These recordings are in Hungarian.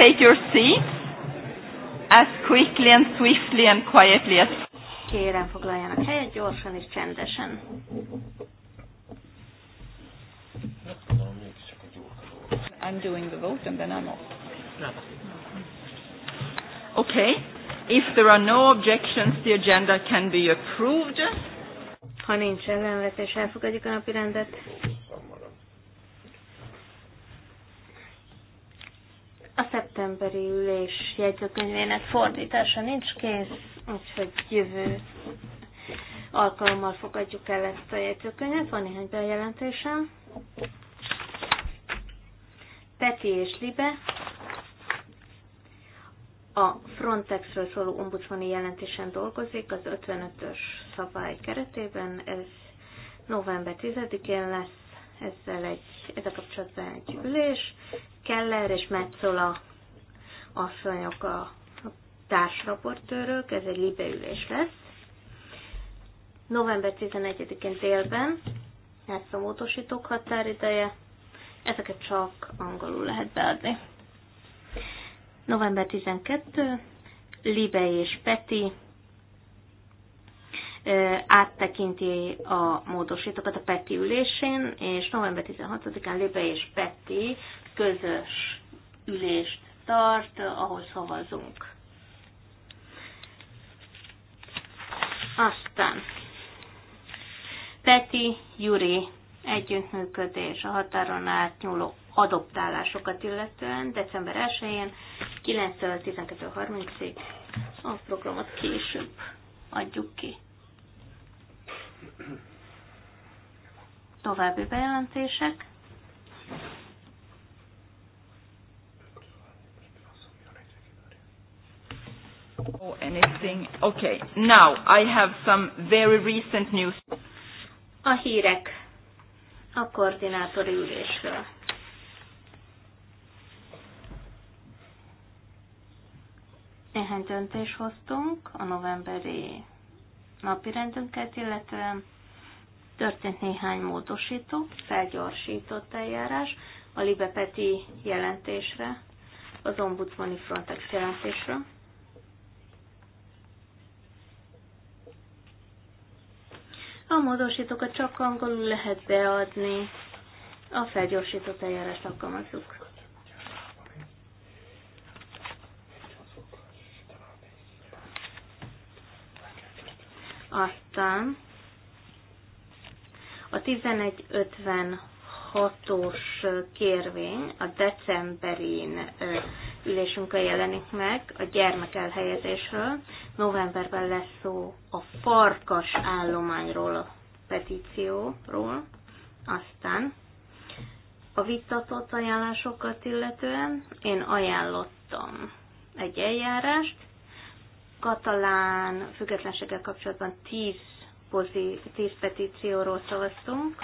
take your seats as quickly and swiftly and quietly as Kérem foglaljanak helyet gyorsan és csendesen. I'm doing the vote and then I'm off. Okay. If there are no objections, the agenda can be approved. Ha nincs ellenvetés, elfogadjuk a napi rendet. emberi ülés jegyzőkönyvének fordítása nincs kész, úgyhogy jövő alkalommal fogadjuk el ezt a jegyzőkönyvet. Van néhány bejelentésem. Peti és Libe a Frontexről szóló ombudsmani jelentésen dolgozik az 55-ös szabály keretében. Ez november 10-én lesz ezzel egy, ezzel kapcsolatban egy ülés. Keller és Metzola asszonyok a társraportőrök, ez egy libeülés lesz. November 11-én délben lesz a módosítók határideje, ezeket csak angolul lehet beadni. November 12, Libe és Peti áttekinti a módosítókat a Peti ülésén, és november 16-án Libe és Peti közös ülést tart, ahol szavazunk. Aztán Peti Juri együttműködés a határon átnyúló adoptálásokat illetően december 1-én 9 12.30-ig a programot később adjuk ki. További bejelentések. Oh, anything. Okay. Now I have some very recent news. A hírek a koordinátori ülésről. Néhány döntést hoztunk a novemberi rendünket, illetően történt néhány módosító, felgyorsított eljárás a Libepeti jelentésre, az ombudsmani Frontex jelentésre. A módosítókat csak angolul lehet beadni, a felgyorsított eljárást alkalmazzuk. Aztán a 1156-os kérvény a decemberén ülésünkön jelenik meg a gyermek elhelyezésről. Novemberben lesz szó a farkas állományról, a petícióról. Aztán a vitatott ajánlásokat illetően én ajánlottam egy eljárást. Katalán függetlenséggel kapcsolatban 10, pozí- 10 petícióról szavaztunk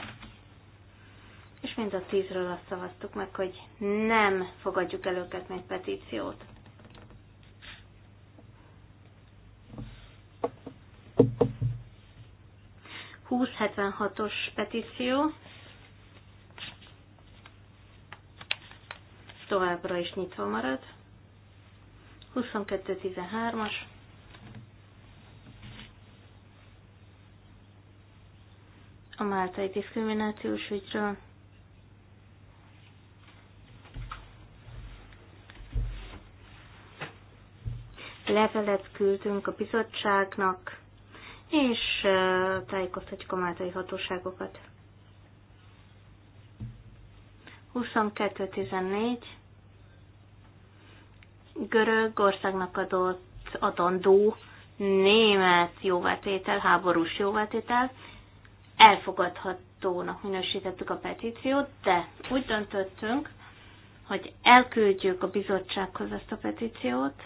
és mind a tízről azt szavaztuk meg, hogy nem fogadjuk el őket, mint petíciót. os petíció továbbra is nyitva marad. 13 as A máltai diszkriminációs ügyről. levelet küldünk a bizottságnak, és tájékoztatjuk a máltai hatóságokat. 22.14 Görögországnak adott adandó német jóvátétel, háborús jóvátétel. Elfogadhatónak minősítettük a petíciót, de úgy döntöttünk, hogy elküldjük a bizottsághoz ezt a petíciót,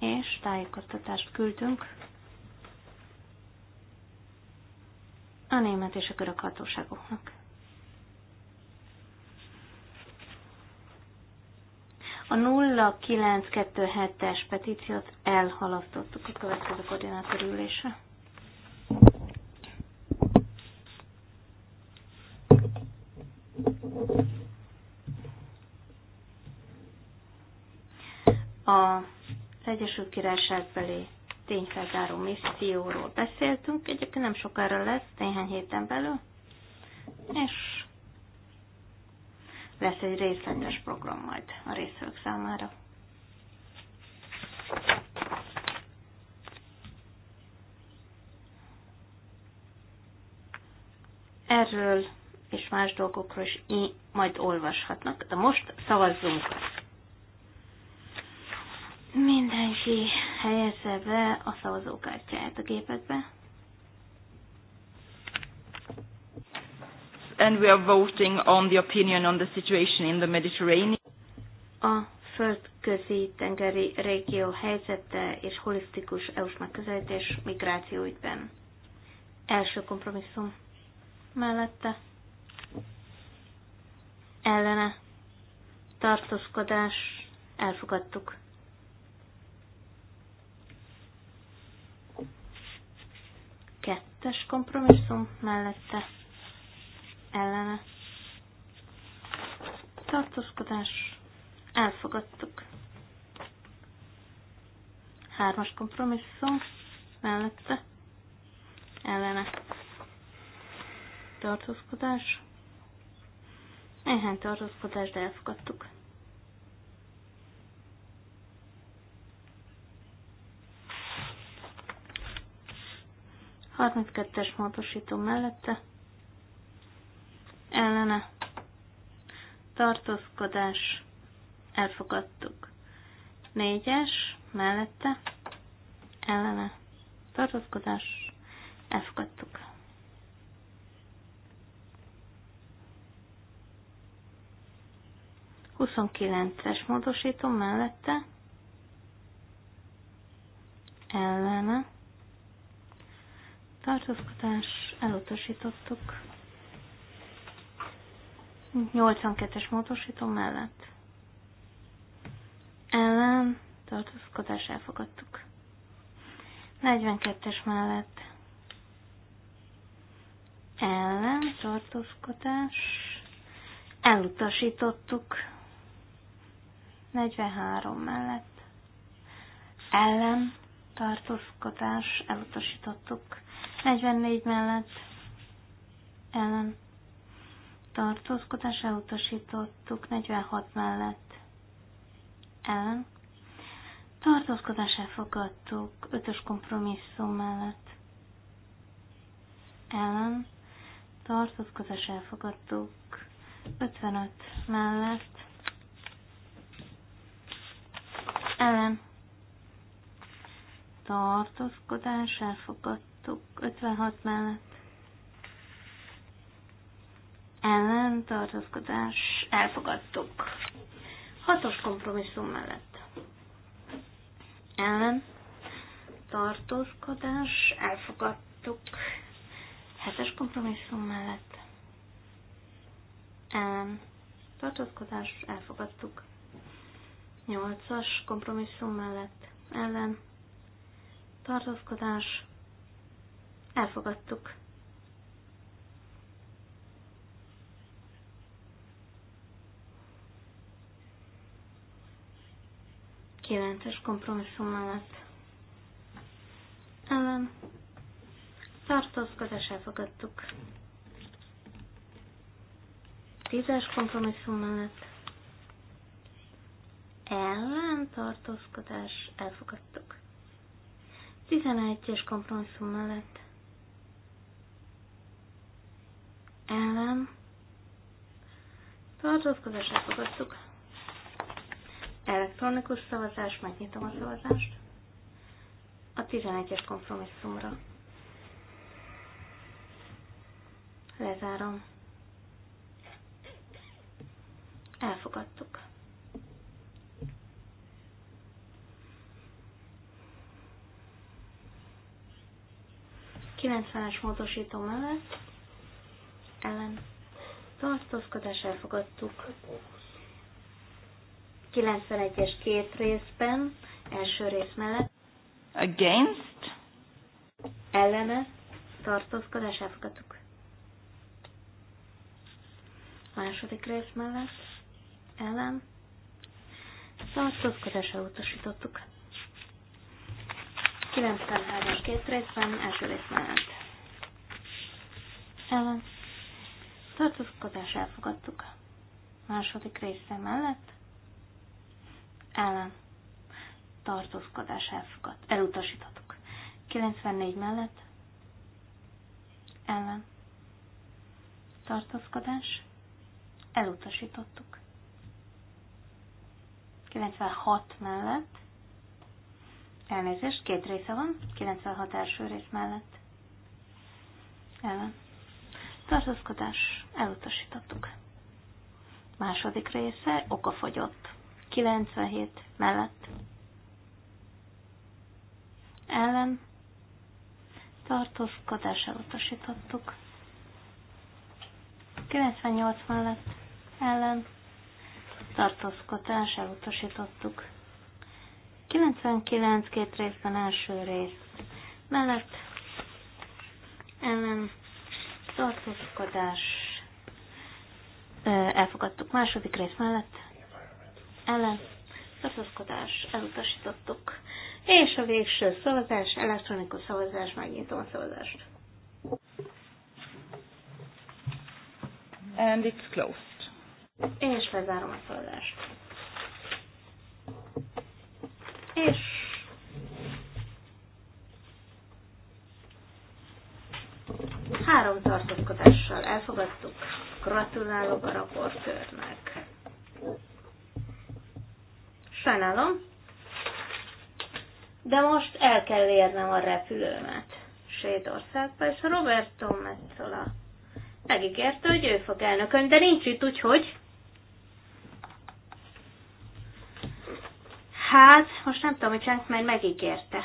és tájékoztatást küldtünk a német és a görög hatóságoknak. A 0927-es petíciót elhalasztottuk a következő koordinátor ülésre. A Egyesült Királyság belé tényfeltáró misszióról beszéltünk. Egyébként nem sokára lesz, néhány héten belül. És lesz egy részletes program majd a részvők számára. Erről és más dolgokról is majd olvashatnak, de most szavazzunk. Mindenki helyezze be a szavazókártyáját a gépekbe. And we are voting on the opinion on the situation in the Mediterranean. A földközi tengeri régió helyzete és holisztikus EU-s megközelítés migrációügyben. Első kompromisszum mellette. Ellene. Tartózkodás. Elfogadtuk. kettes kompromisszum mellette ellene tartózkodás elfogadtuk. Hármas kompromisszum mellette ellene tartózkodás. Néhány tartózkodást elfogadtuk. 32-es módosító mellette ellene tartózkodás elfogadtuk. 4-es mellette ellene tartózkodás elfogadtuk. Huszonkilences módosító mellette ellene tartózkodás, elutasítottuk. 82-es módosító mellett. Ellen, tartózkodás elfogadtuk. 42-es mellett. Ellen, tartózkodás, elutasítottuk. 43 mellett. Ellen, tartózkodás, elutasítottuk. 44 mellett ellen tartózkodás elutasítottuk, 46 mellett ellen tartózkodás elfogadtuk, 5-ös kompromisszum mellett ellen tartózkodás elfogadtuk, 55 mellett ellen tartózkodás elfogadtuk, elfogadtuk 56 mellett. Ellen tartózkodás elfogadtuk. Hatos kompromisszum mellett. Ellen tartózkodás elfogadtuk. Hetes kompromisszum mellett. Ellen tartózkodás elfogadtuk. Nyolcas kompromisszum mellett. Ellen tartózkodás Elfogadtuk. Kilences kompromisszum mellett. Ellen. Tartózkodás elfogadtuk. Tízes kompromisszum mellett. Ellen tartózkodás elfogadtuk. 11-es kompromisszum mellett ellen tartózkodás fogadtuk. Elektronikus szavazás, megnyitom a szavazást. A 11-es kompromisszumra. Lezárom. Elfogadtuk. Kilencvenes módosító mellett ellen tartózkodás elfogadtuk. 91-es két részben, első rész mellett. Against. Ellene tartózkodás elfogadtuk. Második rész mellett ellen tartózkodás elutasítottuk. 93-as két részben, első rész mellett. Ellen tartózkodás elfogadtuk. Második része mellett ellen tartózkodás elfogadt, elutasítottuk. 94 mellett ellen tartózkodás elutasítottuk. 96 mellett elnézést, két része van, 96 első rész mellett ellen tartózkodás elutasítottuk. Második része okafogyott. 97 mellett. Ellen tartózkodás elutasítottuk. 98 mellett ellen tartózkodás elutasítottuk. 99 két részben első rész mellett ellen tartózkodás elfogadtuk. Második rész mellett ellen szavazkodás, elutasítottuk. És a végső szavazás, elektronikus szavazás, megnyitom a szavazást. And it's closed. És lezárom a szavazást. És Három tartózkodással elfogadtuk. Gratulálok a raportőrnek. Sajnálom, de most el kell érnem a repülőmet Svédországba, és Roberto Metzola megígérte, hogy ő fog elnökön, de nincs itt, úgyhogy... Hát, most nem tudom, hogy csinálok, mert megígérte.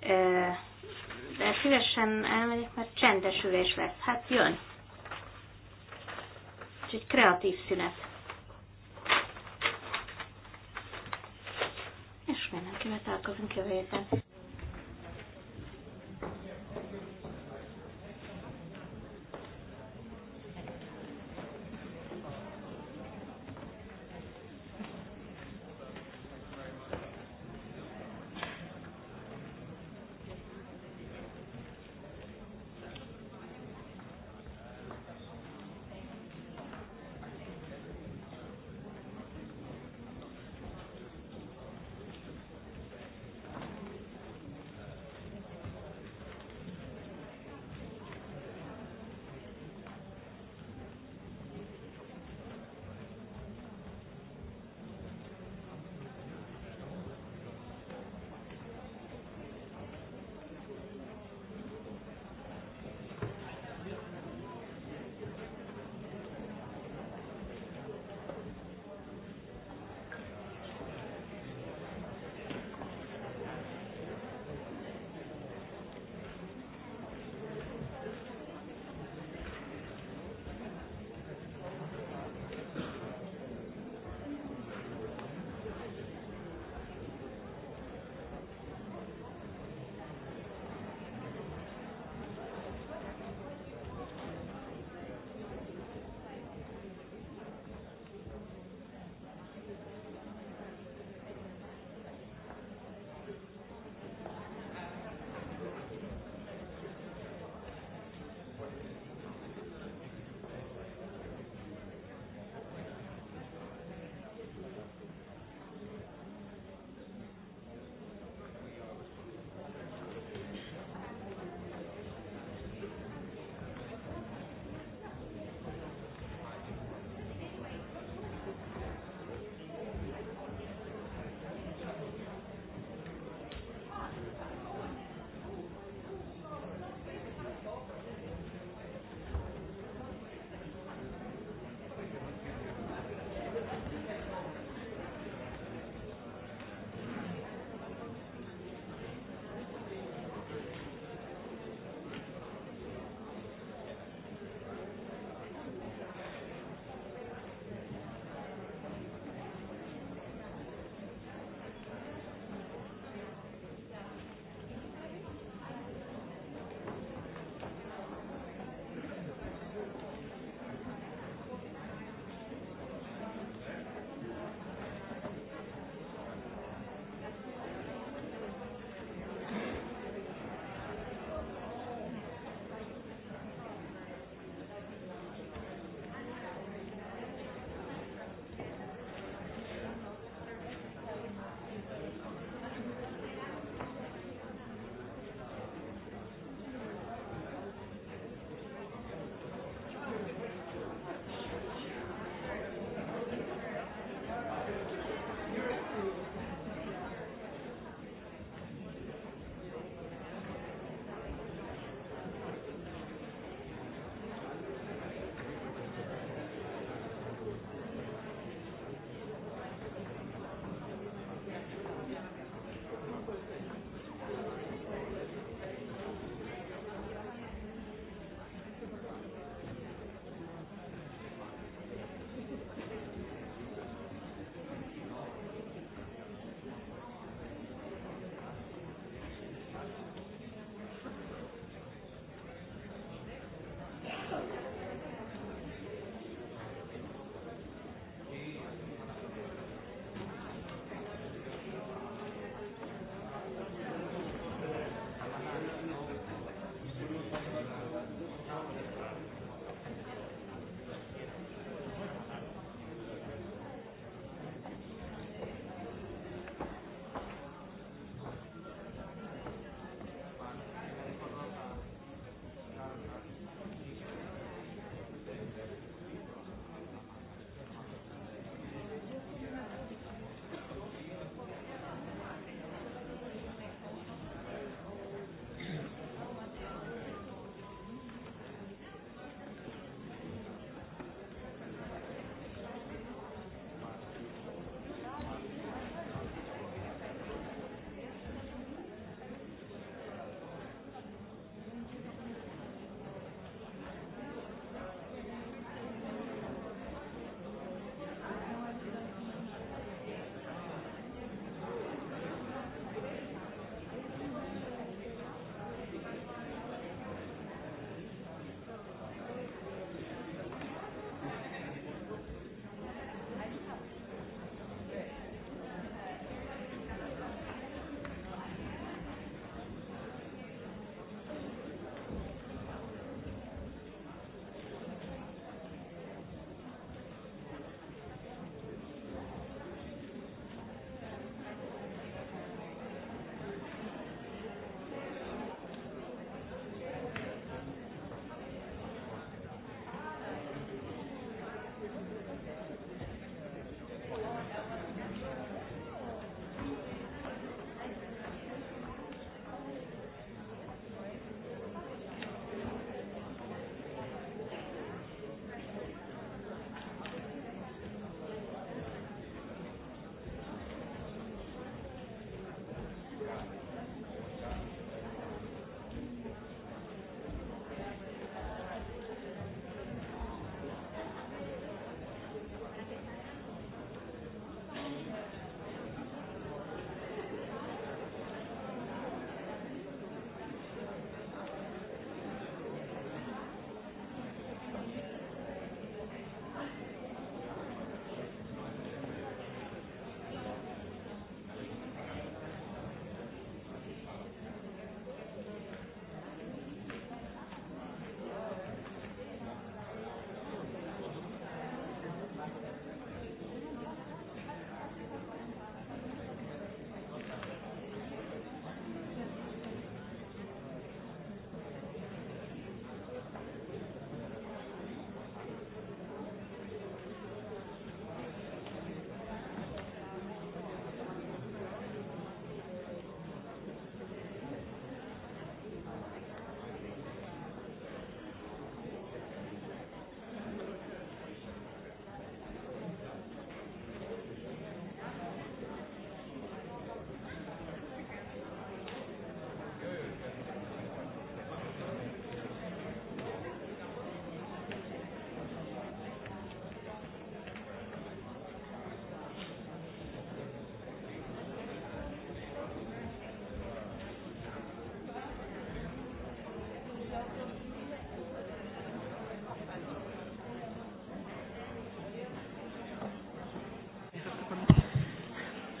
Ö de szívesen elmegyek, mert csendes ülés lesz. Hát jön. egy kreatív szünet. És mindenkivel találkozunk jövő héten.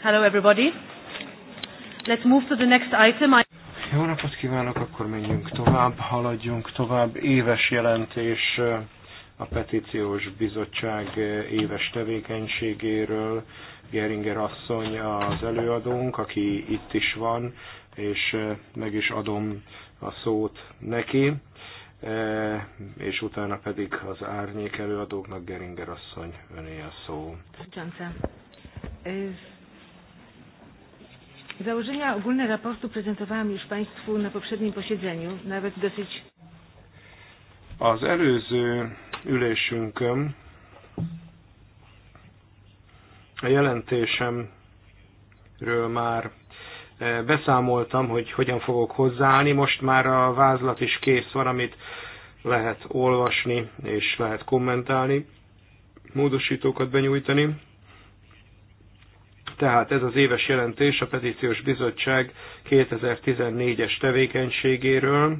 Hello everybody. Let's move to the next item. I... Jó napot kívánok, akkor menjünk tovább, haladjunk tovább. Éves jelentés eh, a Petíciós Bizottság eh, éves tevékenységéről. Geringer asszony az előadónk, aki itt is van, és eh, meg is adom a szót neki, és utána pedig az árnyék előadóknak Geringer asszony öné a szó. Johnson. Założenia ogólne raportu prezentowałam już Państwu na poprzednim posiedzeniu, nawet dosyć. Az előző ülésünkön a jelentésemről már eh, beszámoltam, hogy hogyan fogok hozzáállni. Most már a vázlat is kész van, amit lehet olvasni és lehet kommentálni, módosítókat benyújtani. Tehát ez az éves jelentés a Petíciós Bizottság 2014-es tevékenységéről.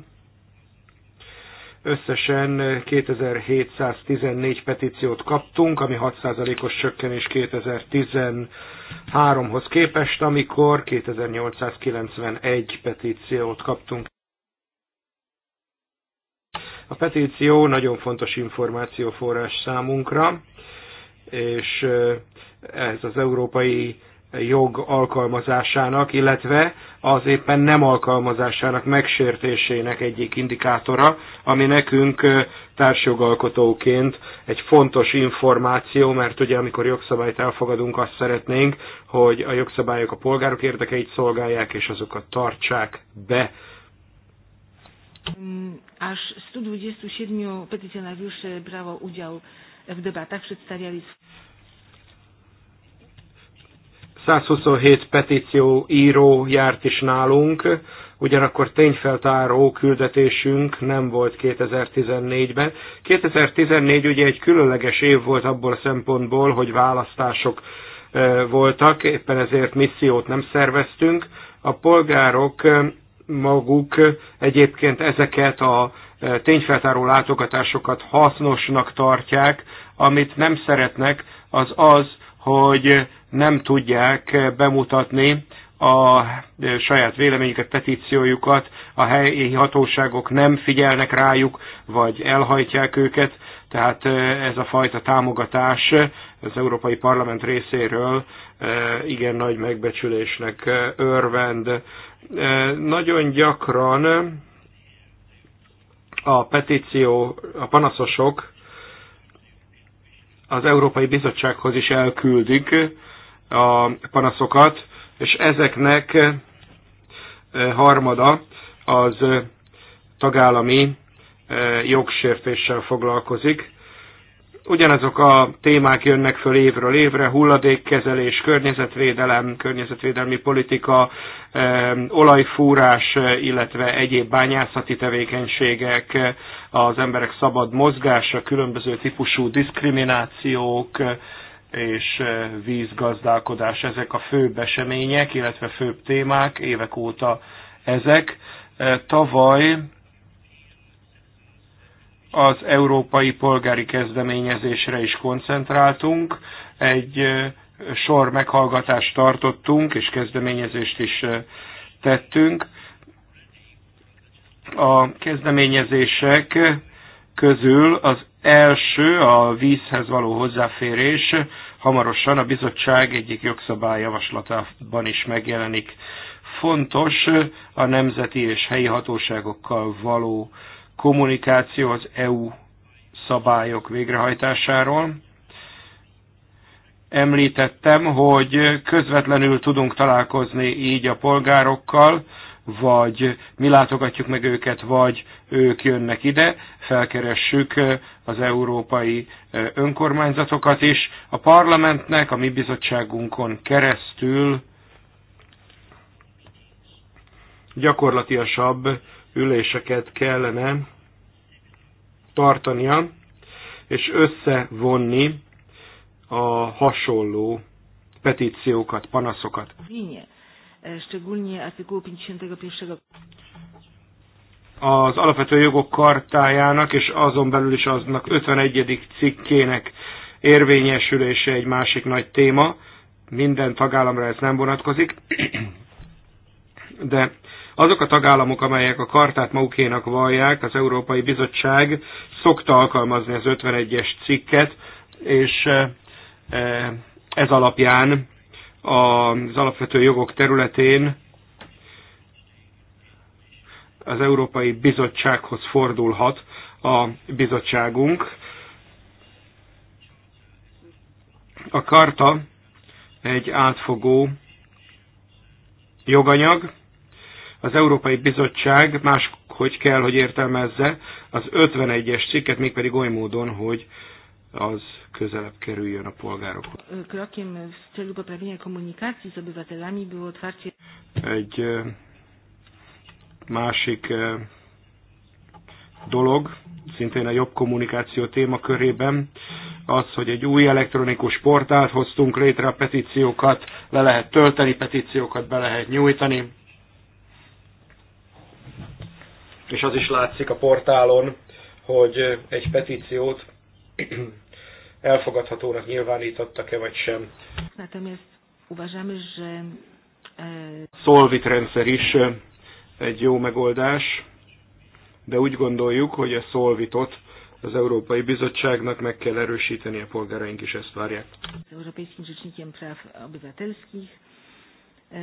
Összesen 2714 petíciót kaptunk, ami 6%-os csökkenés 2013-hoz képest, amikor 2891 petíciót kaptunk. A petíció nagyon fontos információforrás számunkra, és ez az európai jog alkalmazásának, illetve az éppen nem alkalmazásának megsértésének egyik indikátora, ami nekünk társjogalkotóként egy fontos információ, mert ugye amikor jogszabályt elfogadunk, azt szeretnénk, hogy a jogszabályok a polgárok érdekeit szolgálják, és azokat tartsák be. Mm, aż 127 petycjonariuszy brało udział w debatach, przedstawiali 127 petíció író járt is nálunk, ugyanakkor tényfeltáró küldetésünk nem volt 2014-ben. 2014 ugye egy különleges év volt abból a szempontból, hogy választások voltak, éppen ezért missziót nem szerveztünk. A polgárok maguk egyébként ezeket a tényfeltáró látogatásokat hasznosnak tartják, amit nem szeretnek, az az, hogy nem tudják bemutatni a e, saját véleményüket, petíciójukat, a helyi hatóságok nem figyelnek rájuk, vagy elhajtják őket, tehát e, ez a fajta támogatás az Európai Parlament részéről e, igen nagy megbecsülésnek örvend. Nagyon gyakran a petíció, a panaszosok az Európai Bizottsághoz is elküldik a panaszokat, és ezeknek eh, harmada az eh, tagállami eh, jogsértéssel foglalkozik. Ugyanazok a témák jönnek föl évről évre, hulladékkezelés, környezetvédelem, környezetvédelmi politika, olajfúrás, illetve egyéb bányászati tevékenységek, az emberek szabad mozgása, különböző típusú diszkriminációk, és eh, vízgazdálkodás, ezek a főbb események, illetve főbb témák, évek óta ezek. Eh, tavaly az európai polgári kezdeményezésre is koncentráltunk, egy eh, sor meghallgatást tartottunk, és kezdeményezést is tettünk. A kezdeményezések közül az első a vízhez való hozzáférés hamarosan a bizottság egyik jogszabály javaslatában is megjelenik. Fontos a nemzeti és helyi hatóságokkal való kommunikáció az EU szabályok végrehajtásáról. Említettem, hogy közvetlenül tudunk találkozni így a polgárokkal, vagy mi látogatjuk meg őket, vagy ők jönnek ide, felkeressük az európai önkormányzatokat is. A parlamentnek, a mi bizottságunkon keresztül gyakorlatiasabb üléseket kellene tartania, és összevonni a hasonló petíciókat, panaszokat. Vinyet. E, szczególnie artykułu 51. Az alapvető jogok kartájának és azon belül is aznak 51. cikkének érvényesülése egy másik nagy téma. Minden tagállamra ez nem vonatkozik, de azok a tagállamok, amelyek a kartát magukénak vallják, az Európai Bizottság szokta alkalmazni az 51-es cikket, és e, e, ez alapján az alapvető jogok területén az Európai Bizottsághoz fordulhat a bizottságunk. A karta egy átfogó joganyag. Az Európai Bizottság máshogy kell, hogy értelmezze az 51-es cikket, mégpedig oly módon, hogy az közelebb kerüljön a polgárokhoz. Krokiem w celu poprawienia komunikacji z obywatelami było otwarcie... Egy e, másik e, dolog, szintén a jobb kommunikáció témakörében, az, hogy egy új elektronikus portált hoztunk létre, a petíciókat le lehet tölteni, petíciókat be lehet nyújtani. És az is látszik a portálon, hogy egy petíciót elfogadhatónak nyilvánítottak-e vagy sem. Szolvit e, rendszer is e, egy jó megoldás, de úgy gondoljuk, hogy a szolvitot az Európai Bizottságnak meg kell erősíteni, a polgáraink is ezt várják. Az Európai e,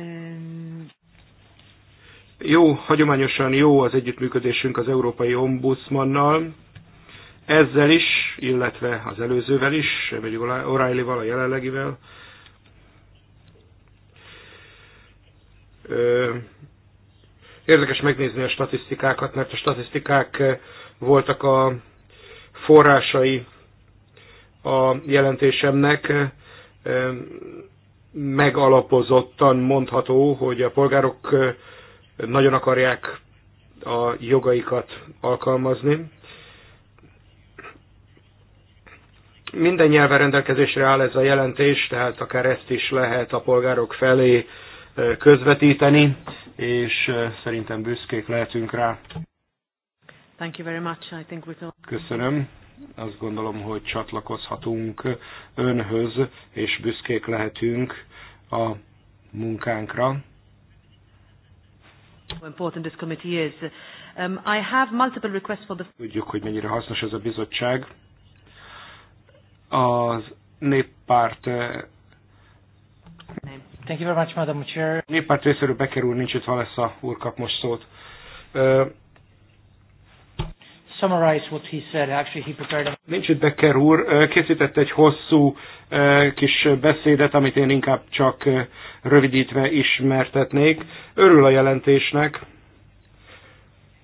Jó, hagyományosan jó az együttműködésünk az Európai Ombudsmannal. Ezzel is, illetve az előzővel is, vagy O'Reilly-val, a jelenlegivel, érdekes megnézni a statisztikákat, mert a statisztikák voltak a forrásai a jelentésemnek. Megalapozottan mondható, hogy a polgárok nagyon akarják a jogaikat alkalmazni. Minden nyelven rendelkezésre áll ez a jelentés, tehát akár ezt is lehet a polgárok felé közvetíteni, és szerintem büszkék lehetünk rá. Thank you very much. I think we can... Köszönöm. Azt gondolom, hogy csatlakozhatunk önhöz, és büszkék lehetünk a munkánkra. Important this committee is. Um, I have multiple requests for the... Tudjuk, hogy mennyire hasznos ez a bizottság az néppárt Thank you very much, Madam Chair. Néppárt részéről bekerül, nincs itt, ha lesz a úr kap most szót. summarize what he said. Actually, he prepared a... Nincs itt Becker úr, készített egy hosszú kis beszédet, amit én inkább csak rövidítve ismertetnék. Örül a jelentésnek,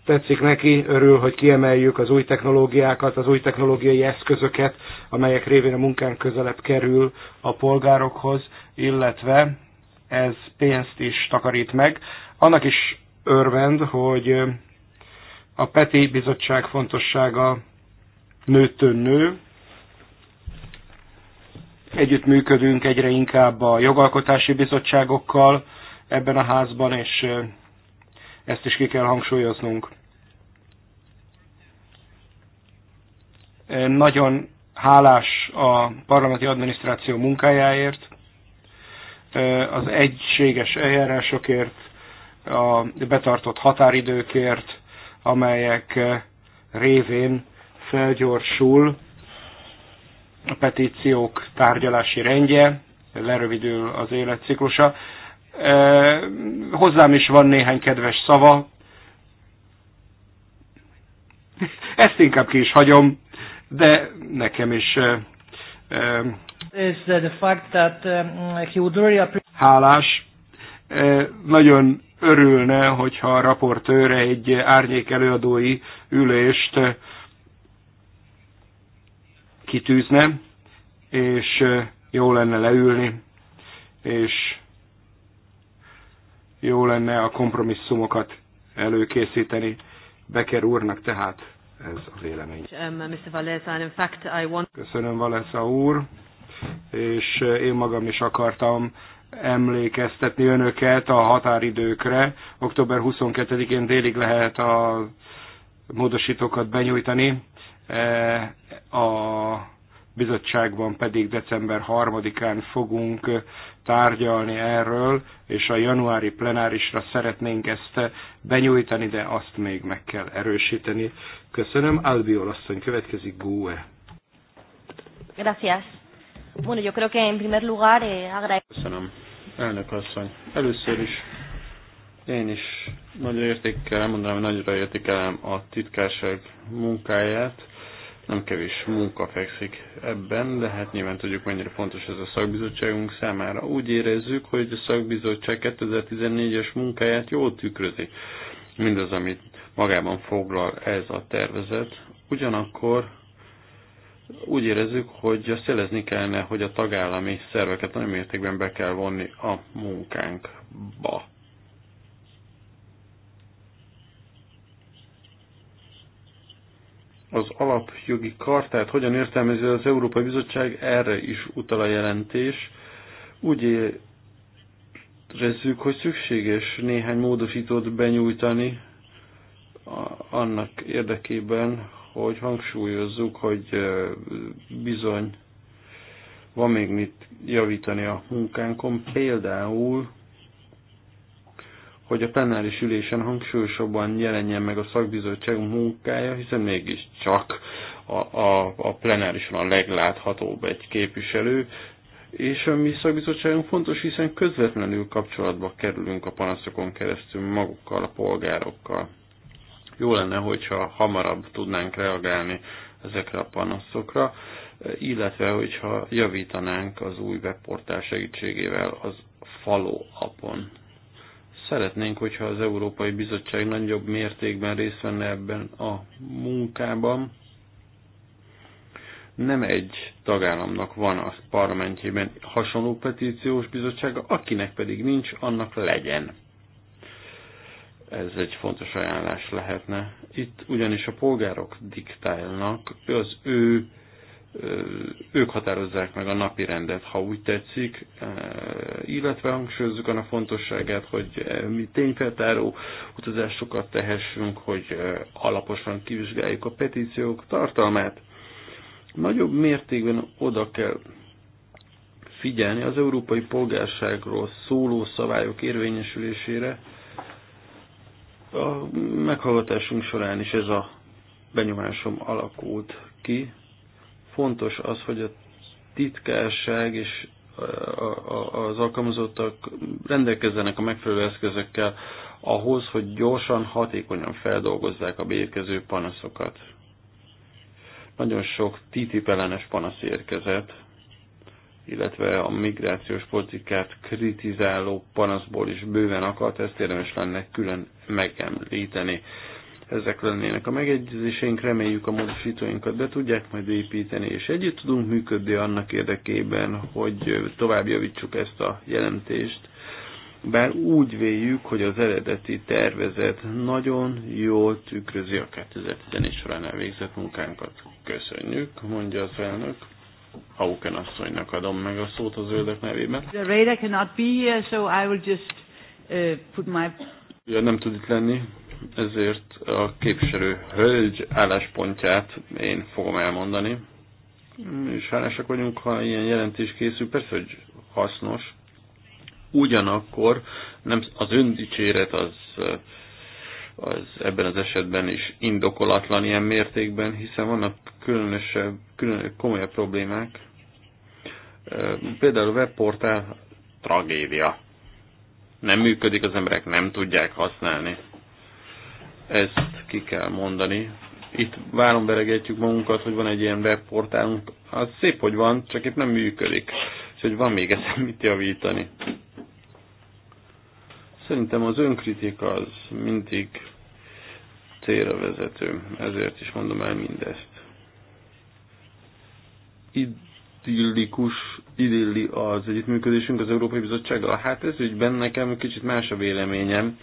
tetszik neki, örül, hogy kiemeljük az új technológiákat, az új technológiai eszközöket, amelyek révén a munkánk közelebb kerül a polgárokhoz, illetve ez pénzt is takarít meg. Annak is örvend, hogy a PETI bizottság fontossága nőttön nő. Együttműködünk egyre inkább a jogalkotási bizottságokkal ebben a házban, és ezt is ki kell hangsúlyoznunk. Nagyon hálás a parlamenti adminisztráció munkájáért, az egységes eljárásokért, a betartott határidőkért, amelyek révén felgyorsul a petíciók tárgyalási rendje, lerövidül az életciklusa. Hozzám is van néhány kedves szava, ezt inkább ki is hagyom, de nekem is um, hálás. Nagyon örülne, hogyha a raportőr egy árnyék előadói ülést kitűzne, és jó lenne leülni, és jó lenne a kompromisszumokat előkészíteni. Becker úrnak tehát ez a vélemény. Um, Köszönöm, Valesza úr, és én magam is akartam emlékeztetni önöket a határidőkre. Október 22-én délig lehet a módosítókat benyújtani, e, a bizottságban pedig december 3-án fogunk tárgyalni erről, és a januári plenárisra szeretnénk ezt benyújtani, de azt még meg kell erősíteni. Köszönöm. Albiol asszony következik, GUE. Gracias. Bueno, yo creo que en primer lugar eh, Köszönöm. Elnök asszony. Először is én is nagyra értékelem, mondanám, nagyra értékelem a titkárság munkáját nem kevés munka fekszik ebben, de hát nyilván tudjuk, mennyire fontos ez a szakbizottságunk számára. Úgy érezzük, hogy a szakbizottság 2014-es munkáját jól tükrözi mindaz, amit magában foglal ez a tervezet. Ugyanakkor úgy érezzük, hogy azt jelezni kellene, hogy a tagállami szerveket nagy mértékben be kell vonni a munkánkba. az alapjogi kartát hogyan értelmezi az Európai Bizottság, erre is utal a jelentés. Úgy érezzük, hogy szükséges néhány módosítót benyújtani annak érdekében, hogy hangsúlyozzuk, hogy bizony van még mit javítani a munkánkon. Például hogy a plenáris ülésen hangsúlyosabban jelenjen meg a szakbizottság munkája, hiszen csak a, a, a plenárison a legláthatóbb egy képviselő, és a mi szakbizottságunk fontos, hiszen közvetlenül kapcsolatba kerülünk a panaszokon keresztül magukkal, a polgárokkal. Jó lenne, hogyha hamarabb tudnánk reagálni ezekre a panaszokra, illetve hogyha javítanánk az új webportál segítségével az follow-upon. Szeretnénk, hogyha az Európai Bizottság nagyobb mértékben részt venne ebben a munkában. Nem egy tagállamnak van a parlamentjében hasonló petíciós bizottsága, akinek pedig nincs, annak legyen. Ez egy fontos ajánlás lehetne. Itt ugyanis a polgárok diktálnak, az ő ők határozzák meg a napi rendet, ha úgy tetszik, illetve hangsúlyozzuk annak fontosságát, hogy mi tényfeltáró utazásokat tehessünk, hogy alaposan kivizsgáljuk a petíciók tartalmát. Nagyobb mértékben oda kell figyelni az európai polgárságról szóló szabályok érvényesülésére. A meghallgatásunk során is ez a benyomásom alakult ki, Fontos az, hogy a titkárság és az alkalmazottak rendelkezzenek a megfelelő eszközökkel ahhoz, hogy gyorsan, hatékonyan feldolgozzák a beérkező panaszokat. Nagyon sok TTIP ellenes panasz érkezett, illetve a migrációs politikát kritizáló panaszból is bőven akart, ezt érdemes lenne külön megemlíteni. Ezek lennének a megegyezéseink, reméljük a módosítóinkat be tudják majd építeni, és együtt tudunk működni annak érdekében, hogy tovább javítsuk ezt a jelentést. Bár úgy véljük, hogy az eredeti tervezet nagyon jól tükrözi a 2014 során elvégzett munkánkat. Köszönjük, mondja az elnök. Hauken asszonynak adom meg a szót a zöldek nevében. Uh, ja, nem tud itt lenni, ezért a képviselő hölgy álláspontját én fogom elmondani. És hálásak vagyunk, ha ilyen jelentés készül, persze, hogy hasznos. Ugyanakkor nem az öndicséret az, az ebben az esetben is indokolatlan ilyen mértékben, hiszen vannak különösebb, külön, komolyabb problémák. Például a webportál tragédia. Nem működik, az emberek nem tudják használni ezt ki kell mondani. Itt várom beregetjük magunkat, hogy van egy ilyen webportálunk. Az szép, hogy van, csak itt nem működik. Úgyhogy van még ezen mit javítani. Szerintem az önkritika az mindig célra vezető. Ezért is mondom el mindezt. Idillikus, idilli az együttműködésünk az Európai Bizottsággal. Hát ez ügyben nekem kicsit más a véleményem.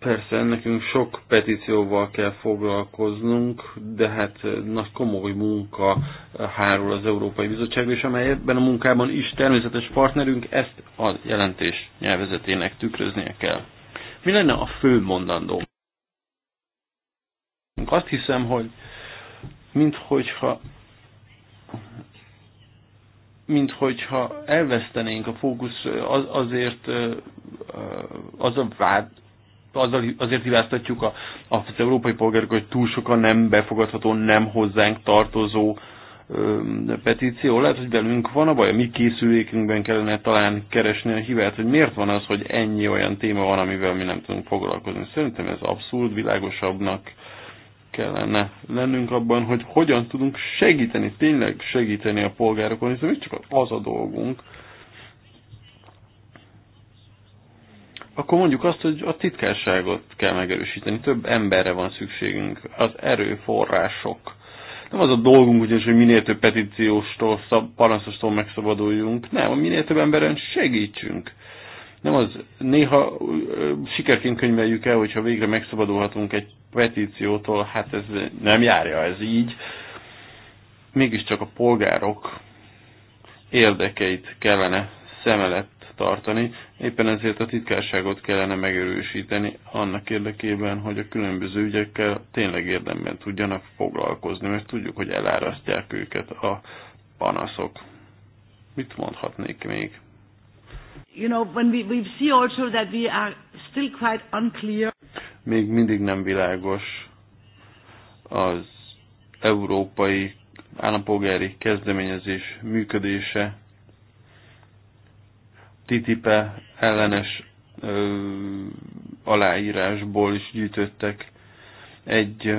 Persze, nekünk sok petícióval kell foglalkoznunk, de hát eh, nagy komoly munka eh, hárul az Európai Bizottság, és amely ebben a munkában is természetes partnerünk, ezt a jelentés nyelvezetének tükröznie kell. Mi lenne a fő mondandó? Azt hiszem, hogy minthogyha hogyha elvesztenénk a fókusz eh, az, azért az a vád, azzal azért hibáztatjuk a, az európai polgárok, hogy túl sokan nem befogadható, nem hozzánk tartozó ö, petíció. Lehet, hogy velünk van a baj, a mi készülékünkben kellene talán keresni a hibát, hogy miért van az, hogy ennyi olyan téma van, amivel mi nem tudunk foglalkozni. Szerintem ez abszurd, világosabbnak kellene lennünk abban, hogy hogyan tudunk segíteni, tényleg segíteni a polgárokon, hiszen mi csak az a dolgunk, akkor mondjuk azt, hogy a titkárságot kell megerősíteni, több emberre van szükségünk, az erőforrások. Nem az a dolgunk, ugyanis, hogy minél több petícióstól, szab, panaszostól megszabaduljunk, nem, minél több emberen segítsünk. Nem az, néha sikerként könyveljük el, hogyha végre megszabadulhatunk egy petíciótól, hát ez nem járja ez így. Mégiscsak a polgárok érdekeit kellene szem előtt tartani. Éppen ezért a titkárságot kellene megerősíteni annak érdekében, hogy a különböző ügyekkel tényleg érdemben tudjanak foglalkozni, mert tudjuk, hogy elárasztják őket a panaszok. Mit mondhatnék még? You know, when we, we see also that we are still quite unclear. Még mindig nem világos az európai állampolgári kezdeményezés működése, ttip -e ellenes ö, aláírásból is gyűjtöttek egy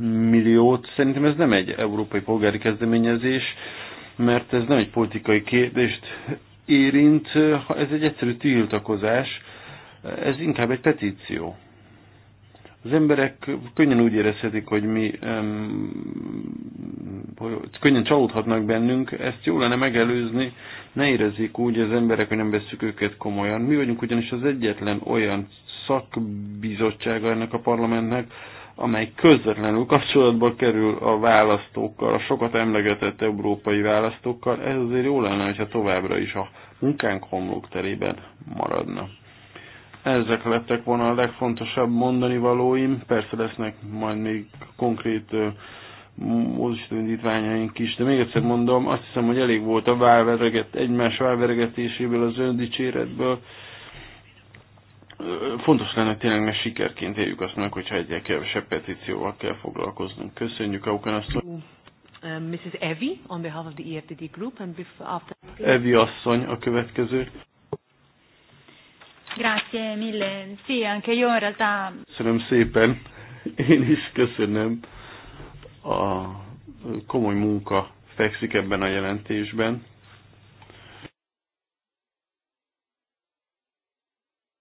milliót. Szerintem ez nem egy európai polgári kezdeményezés, mert ez nem egy politikai kérdést érint, ez egy egyszerű tiltakozás, ez inkább egy petíció. Az emberek könnyen úgy érezhetik, hogy mi hogy könnyen csalódhatnak bennünk, ezt jó lenne megelőzni, ne érezzék úgy az emberek, hogy nem veszük őket komolyan. Mi vagyunk ugyanis az egyetlen olyan szakbizottsága ennek a parlamentnek, amely közvetlenül kapcsolatba kerül a választókkal, a sokat emlegetett európai választókkal, ez azért jó lenne, hogyha továbbra is a munkánk terében maradna. Ezek lettek volna a legfontosabb mondani valóim. Persze lesznek majd még konkrét módosító is, de még egyszer mondom, azt hiszem, hogy elég volt a válveregett, egymás válveregetéséből, az öndicséretből. Fontos lenne tényleg, mert sikerként éljük azt meg, hogyha egyre kevesebb petícióval kell foglalkoznunk. Köszönjük, Aukan asszony. Um, Mrs. Evi, on behalf of the EFTD group, and after... Evi asszony a következő. Grazie mille. Sì, anche io in realtà... Köszönöm szépen. Én is köszönöm. A komoly munka fekszik ebben a jelentésben.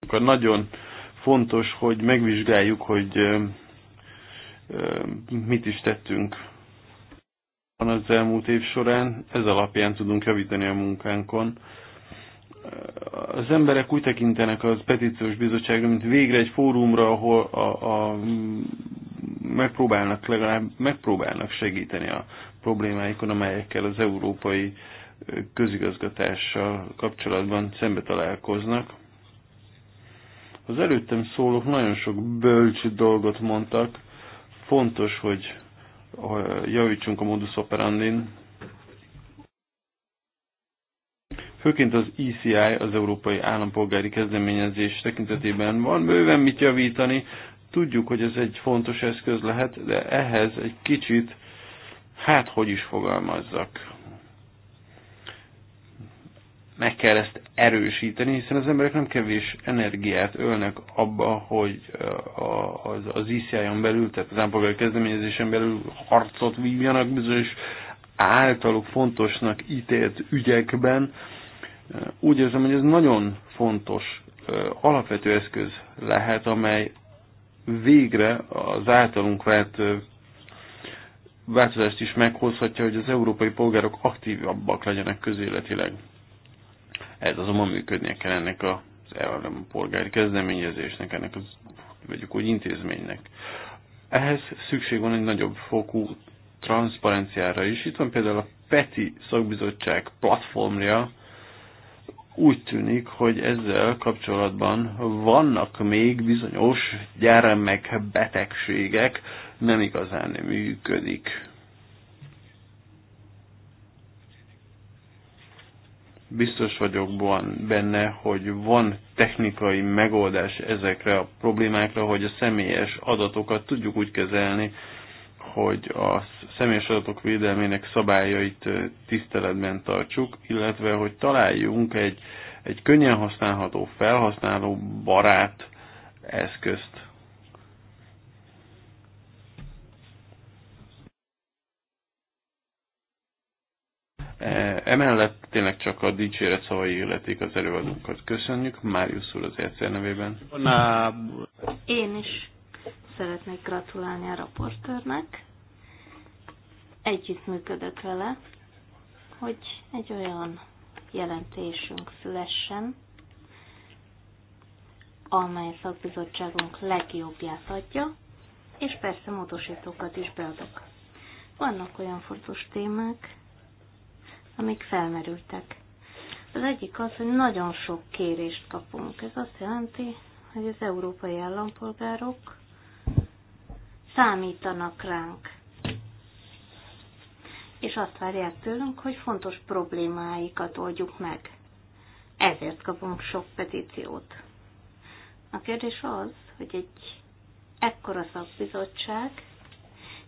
akkor nagyon fontos, hogy megvizsgáljuk, hogy mit is tettünk az elmúlt év során, ez alapján tudunk javítani a munkánkon az emberek úgy tekintenek az petíciós bizottságra, mint végre egy fórumra, ahol a, a, megpróbálnak legalább megpróbálnak segíteni a problémáikon, amelyekkel az európai közigazgatással kapcsolatban szembe találkoznak. Az előttem szólók nagyon sok bölcs dolgot mondtak. Fontos, hogy javítsunk a modus operandin, főként az ECI, az Európai Állampolgári Kezdeményezés tekintetében van bőven mit javítani. Tudjuk, hogy ez egy fontos eszköz lehet, de ehhez egy kicsit, hát hogy is fogalmazzak, meg kell ezt erősíteni, hiszen az emberek nem kevés energiát ölnek abba, hogy az, ICI-on e belül, tehát az állampolgári kezdeményezésen belül harcot vívjanak bizonyos általuk fontosnak ítélt ügyekben, úgy érzem, hogy ez nagyon fontos, alapvető eszköz lehet, amely végre az általunk vált változást is meghozhatja, hogy az európai polgárok aktívabbak legyenek közéletileg. Ez azonban működnie kell ennek az elvem polgári kezdeményezésnek, ennek az, vegyük úgy, intézménynek. Ehhez szükség van egy nagyobb fokú transzparenciára is. Itt van például a PETI szakbizottság platformja, úgy tűnik, hogy ezzel kapcsolatban vannak még bizonyos gyermek betegségek, nem igazán működik. biztos vagyok benne, hogy van technikai megoldás ezekre a problémákra, hogy a személyes adatokat tudjuk úgy kezelni, hogy a személyes adatok védelmének szabályait tiszteletben tartsuk, illetve hogy találjunk egy, egy könnyen használható, felhasználó barát eszközt. E, emellett tényleg csak a dicséret szavai illetik az előadunkat Köszönjük, Máriusz úr az egyszer nevében. Én is szeretnék gratulálni a raportőrnek. működött vele, hogy egy olyan jelentésünk szülessen, amely szakbizottságunk legjobbját adja, és persze módosítókat is beadok. Vannak olyan fontos témák, amik felmerültek. Az egyik az, hogy nagyon sok kérést kapunk. Ez azt jelenti, hogy az európai állampolgárok számítanak ránk. És azt várják tőlünk, hogy fontos problémáikat oldjuk meg. Ezért kapunk sok petíciót. A kérdés az, hogy egy ekkora szakbizottság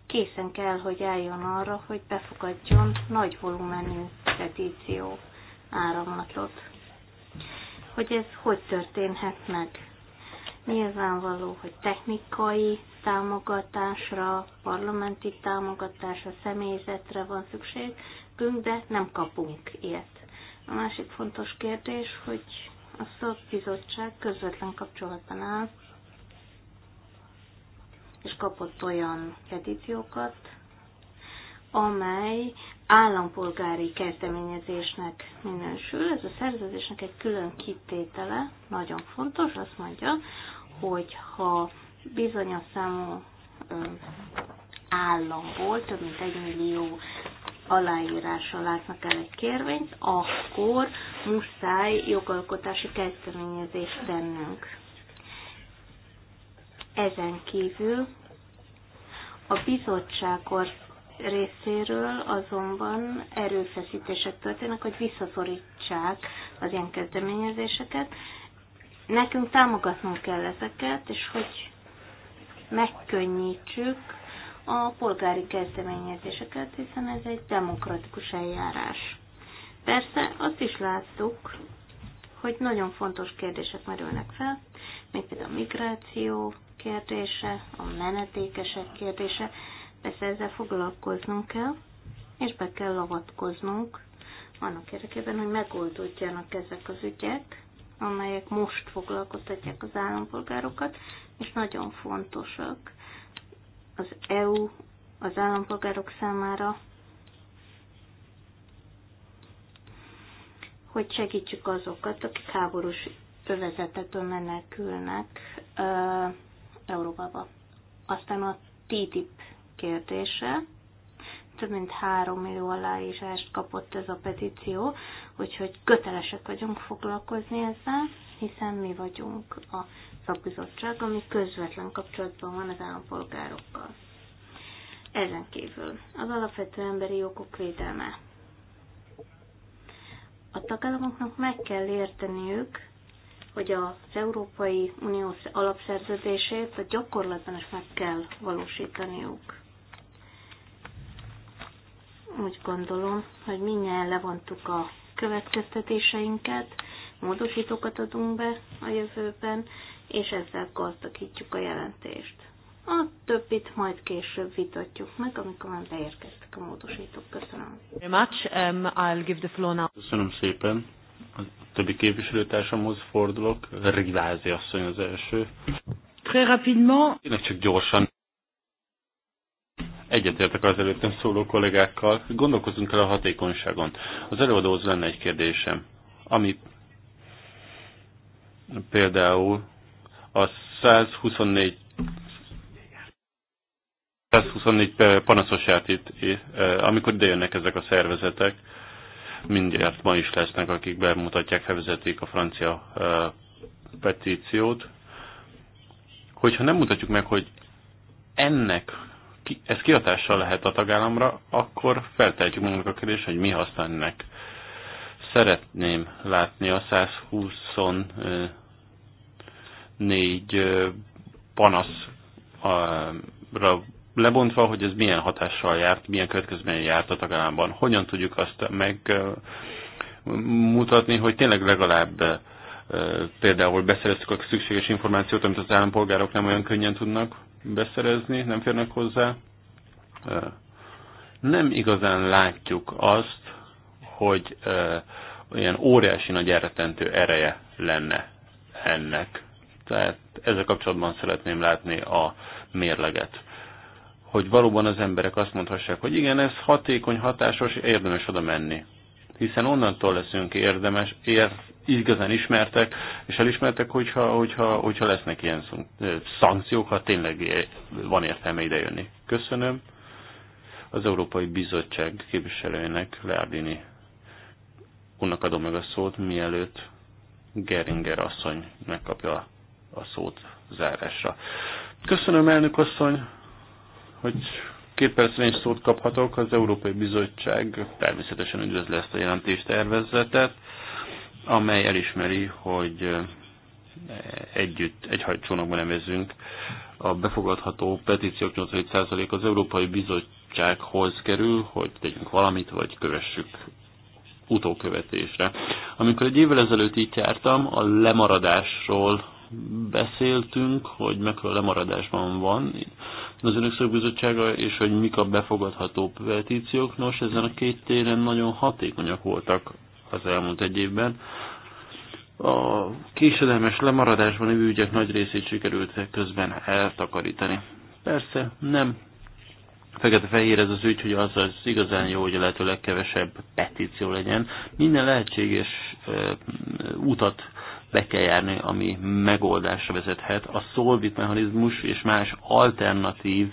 készen kell, hogy álljon arra, hogy befogadjon nagy volumenű petíció áramlatot. Hogy ez hogy történhet meg? Nyilvánvaló, hogy technikai támogatásra, parlamenti támogatásra, személyzetre van szükségünk, de nem kapunk ilyet. A másik fontos kérdés, hogy a szakbizottság közvetlen kapcsolatban áll, és kapott olyan petíciókat, amely állampolgári kezdeményezésnek minősül. Ez a szerződésnek egy külön kitétele, nagyon fontos, azt mondja, hogy ha bizonyos számú államból több mint egy millió aláírással látnak el egy kérvényt, akkor muszáj jogalkotási kezdeményezést tennünk. Ezen kívül a bizottság részéről azonban erőfeszítések történnek, hogy visszaszorítsák az ilyen kezdeményezéseket. Nekünk támogatnunk kell ezeket, és hogy megkönnyítsük a polgári kezdeményezéseket, hiszen ez egy demokratikus eljárás. Persze azt is láttuk, hogy nagyon fontos kérdések merülnek fel, mint például a migráció kérdése, a menetékesek kérdése, persze ezzel foglalkoznunk kell, és be kell avatkoznunk annak érdekében, hogy megoldódjanak ezek az ügyek, amelyek most foglalkoztatják az állampolgárokat, és nagyon fontosak az EU, az állampolgárok számára, hogy segítsük azokat, akik háborús övezetetől menekülnek uh, Európába. Aztán a TTIP kérdése. Több mint három millió aláírást kapott ez a petíció, úgyhogy kötelesek vagyunk foglalkozni ezzel, hiszen mi vagyunk a szakbizottság, ami közvetlen kapcsolatban van az állampolgárokkal. Ezen kívül az alapvető emberi jogok védelme. A tagállamoknak meg kell érteniük, hogy az Európai Unió alapszerződését a gyakorlatban is meg kell valósítaniuk. Úgy gondolom, hogy mindjárt levontuk a következtetéseinket, módosítókat adunk be a jövőben, és ezzel gazdagítjuk a jelentést. A többit majd később vitatjuk meg, amikor már beérkeztek a módosítók. Köszönöm. Very much. Um, I'll give the floor now. Köszönöm szépen. A többi képviselőtársamhoz fordulok. Rivázi asszony az első. Très rapidement. Én csak gyorsan. Egyetértek az előttem szóló kollégákkal. Gondolkozunk el a hatékonyságon. Az előadóhoz lenne egy kérdésem, ami például a 124 124 panaszosát itt, amikor idejönnek ezek a szervezetek, mindjárt ma is lesznek, akik bemutatják, felvezetik a francia petíciót. Hogyha nem mutatjuk meg, hogy ennek ez kihatással lehet a tagállamra, akkor feltehetjük magunknak a kérdést, hogy mi használ Szeretném látni a 120 négy panaszra lebontva, hogy ez milyen hatással járt, milyen következménye járt a tagállamban. Hogyan tudjuk azt megmutatni, hogy tényleg legalább például beszereztük a szükséges információt, amit az állampolgárok nem olyan könnyen tudnak beszerezni, nem férnek hozzá. Nem igazán látjuk azt, hogy olyan óriási nagy elretentő ereje lenne ennek. Tehát ezzel kapcsolatban szeretném látni a mérleget. Hogy valóban az emberek azt mondhassák, hogy igen, ez hatékony, hatásos, érdemes oda menni. Hiszen onnantól leszünk érdemes, ér, igazán ismertek, és elismertek, hogyha, hogyha, hogyha lesznek ilyen szankciók, ha tényleg van értelme idejönni. Köszönöm az Európai Bizottság képviselőjének, Leardini unnak adom meg a szót, mielőtt Geringer asszony megkapja a a szót zárásra. Köszönöm, elnök asszony, hogy két percben is szót kaphatok. Az Európai Bizottság természetesen üdvözle ezt a jelentést tervezetet, amely elismeri, hogy együtt, egy hajcsónakban nevezünk. A befogadható petíciók 85% az Európai Bizottsághoz kerül, hogy tegyünk valamit, vagy kövessük utókövetésre. Amikor egy évvel ezelőtt itt jártam, a lemaradásról beszéltünk, hogy mekkora lemaradásban van az Önök Szakbizottsága, és hogy mik a befogadható petíciók. Nos, ezen a két téren nagyon hatékonyak voltak az elmúlt egy évben. A késedelmes lemaradásban a ügyek nagy részét sikerült közben eltakarítani. Persze, nem fekete-fehér ez az ügy, hogy az az igazán jó, hogy a lehető legkevesebb petíció legyen. Minden lehetséges e, utat be kell járni, ami megoldásra vezethet. A szolvit mechanizmus és más alternatív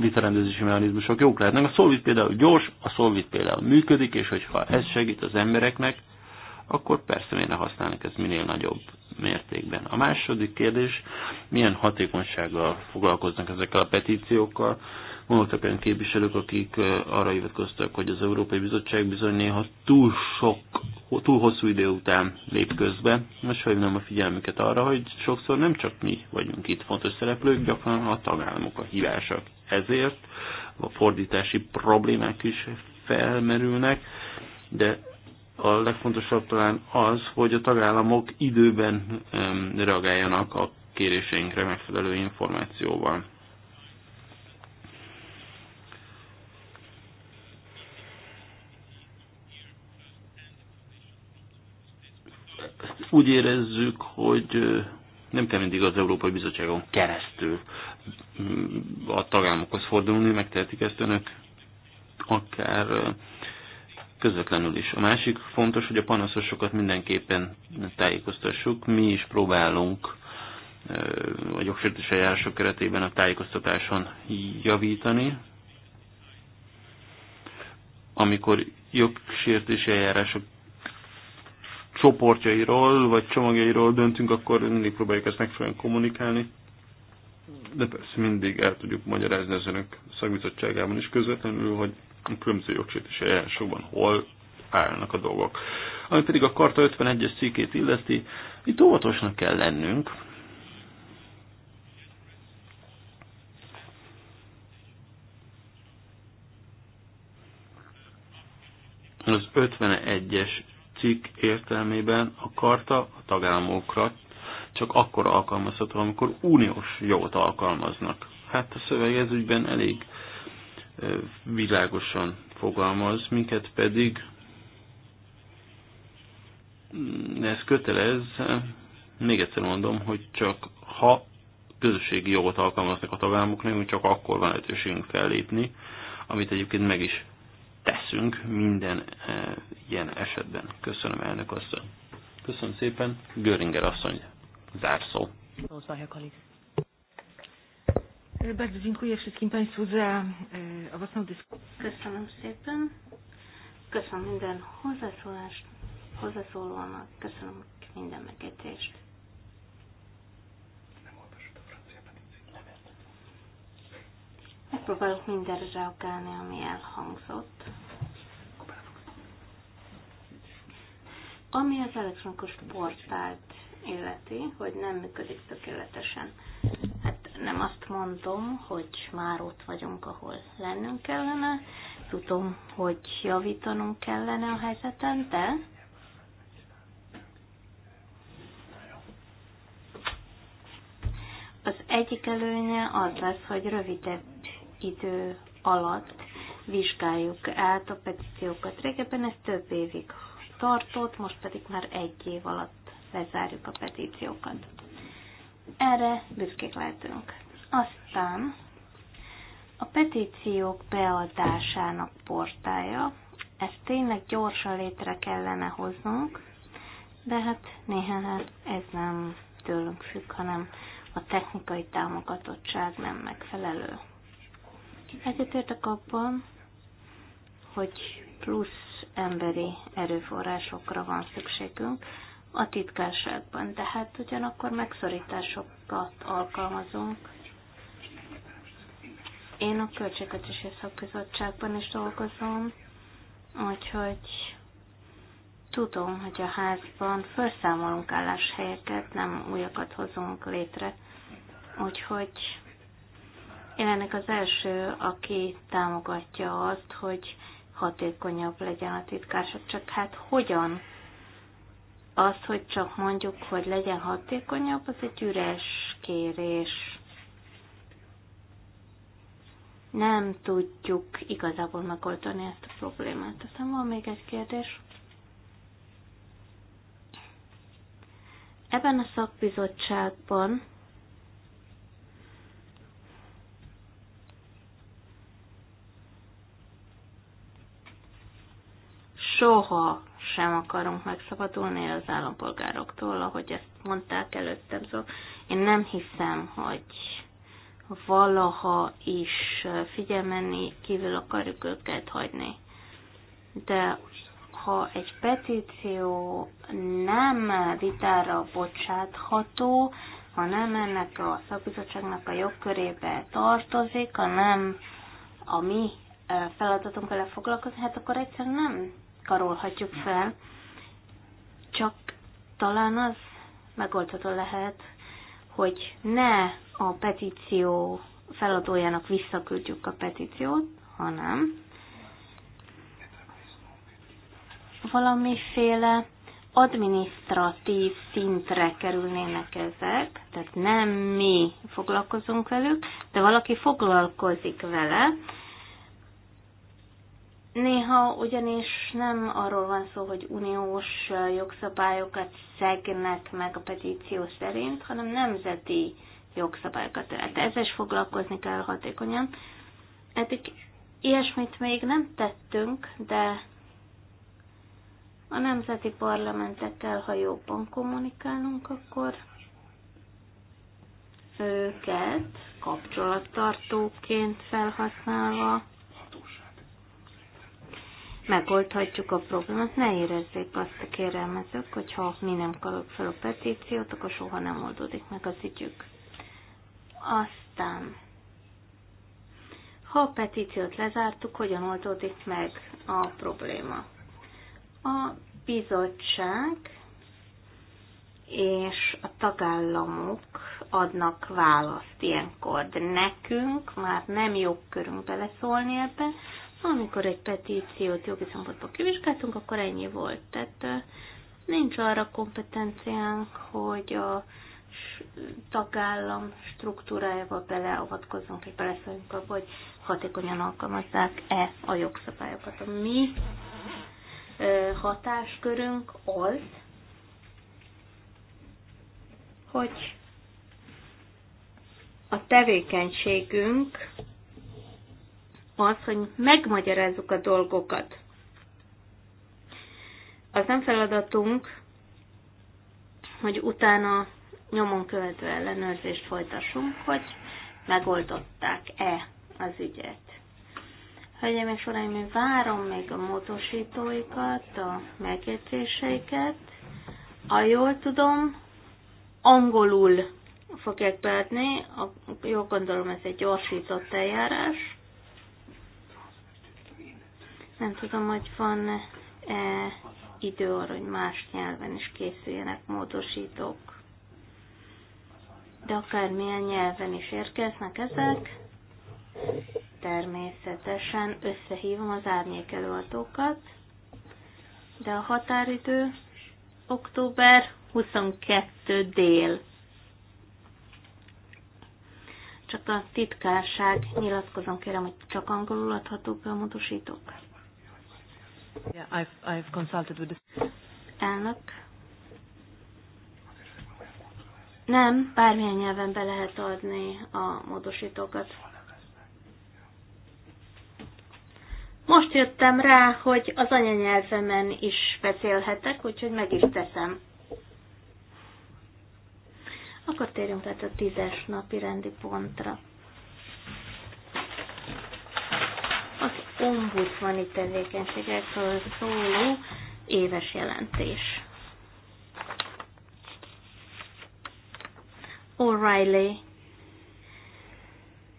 vitarendezési mechanizmusok jók lehetnek. A szolvit például gyors, a szolvit például működik, és hogyha ez segít az embereknek, akkor persze miért ne használnak ezt minél nagyobb mértékben. A második kérdés, milyen hatékonysággal foglalkoznak ezekkel a petíciókkal. Voltak olyan képviselők, akik arra hivatkoztak, hogy az Európai Bizottság bizony néha túl sok, túl hosszú idő után lép közbe. Most nem a figyelmüket arra, hogy sokszor nem csak mi vagyunk itt fontos szereplők, gyakran a tagállamok a hibásak. Ezért a fordítási problémák is felmerülnek, de a legfontosabb talán az, hogy a tagállamok időben reagáljanak a kéréseinkre megfelelő információval. Úgy érezzük, hogy nem kell mindig az Európai Bizottságon keresztül mm, a tagállamokhoz fordulni, megtehetik ezt önök akár közvetlenül is. A másik fontos, hogy a panaszosokat mindenképpen tájékoztassuk. Mi is próbálunk a jogsértés eljárások keretében a tájékoztatáson javítani. Amikor jogsértés eljárások csoportjairól vagy csomagjairól döntünk, akkor mindig próbáljuk ezt megfelelően kommunikálni. De persze mindig el tudjuk magyarázni az önök szakbizottságában is közvetlenül, hogy a különböző jogsértési eljárásokban hol állnak a dolgok. Ami pedig a Karta 51-es cikkét illeti, itt óvatosnak kell lennünk, az 51-es cikk értelmében a karta a tagállamokra csak akkor alkalmazható, amikor uniós jogot alkalmaznak. Hát a szöveg ez ügyben elég világosan fogalmaz, minket pedig mm, ez kötelez, még egyszer mondom, hogy csak ha közösségi jogot alkalmaznak a tagállamok, csak akkor van lehetőségünk fellépni, amit egyébként meg is leszünk minden e, ilyen esetben. Köszönöm, elnök asszony. Köszönöm szépen. Göringer asszony, zárszó. Bardzo dziękuję wszystkim Państwu za e, owocną dyskusję. Köszönöm szépen. Köszönöm minden hozzászólást, hozzászólónak. Köszönöm minden megértést. Megpróbálok mindenre reagálni, ami elhangzott. Ami az elektronikus portált illeti, hogy nem működik tökéletesen. Hát nem azt mondom, hogy már ott vagyunk, ahol lennünk kellene. Tudom, hogy javítanunk kellene a helyzeten, de az egyik előnye az lesz, hogy rövidebb idő alatt vizsgáljuk át a petíciókat. Régebben ez több évig tartott, most pedig már egy év alatt lezárjuk a petíciókat. Erre büszkék lehetünk. Aztán a petíciók beadásának portája, ezt tényleg gyorsan létre kellene hoznunk, de hát néha ez nem tőlünk függ, hanem a technikai támogatottság nem megfelelő. Egyetértek abban, hogy plusz emberi erőforrásokra van szükségünk a titkárságban, tehát ugyanakkor megszorításokat alkalmazunk. Én a Költségvetési Szakbizottságban is dolgozom, úgyhogy tudom, hogy a házban felszámolunk álláshelyeket, nem újakat hozunk létre. Úgyhogy én ennek az első, aki támogatja azt, hogy hatékonyabb legyen a titkárság, csak hát hogyan? Az, hogy csak mondjuk, hogy legyen hatékonyabb, az egy üres kérés. Nem tudjuk igazából megoldani ezt a problémát. Aztán van még egy kérdés. Ebben a szakbizottságban soha sem akarunk megszabadulni az állampolgároktól, ahogy ezt mondták előttem, szóval én nem hiszem, hogy valaha is figyelmenni kívül akarjuk őket hagyni. De ha egy petíció nem vitára bocsátható, ha nem ennek a szakbizottságnak a jogkörébe tartozik, ha nem a mi eh, feladatunk vele foglalkozni, hát akkor egyszerűen nem karolhatjuk fel, csak talán az megoldható lehet, hogy ne a petíció feladójának visszaküldjük a petíciót, hanem valamiféle administratív szintre kerülnének ezek, tehát nem mi foglalkozunk velük, de valaki foglalkozik vele, Néha ugyanis nem arról van szó, hogy uniós jogszabályokat szegnek meg a petíció szerint, hanem nemzeti jogszabályokat. Tehát ezzel is foglalkozni kell hatékonyan. Eddig ilyesmit még nem tettünk, de a nemzeti parlamentekkel, ha jobban kommunikálunk, akkor őket kapcsolattartóként felhasználva megoldhatjuk a problémát, ne érezzék azt a kérelmezők, hogyha mi nem kapjuk fel a petíciót, akkor soha nem oldódik meg az ügyük. Aztán, ha a petíciót lezártuk, hogyan oldódik meg a probléma? A bizottság és a tagállamok adnak választ ilyenkor, de nekünk már nem jogkörünk beleszólni ebben. Amikor egy petíciót jogi szempontból kivizsgáltunk, akkor ennyi volt. Tehát nincs arra kompetenciánk, hogy a tagállam struktúrájával beleavatkozunk, és beleszólunk abba, hogy hatékonyan alkalmazzák-e a jogszabályokat. A mi hatáskörünk az, hogy a tevékenységünk az, hogy megmagyarázzuk a dolgokat. Az nem feladatunk, hogy utána nyomon követő ellenőrzést folytassunk, hogy megoldották-e az ügyet. Hölgyeim és Uraim, én várom még a módosítóikat, a megjegyzéseiket. A jól tudom, angolul fogják beadni, jól gondolom ez egy gyorsított eljárás, nem tudom, hogy van-e e, idő arra, hogy más nyelven is készüljenek módosítók. De akármilyen nyelven is érkeznek ezek, természetesen összehívom az árnyék előadókat, de a határidő október 22 dél. Csak a titkárság nyilatkozom, kérem, hogy csak angolul adhatók be a módosítókat. Yeah, I've, I've consulted with the... Elnök. Nem, bármilyen nyelven be lehet adni a módosítókat. Most jöttem rá, hogy az anyanyelvemen is beszélhetek, úgyhogy meg is teszem. Akkor térjünk át a tízes napi rendi pontra. ombudsmani tevékenységekről szóló éves jelentés. O'Reilly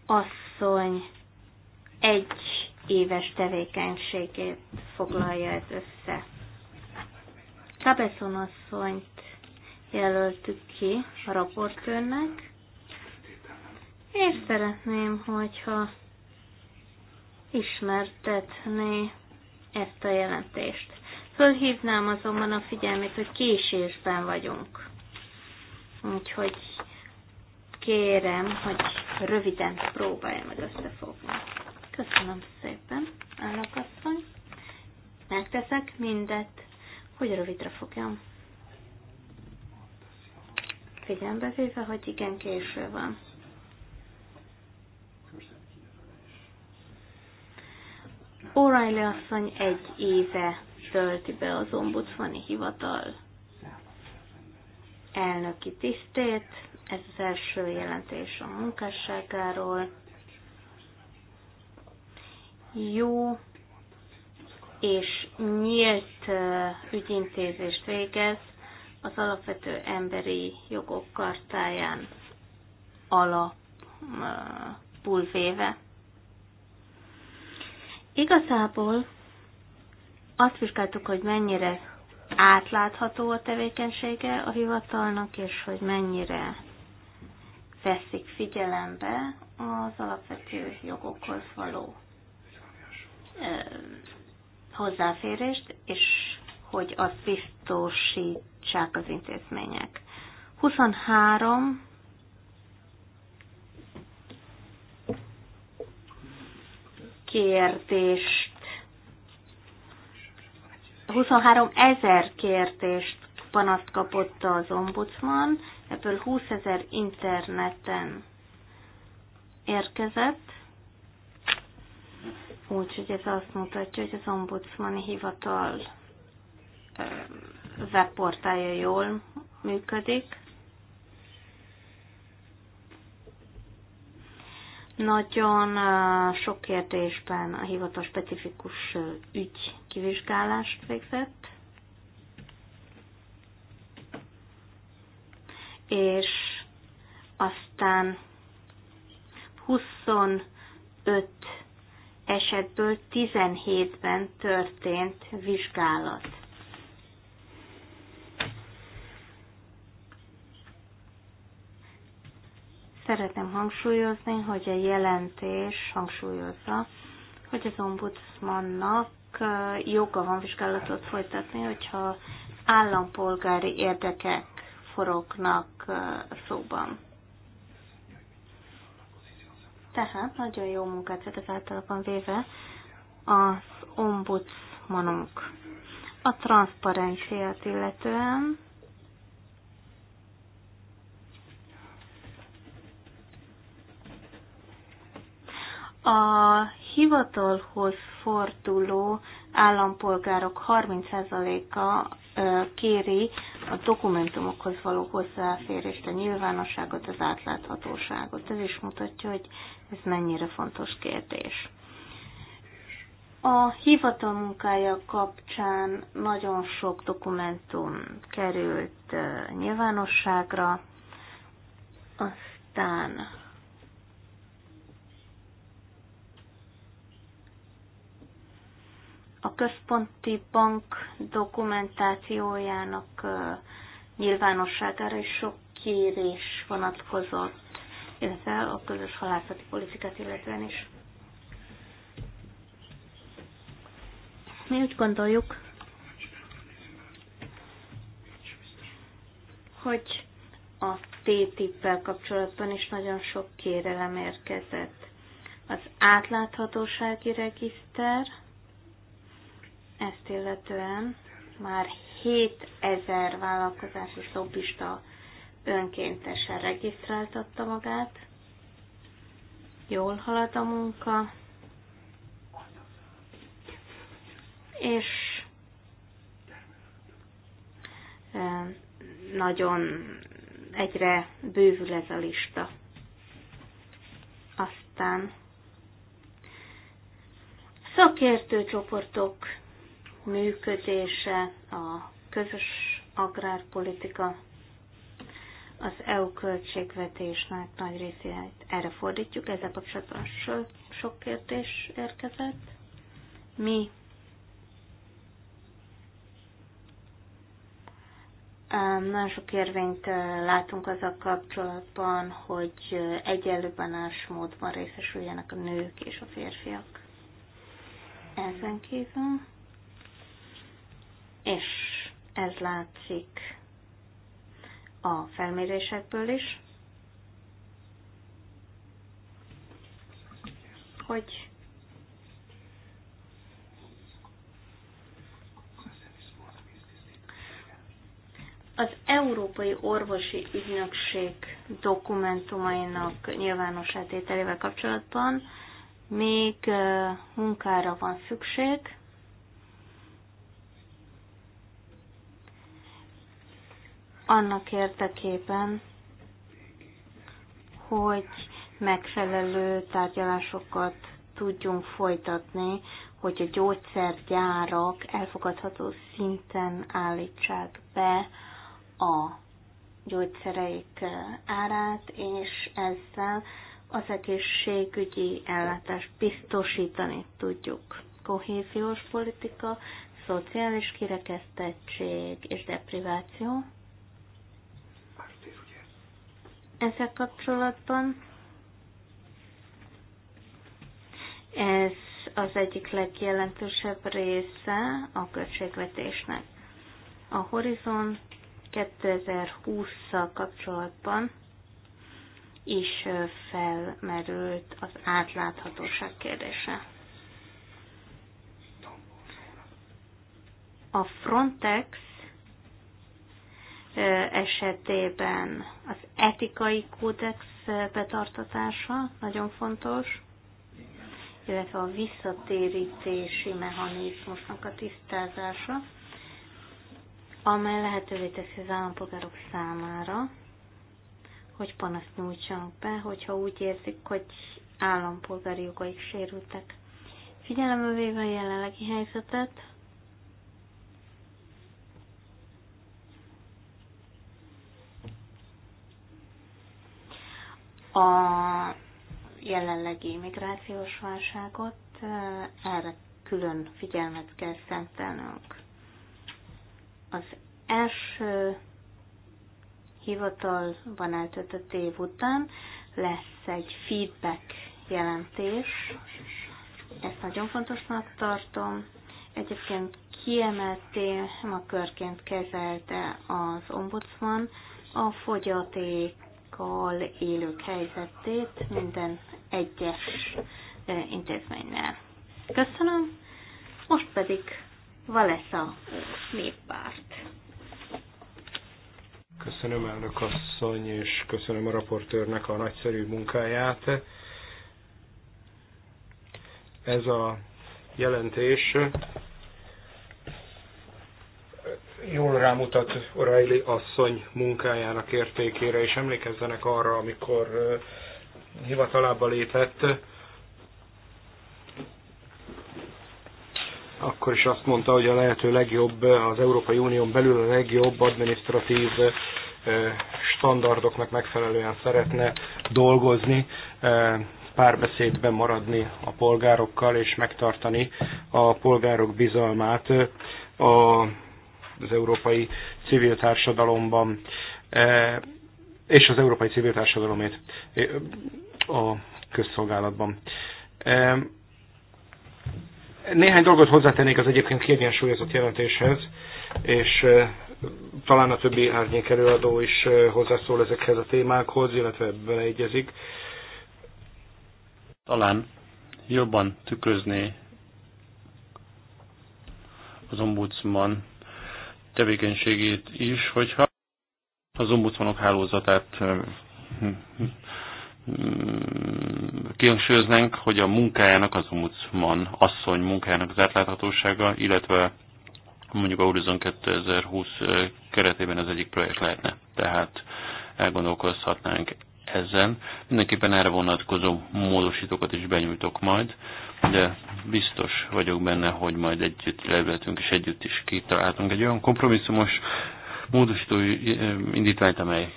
asszony egy éves tevékenységét foglalja ez össze. Cabezon asszonyt jelöltük ki a raportőrnek, és szeretném, hogyha ismertetni ezt a jelentést. Fölhívnám azonban a figyelmét, hogy késésben vagyunk. Úgyhogy kérem, hogy röviden próbálja meg összefogni. Köszönöm szépen, állapasszony. Megteszek mindet, hogy rövidre fogjam. Figyelembe véve, hogy igen késő van. O'Reilly asszony egy éve tölti be az ombudsmani hivatal elnöki tisztét. Ez az első jelentés a munkásságáról. Jó és nyílt ügyintézést végez az alapvető emberi jogok kartáján alapul véve. Igazából azt vizsgáltuk, hogy mennyire átlátható a tevékenysége a hivatalnak, és hogy mennyire veszik figyelembe az alapvető jogokhoz való hozzáférést, és hogy azt biztosítsák az intézmények. 23 kértést 23 ezer kértést panaszt kapott az ombudsman, ebből 20 ezer interneten érkezett, úgyhogy ez azt mutatja, hogy az ombudsmani hivatal webportálja jól működik, Nagyon sok kérdésben a hivatal specifikus ügy kivizsgálást végzett, és aztán 25 esetből 17-ben történt vizsgálat. Szeretném hangsúlyozni, hogy a jelentés hangsúlyozza, hogy az ombudsmannak joga van vizsgálatot folytatni, hogyha állampolgári érdekek forognak szóban. Tehát nagyon jó munkát az általában véve az ombudsmanunk. A transzparenciát illetően A hivatalhoz forduló állampolgárok 30%-a kéri a dokumentumokhoz való hozzáférést, a nyilvánosságot, az átláthatóságot. Ez is mutatja, hogy ez mennyire fontos kérdés. A hivatal munkája kapcsán nagyon sok dokumentum került nyilvánosságra, aztán a központi bank dokumentációjának nyilvánosságára is sok kérés vonatkozott, illetve a közös halászati politikát illetően is. Mi úgy gondoljuk, hogy a TTIP-vel kapcsolatban is nagyon sok kérelem érkezett. Az átláthatósági regiszter, ezt illetően már 7000 vállalkozás szobista önkéntesen regisztráltatta magát. Jól halad a munka. És nagyon egyre bővül ez a lista. Aztán szakértőcsoportok működése, a közös agrárpolitika, az EU költségvetésnek nagy részét erre fordítjuk, ezzel kapcsolatban sok kérdés érkezett. Mi Nagyon sok érvényt látunk azzal kapcsolatban, hogy egyenlő módban részesüljenek a nők és a férfiak. Ezen kívül és ez látszik a felmérésekből is, hogy az Európai Orvosi Ügynökség dokumentumainak nyilvános eltételével kapcsolatban még munkára van szükség, annak érdekében, hogy megfelelő tárgyalásokat tudjunk folytatni, hogy a gyógyszergyárak elfogadható szinten állítsák be a gyógyszereik árát, és ezzel az egészségügyi ellátást biztosítani tudjuk. Kohéziós politika, szociális kirekesztettség és depriváció ezzel kapcsolatban. Ez az egyik legjelentősebb része a költségvetésnek. A Horizon 2020-szal kapcsolatban is felmerült az átláthatóság kérdése. A Frontex esetében az etikai kódex betartatása nagyon fontos, illetve a visszatérítési mechanizmusnak a tisztázása, amely lehetővé teszi az állampolgárok számára, hogy panaszt nyújtsanak be, hogyha úgy érzik, hogy állampolgári jogaik sérültek. Figyelembe véve a jelenlegi helyzetet, a jelenlegi migrációs válságot, erre külön figyelmet kell szentelnünk. Az első hivatalban eltöltött év után lesz egy feedback jelentés. Ezt nagyon fontosnak tartom. Egyébként kiemelt témakörként kezelte az ombudsman a fogyaték fogyatékkal élők helyzetét minden egyes eh, intézménynél. Köszönöm. Most pedig Valesza eh, néppárt. Köszönöm elnök asszony, és köszönöm a raportőrnek a nagyszerű munkáját. Ez a jelentés jól rámutat O'Reilly asszony munkájának értékére, és emlékezzenek arra, amikor hivatalába lépett, akkor is azt mondta, hogy a lehető legjobb, az Európai Unión belül a legjobb administratív standardoknak megfelelően szeretne dolgozni, párbeszédben maradni a polgárokkal és megtartani a polgárok bizalmát. A az európai civil társadalomban, eh, és az európai civil társadalomét eh, a közszolgálatban. Eh, néhány dolgot hozzátennék az egyébként kiegyensúlyozott jelentéshez, és talán a többi árnyék előadó is hozzászól ezekhez a témákhoz, illetve beleegyezik. Talán jobban tükrözné az ombudsman tevékenységét is, hogyha az ombudsmanok hálózatát hm, hm, hm, kihangsúlyoznánk, hogy a munkájának, az ombudsman asszony munkájának az átláthatósága, illetve mondjuk a Horizon 2020 keretében az egyik projekt lehetne. Tehát elgondolkozhatnánk ezen. Mindenképpen erre vonatkozó módosítókat is benyújtok majd de biztos vagyok benne, hogy majd együtt leültünk és együtt is kitaláltunk egy olyan kompromisszumos módosító eh, indítványt, amely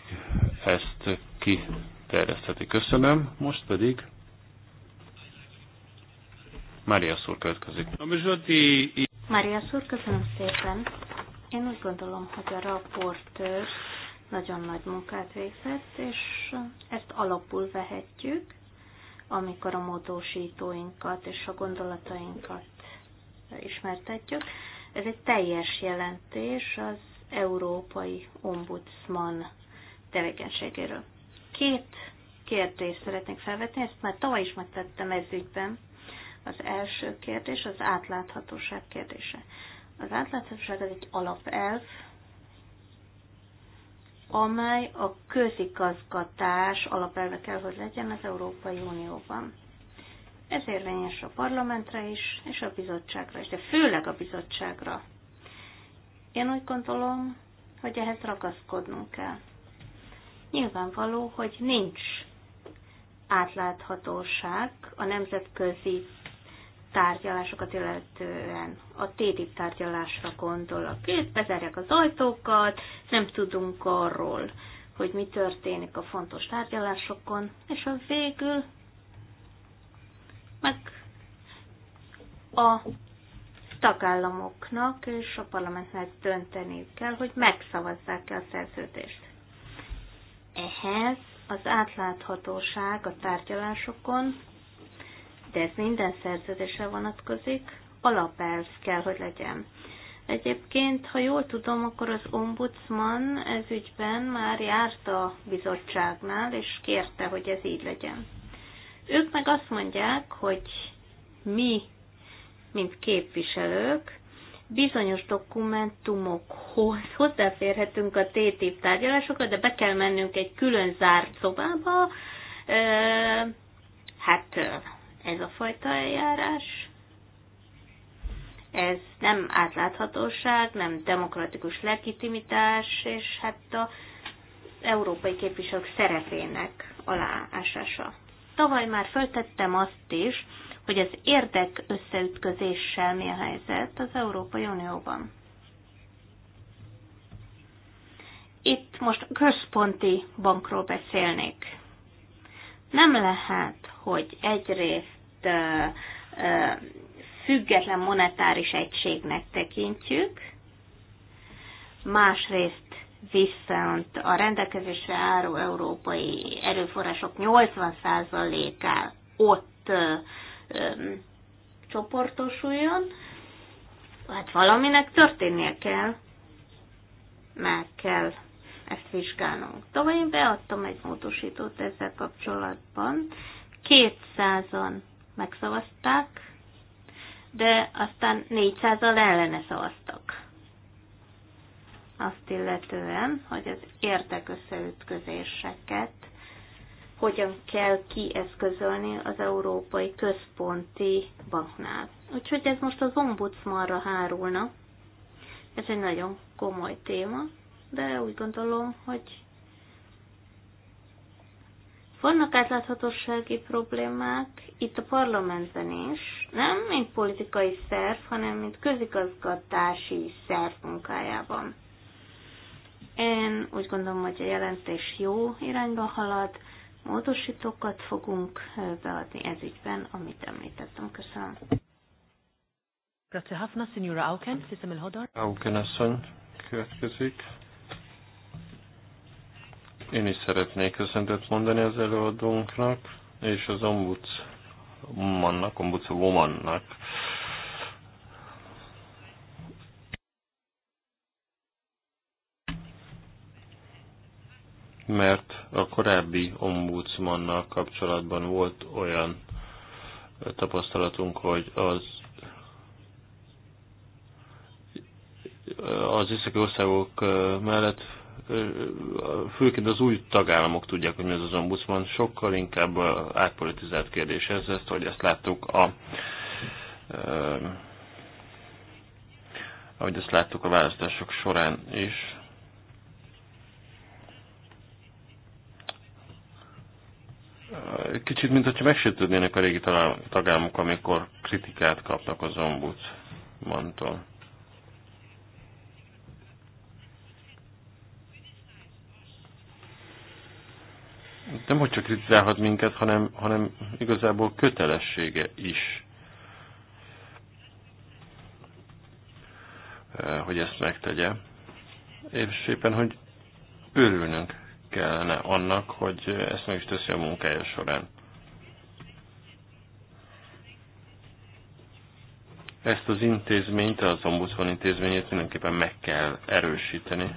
ezt kiterjesztheti. Köszönöm. Most pedig Mária Szúr következik. Mária Szúr, köszönöm szépen. Én úgy gondolom, hogy a raportőr nagyon nagy munkát végzett, és ezt alapul vehetjük, amikor a módosítóinkat és a gondolatainkat ismertetjük. Ez egy teljes jelentés az Európai Ombudsman tevékenységéről. Két kérdést szeretnék felvetni, ezt már tavaly is megtettem ügyben. Az első kérdés az átláthatóság kérdése. Az átláthatóság az egy alapelv, amely a közigazgatás alapelve kell, hogy legyen az Európai Unióban. Ez érvényes a parlamentre is, és a bizottságra is, de főleg a bizottságra. Én úgy gondolom, hogy ehhez ragaszkodnunk kell. Nyilvánvaló, hogy nincs átláthatóság a nemzetközi tárgyalásokat illetően, a téti tárgyalásra gondolok. Itt bezárják az ajtókat, nem tudunk arról, hogy mi történik a fontos tárgyalásokon, és a végül meg a tagállamoknak és a parlamentnek dönteniük kell, hogy megszavazzák-e a szerződést. Ehhez az átláthatóság a tárgyalásokon de ez minden szerződésre vonatkozik, alapelv kell, hogy legyen. Egyébként, ha jól tudom, akkor az ombudsman ez ügyben már járt a bizottságnál, és kérte, hogy ez így legyen. Ők meg azt mondják, hogy mi, mint képviselők, bizonyos dokumentumokhoz hozzáférhetünk a TTIP tárgyalásokat, de be kell mennünk egy külön zárt szobába, hát ez a fajta eljárás. Ez nem átláthatóság, nem demokratikus legitimitás, és hát a európai képviselők szerepének aláásása. Tavaly már föltettem azt is, hogy az érdek összeütközéssel mi a helyzet az Európai Unióban. Itt most központi bankról beszélnék. Nem lehet, hogy egyrészt független monetáris egységnek tekintjük, másrészt viszont a rendelkezésre álló európai erőforrások 80%-á ott ö, ö, csoportosuljon, hát valaminek történnie kell, meg kell ezt vizsgálnunk. Tavaly én beadtam egy módosítót ezzel kapcsolatban, 200-an megszavazták, de aztán 400-al ellene szavaztak. Azt illetően, hogy az érdekösszeütközéseket hogyan kell kieszközölni az Európai Központi Banknál. Úgyhogy ez most az ombudsmanra hárulna. Ez egy nagyon komoly téma, de úgy gondolom, hogy vannak átláthatósági problémák itt a parlamentben is, nem mint politikai szerv, hanem mint közigazgatási szerv munkájában. Én úgy gondolom, hogy a jelentés jó irányba halad, módosítókat fogunk beadni ez ügyben, amit említettem. Köszönöm. Köszönöm, Hafna, Signora Auken, Sziszemel Hodor. Auken asszony következik. Én is szeretnék köszöntet mondani az előadónknak, és az ombudsmannak, ombudswomannak. Mert a korábbi ombudsmannal kapcsolatban volt olyan tapasztalatunk, hogy az az északi országok mellett főként az új tagállamok tudják, hogy mi az az ombudsman, sokkal inkább átpolitizált kérdés ez, ezt, hogy ezt láttuk a eh, ahogy ezt láttuk a választások során is. Kicsit, mint hogyha megsértődnének a régi tagállamok, amikor kritikát kaptak az ombudsmantól. nem hogy csak kritizálhat minket, hanem, hanem igazából kötelessége is, eh, hogy ezt megtegye. És éppen, hogy örülnünk kellene annak, hogy ezt meg is teszi a munkája során. Ezt az intézményt, az ombudsman intézményét mindenképpen meg kell erősíteni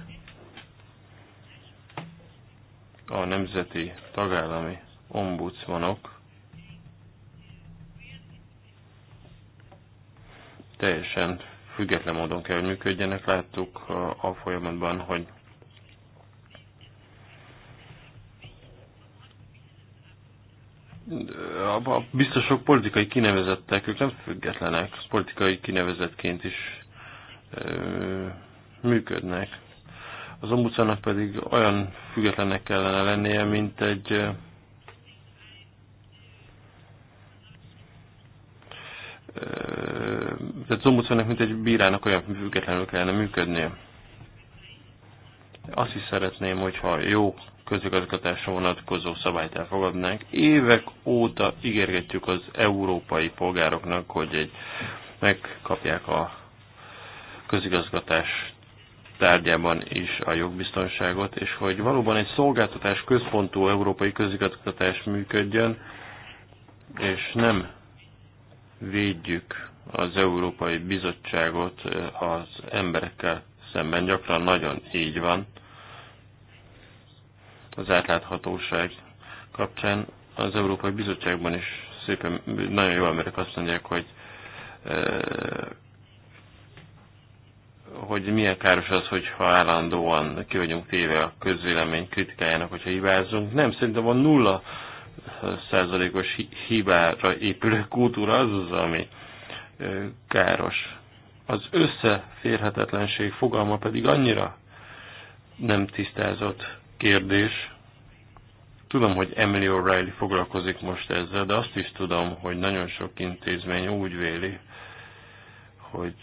a nemzeti tagállami ombudsmanok teljesen független módon kell, hogy működjenek. Láttuk a folyamatban, hogy a biztosok politikai kinevezettek, ők nem függetlenek, politikai kinevezetként is működnek. Az ombudsmannak pedig olyan függetlennek kellene lennie, mint egy tehát ombudsmannak, mint egy bírának olyan függetlenül kellene működnie. Azt is szeretném, hogyha jó közigazgatásra vonatkozó szabályt elfogadnánk. Évek óta ígérgetjük az európai polgároknak, hogy egy, megkapják a közigazgatás tárgyában is a jogbiztonságot, és hogy valóban egy szolgáltatás központú európai közigazgatás működjön, és nem védjük az Európai Bizottságot az emberekkel szemben. Gyakran nagyon így van. Az átláthatóság kapcsán az Európai Bizottságban is szépen, nagyon jó, emberek azt mondják, hogy hogy milyen káros az, hogyha állandóan ki vagyunk téve a közvélemény kritikájának, hogyha hibázunk. Nem, szerintem a nulla százalékos hibára épülő kultúra az az, ami káros. Az összeférhetetlenség fogalma pedig annyira nem tisztázott kérdés. Tudom, hogy Emily O'Reilly foglalkozik most ezzel, de azt is tudom, hogy nagyon sok intézmény úgy véli, hogy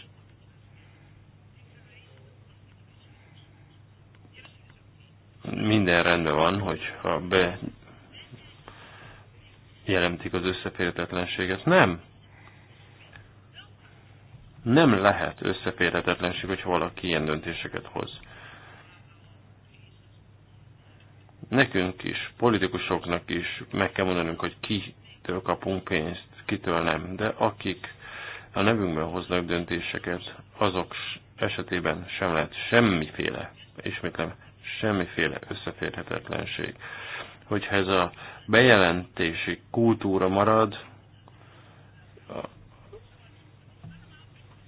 minden rendben van, hogyha be jelentik az összeférhetetlenséget. Nem. Nem lehet összeférhetetlenség, hogyha valaki ilyen döntéseket hoz. Nekünk is, politikusoknak is meg kell mondanunk, hogy kitől kapunk pénzt, kitől nem, de akik a nevünkben hoznak döntéseket, azok esetében sem lehet semmiféle, ismétlem, semmiféle összeférhetetlenség. Hogyha ez a bejelentési kultúra marad,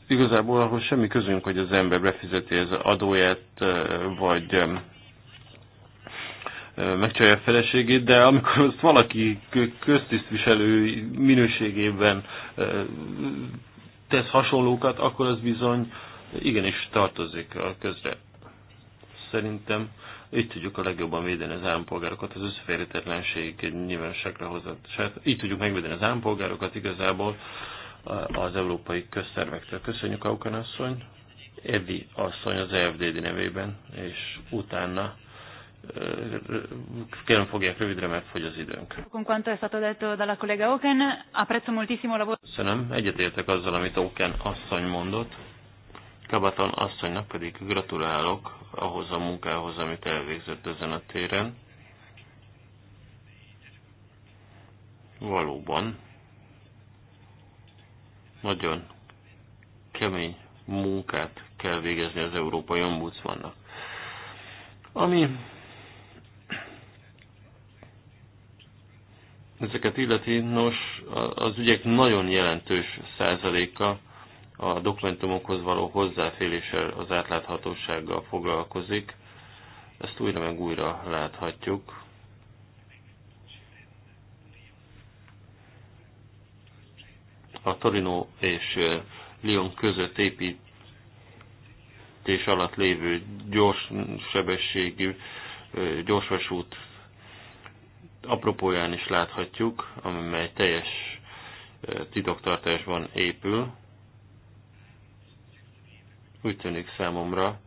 igazából ahhoz semmi közünk, hogy az ember befizeti az adóját, vagy megcsalja a feleségét, de amikor azt valaki köztisztviselő minőségében tesz hasonlókat, akkor az bizony igenis tartozik a közre Szerintem így tudjuk a legjobban védeni az állampolgárokat, az összeférhetetlenség nyilvánosságra hozott. Sehát Így tudjuk megvédeni az állampolgárokat igazából az európai közszervektől. Köszönjük, Aukan asszony. Evi asszony az EFDD nevében, és utána kérem fogják rövidre, mert fogy az időnk. Köszönöm, egyetértek azzal, amit Oken asszony mondott Kabaton asszonynak pedig gratulálok ahhoz a munkához, amit elvégzett ezen a téren. Valóban nagyon kemény munkát kell végezni az Európai Ombudsmannak. Ami ezeket illeti, nos, az ügyek nagyon jelentős százaléka a dokumentumokhoz való hozzáféléssel, az átláthatósággal foglalkozik. Ezt újra meg újra láthatjuk. A Torino és Lyon között építés alatt lévő gyors sebességű gyorsvasút apropóján is láthatjuk, amely teljes titoktartásban épül. Úgy tűnik számomra,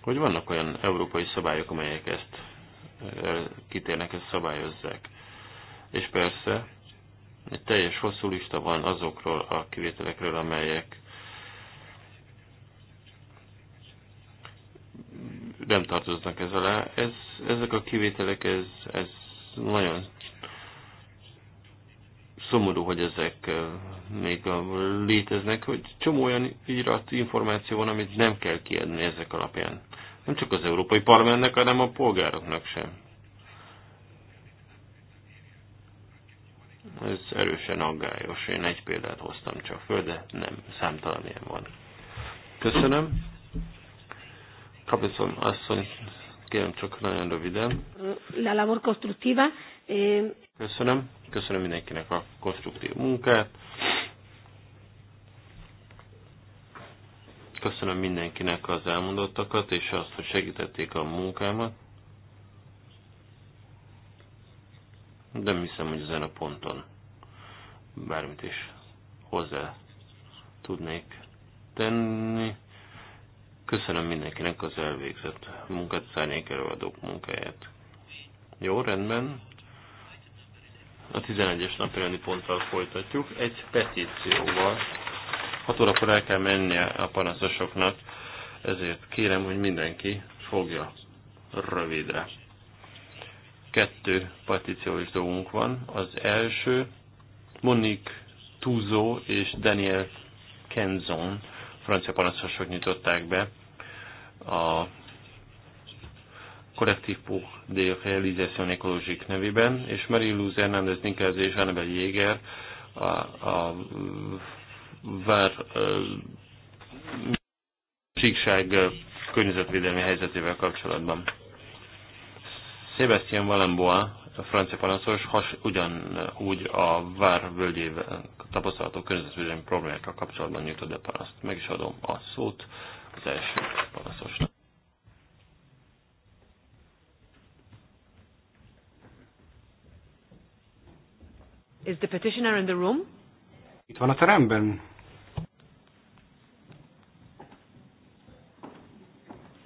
hogy vannak olyan európai szabályok, amelyek ezt eh, kitérnek, ezt szabályozzák. És persze, egy teljes hosszú lista van azokról a kivételekről, amelyek nem tartoznak ez alá. Ez, ezek a kivételek, ez, ez nagyon szomorú, hogy ezek még léteznek, hogy csomó olyan írat, információ van, amit nem kell kiadni ezek alapján. Nem csak az Európai Parlamentnek, hanem a polgároknak sem. Ez erősen aggályos. Én egy példát hoztam csak föl, de nem, számtalan ilyen van. Köszönöm. Kapicom asszony, kérem csak nagyon röviden. La labor constructiva. Eh, Köszönöm Köszönöm mindenkinek a konstruktív munkát. Köszönöm mindenkinek az elmondottakat, és azt, hogy segítették a munkámat. De hiszem, hogy ezen a ponton bármit is hozzá tudnék tenni. Köszönöm mindenkinek az elvégzett munkát, szárnyék előadók munkáját. Jó, rendben. A 11-es napirendi ponttal folytatjuk. Egy petícióval. 6 órakor el kell mennie a panaszosoknak, ezért kérem, hogy mindenki fogja rövidre. Kettő petíciós dolgunk van. Az első Monique Tuzo és Daniel Kenzon francia panaszosok nyitották be a Colectivo de Realización Ecologique nevében, és Luz Hernández Nikez és Annabel Jéger a, a vár síkság környezetvédelmi helyzetével kapcsolatban. Sébastien Valenboa, a francia panaszos, has, ugyanúgy a vár völgyével tapasztalható környezetvédelmi problémákkal kapcsolatban nyújtott a panaszt. Meg is adom a szót az első panaszosnak. Is the petitioner in the room? Itt van a teremben.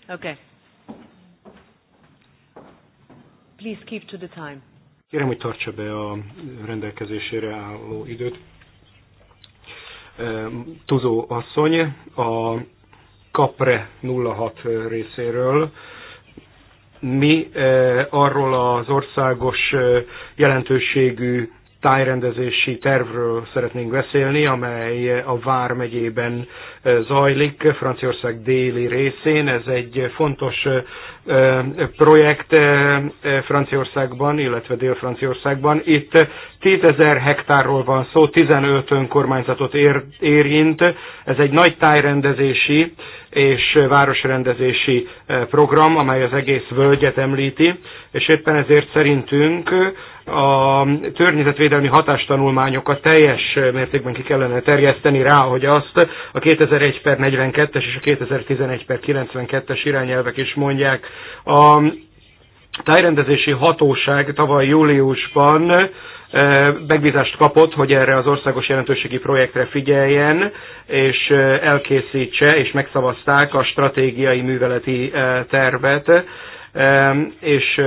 Okay. Please keep to the time. Kérem, hogy tartsa be a rendelkezésére álló időt. Tuzó asszony a Kapre 06 részéről mi arról az országos jelentőségű tájrendezési tervről szeretnénk beszélni, amely a Vár megyében e, zajlik, Franciaország déli részén. Ez egy fontos e, e, projekt Franciaországban, illetve Dél-Franciaországban. Itt tízezer hektárról van szó, 15 önkormányzatot ér, érint. Ez egy nagy tájrendezési és városrendezési eh, program, amely az egész völgyet említi, és éppen ezért szerintünk a környezetvédelmi hatástanulmányokat teljes mértékben ki kellene terjeszteni rá, hogy azt a 2001 per 42-es és a 2011 per 92-es irányelvek is mondják. A tájrendezési hatóság tavaly júliusban megbízást kapott, hogy erre az országos jelentőségi projektre figyeljen, és elkészítse, és megszavazták a stratégiai műveleti tervet, és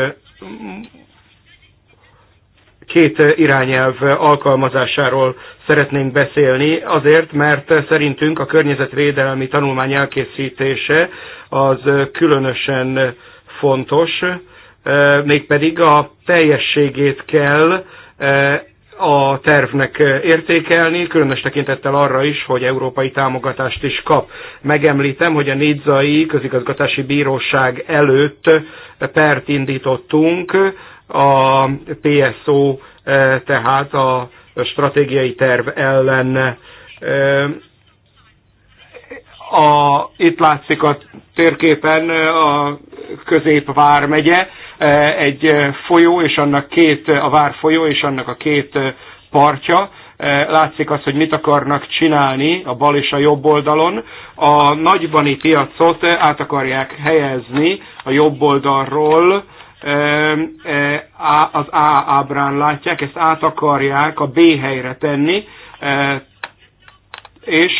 két irányelv alkalmazásáról szeretnénk beszélni, azért, mert szerintünk a környezetvédelmi tanulmány elkészítése az különösen fontos, mégpedig a teljességét kell a tervnek értékelni, különös tekintettel arra is, hogy európai támogatást is kap. Megemlítem, hogy a Nidzai Közigazgatási Bíróság előtt pert indítottunk, a PSO eh, tehát a stratégiai terv ellen eh, a, itt látszik a térképen a Középvár megye, egy folyó és annak két, a Vár folyó és annak a két partja. Látszik az, hogy mit akarnak csinálni a bal és a jobb oldalon. A nagybani piacot át akarják helyezni a jobb oldalról, az A ábrán látják, ezt át akarják a B helyre tenni, és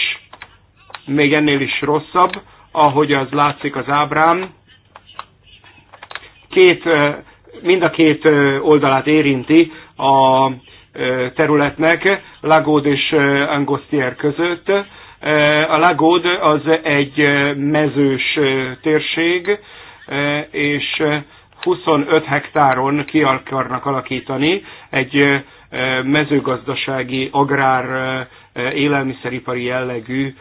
még ennél is rosszabb, ahogy az látszik az ábrán. Két, mind a két oldalát érinti a területnek, Lagód és Angostier között. A Lagód az egy mezős térség, és 25 hektáron ki akarnak alakítani egy mezőgazdasági agrár élelmiszeripari jellegű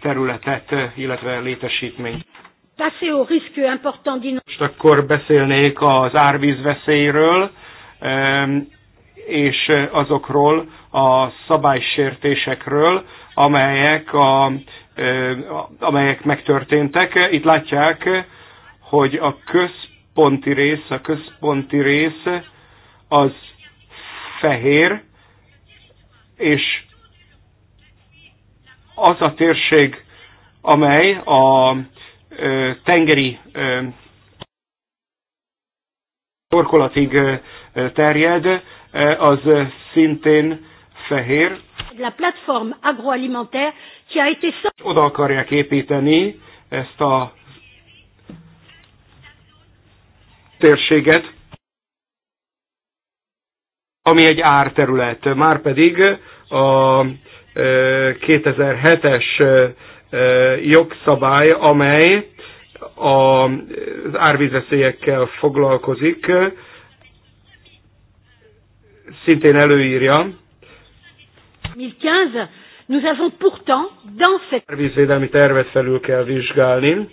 területet, illetve létesítményt. Most akkor beszélnék az árvízveszélyről és azokról a szabálysértésekről, amelyek, a, amelyek megtörténtek. Itt látják, hogy a központi rész, a központi rész az fehér, és az a térség, amely a tengeri torkolatig terjed, az szintén fehér. La plateforme agroalimentaire qui a été... Oda akarják építeni ezt a térséget, ami egy árterület. pedig a 2007-es jogszabály, amely az árvízeszélyekkel foglalkozik, szintén előírja. 2015, nous avons pourtant dans cette... Árvízvédelmi tervet felül kell vizsgálni.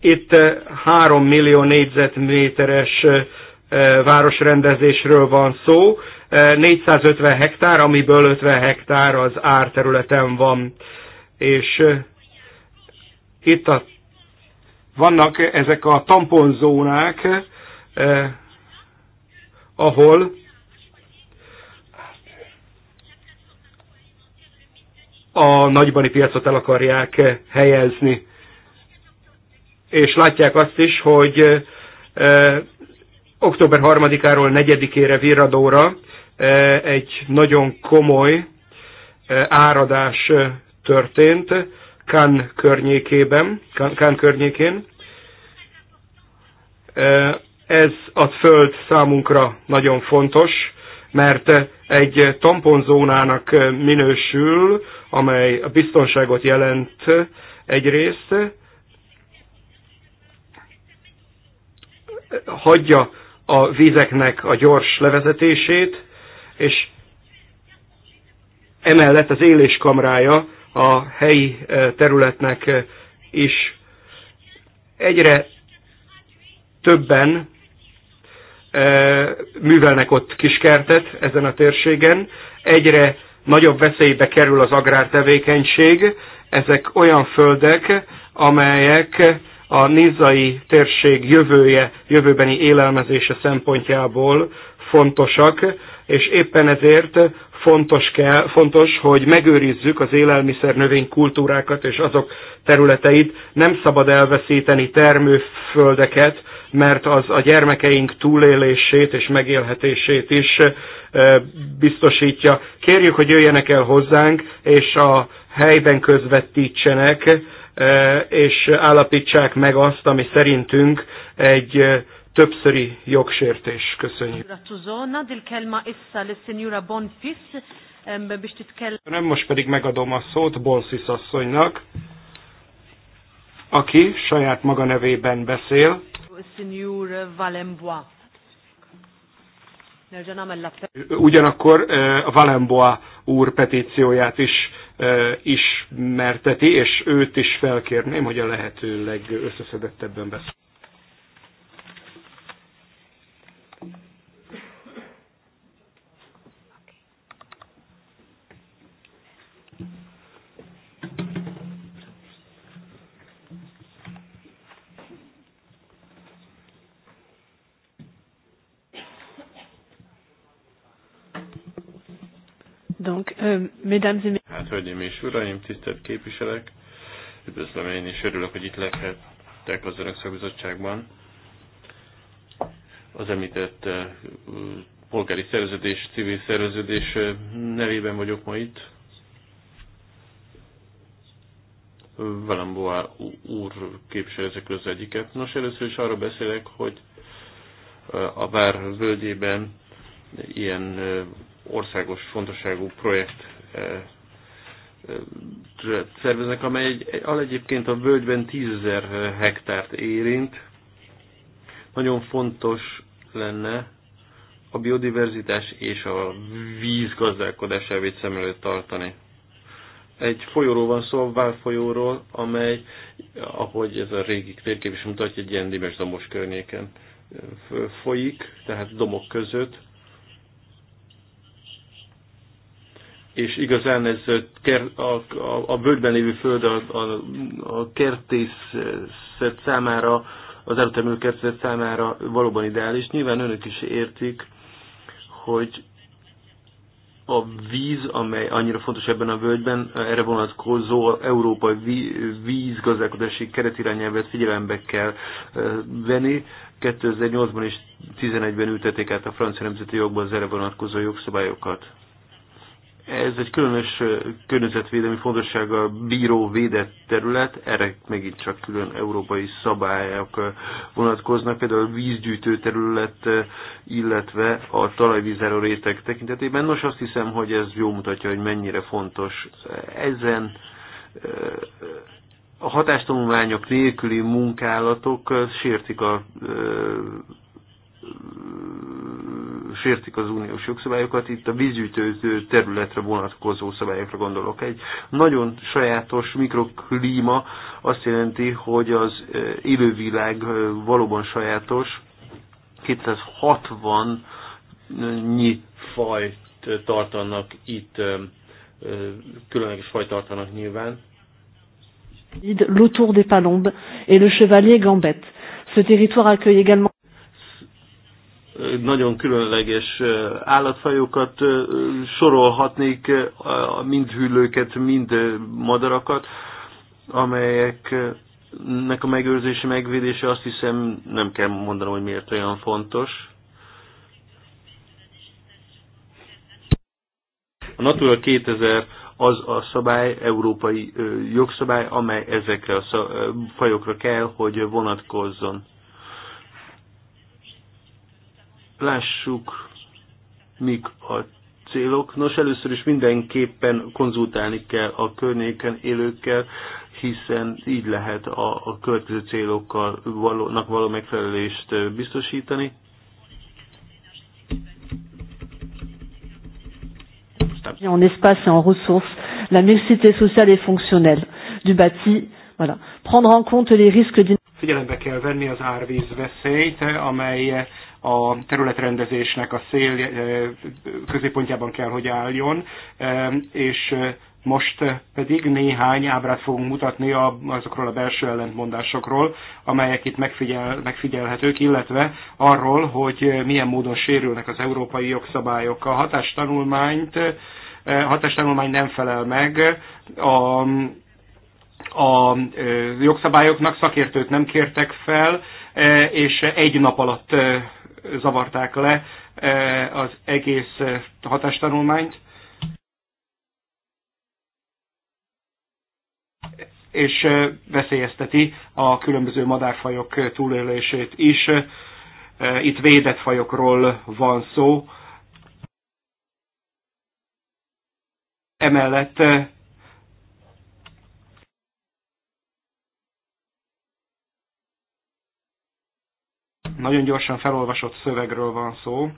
Itt 3 millió négyzetméteres városrendezésről van szó, 450 hektár, amiből 50 hektár az árterületen van. És itt a, vannak ezek a tamponzónák, eh, ahol a nagybani piacot el akarják helyezni. És látják azt is, hogy eh, október 3-áról 4-ére Virradóra egy nagyon komoly áradás történt Kan környékében, Kan környékén. Ez a föld számunkra nagyon fontos, mert egy tamponzónának minősül, amely a biztonságot jelent egyrészt, hagyja a vizeknek a gyors levezetését, és emellett az éléskamrája a helyi eh, területnek eh, is egyre többen eh, művelnek ott kiskertet ezen a térségen, egyre nagyobb veszélybe kerül az agrártevékenység, ezek olyan földek, amelyek a nizai térség jövője, jövőbeni élelmezése szempontjából fontosak, és éppen ezért fontos, kell, fontos, hogy megőrizzük az élelmiszer növénykultúrákat és azok területeit. Nem szabad elveszíteni termőföldeket, mert az a gyermekeink túlélését és megélhetését is biztosítja. Kérjük, hogy jöjjenek el hozzánk, és a helyben közvetítsenek, és állapítsák meg azt, ami szerintünk egy többszöri jogsértés. Köszönjük. Nem most pedig megadom a szót Bonszisz asszonynak, aki saját maga nevében beszél. Ugyanakkor a úr petícióját is ismerteti, és őt is felkérném, hogy a lehető legösszeszedettebben beszél. Donc, euh, mesdames et Hát, hölgyeim és uraim, tisztelt képviselek, üdvözlöm én is, örülök, hogy itt lehettek az Önök Szakbizottságban. Az említett polgári szerződés, civil szerződés nevében vagyok ma itt. Velem Boá úr képvisel ezek az egyiket. Nos, először is arra beszélek, hogy a Vár völgyében ilyen országos fontosságú projekt szerveznek, amely egy, egyébként a völgyben 10.000 hektárt érint. Nagyon fontos lenne a biodiverzitás és a vízgazdálkodás elvét szem előtt tartani. Egy folyóról van szó, a Vál folyóról, amely, ahogy ez a régi térkép is mutatja, egy ilyen dimes domos környéken folyik, tehát domok között, és igazán ez a, a, a bődben lévő föld a, a, a kertészet számára, az árutermelő kertészet számára valóban ideális. Nyilván önök is értik, hogy a víz, amely annyira fontos ebben a völgyben, erre vonatkozó európai vízgazdálkodási keretirányelvet figyelembe kell venni. 2008-ban és 2011-ben ültették át a francia nemzeti jogban az erre vonatkozó jogszabályokat. Ez egy különös környezetvédelmi fontossága bíró védett terület, erre megint csak külön európai szabályok vonatkoznak, például a vízgyűjtő terület, illetve a talajvízáró réteg tekintetében. Nos, azt hiszem, hogy ez jó mutatja, hogy mennyire fontos ezen a hatástanulmányok nélküli munkálatok sértik a sértik az uniós jogszabályokat, itt a vízgyűjtő területre vonatkozó szabályokra gondolok. Egy nagyon sajátos mikroklíma azt jelenti, hogy az e, élővilág e, valóban sajátos, 260 nyi fajt tartanak itt, e, különleges fajt tartanak nyilván. Le tour des palombes et le chevalier gambette. Ce territoire accueille également nagyon különleges állatfajokat sorolhatnék, mind hüllőket, mind madarakat, amelyeknek a megőrzése, megvédése azt hiszem nem kell mondanom, hogy miért olyan fontos. A Natura 2000 az a szabály, európai jogszabály, amely ezekre a fajokra kell, hogy vonatkozzon Lássuk, mik a célok. Nos, először is mindenképpen konzultálni kell a környéken élőkkel, hiszen így lehet a, a következő célokkal valónak való megfelelést biztosítani. en espace et en ressources, la mixité sociale et fonctionnelle du bâti, voilà. prendre en compte les risques Figyelembe kell venni az árvíz veszélyt, amely a területrendezésnek a szél eh, középpontjában kell, hogy álljon, eh, és most pedig néhány ábrát fogunk mutatni azokról a belső ellentmondásokról, amelyek itt megfigyel, megfigyelhetők, illetve arról, hogy milyen módon sérülnek az európai jogszabályok. A hatástanulmányt, eh, hatástanulmány nem felel meg a a jogszabályoknak szakértőt nem kértek fel, és egy nap alatt zavarták le az egész hatástanulmányt. és veszélyezteti a különböző madárfajok túlélését is. Itt védett fajokról van szó. Emellett Nagyon gyorsan felolvasott szövegről van szó,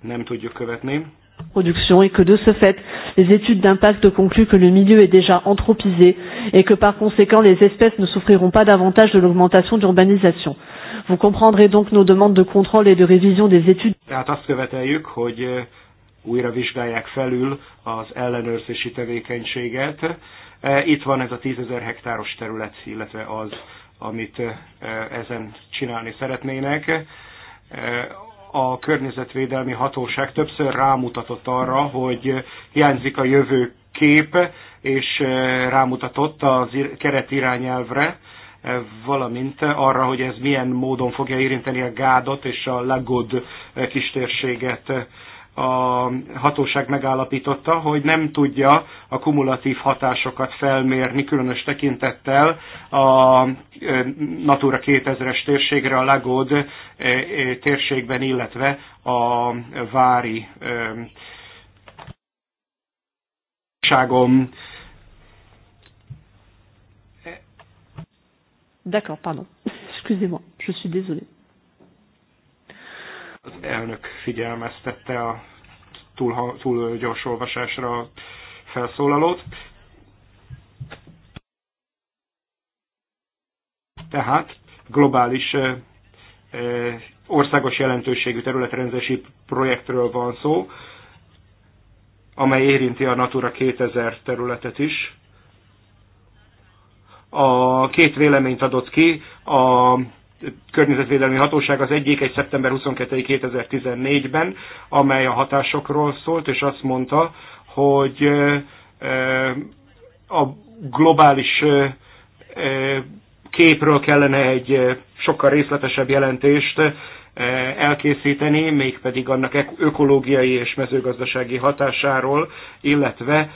nem tudjuk követni. Production et que de ce fait, les études d'impact concluent que le milieu est déjà anthropisé et que par conséquent les espèces ne souffriront pas davantage de l'augmentation d'urbanisation. Vous comprendrez donc nos demandes de contrôle et de révision des études. Tehát azt követeljük, hogy eh, újra vizsgálják felül az ellenőrzési tevékenységet. Eh, itt van ez a 10 000 hektáros terület, illetve az amit ezen csinálni szeretnének. A környezetvédelmi hatóság többször rámutatott arra, hogy hiányzik a jövő kép, és rámutatott az keretirányelvre, valamint arra, hogy ez milyen módon fogja érinteni a Gádot és a Legod kistérséget a hatóság megállapította, hogy nem tudja a kumulatív hatásokat felmérni, különös tekintettel a Natura 2000-es térségre, a Lagod térségben, illetve a Vári D'accord, pardon. Excusez-moi, je suis désolée. Az elnök figyelmeztette a túl, túl gyors olvasásra a felszólalót. Tehát globális országos jelentőségű területrendezési projektről van szó, amely érinti a Natura 2000 területet is. A két véleményt adott ki a környezetvédelmi hatóság az egyik egy szeptember 22 2014-ben, amely a hatásokról szólt, és azt mondta, hogy a globális képről kellene egy sokkal részletesebb jelentést elkészíteni, mégpedig annak ökológiai és mezőgazdasági hatásáról, illetve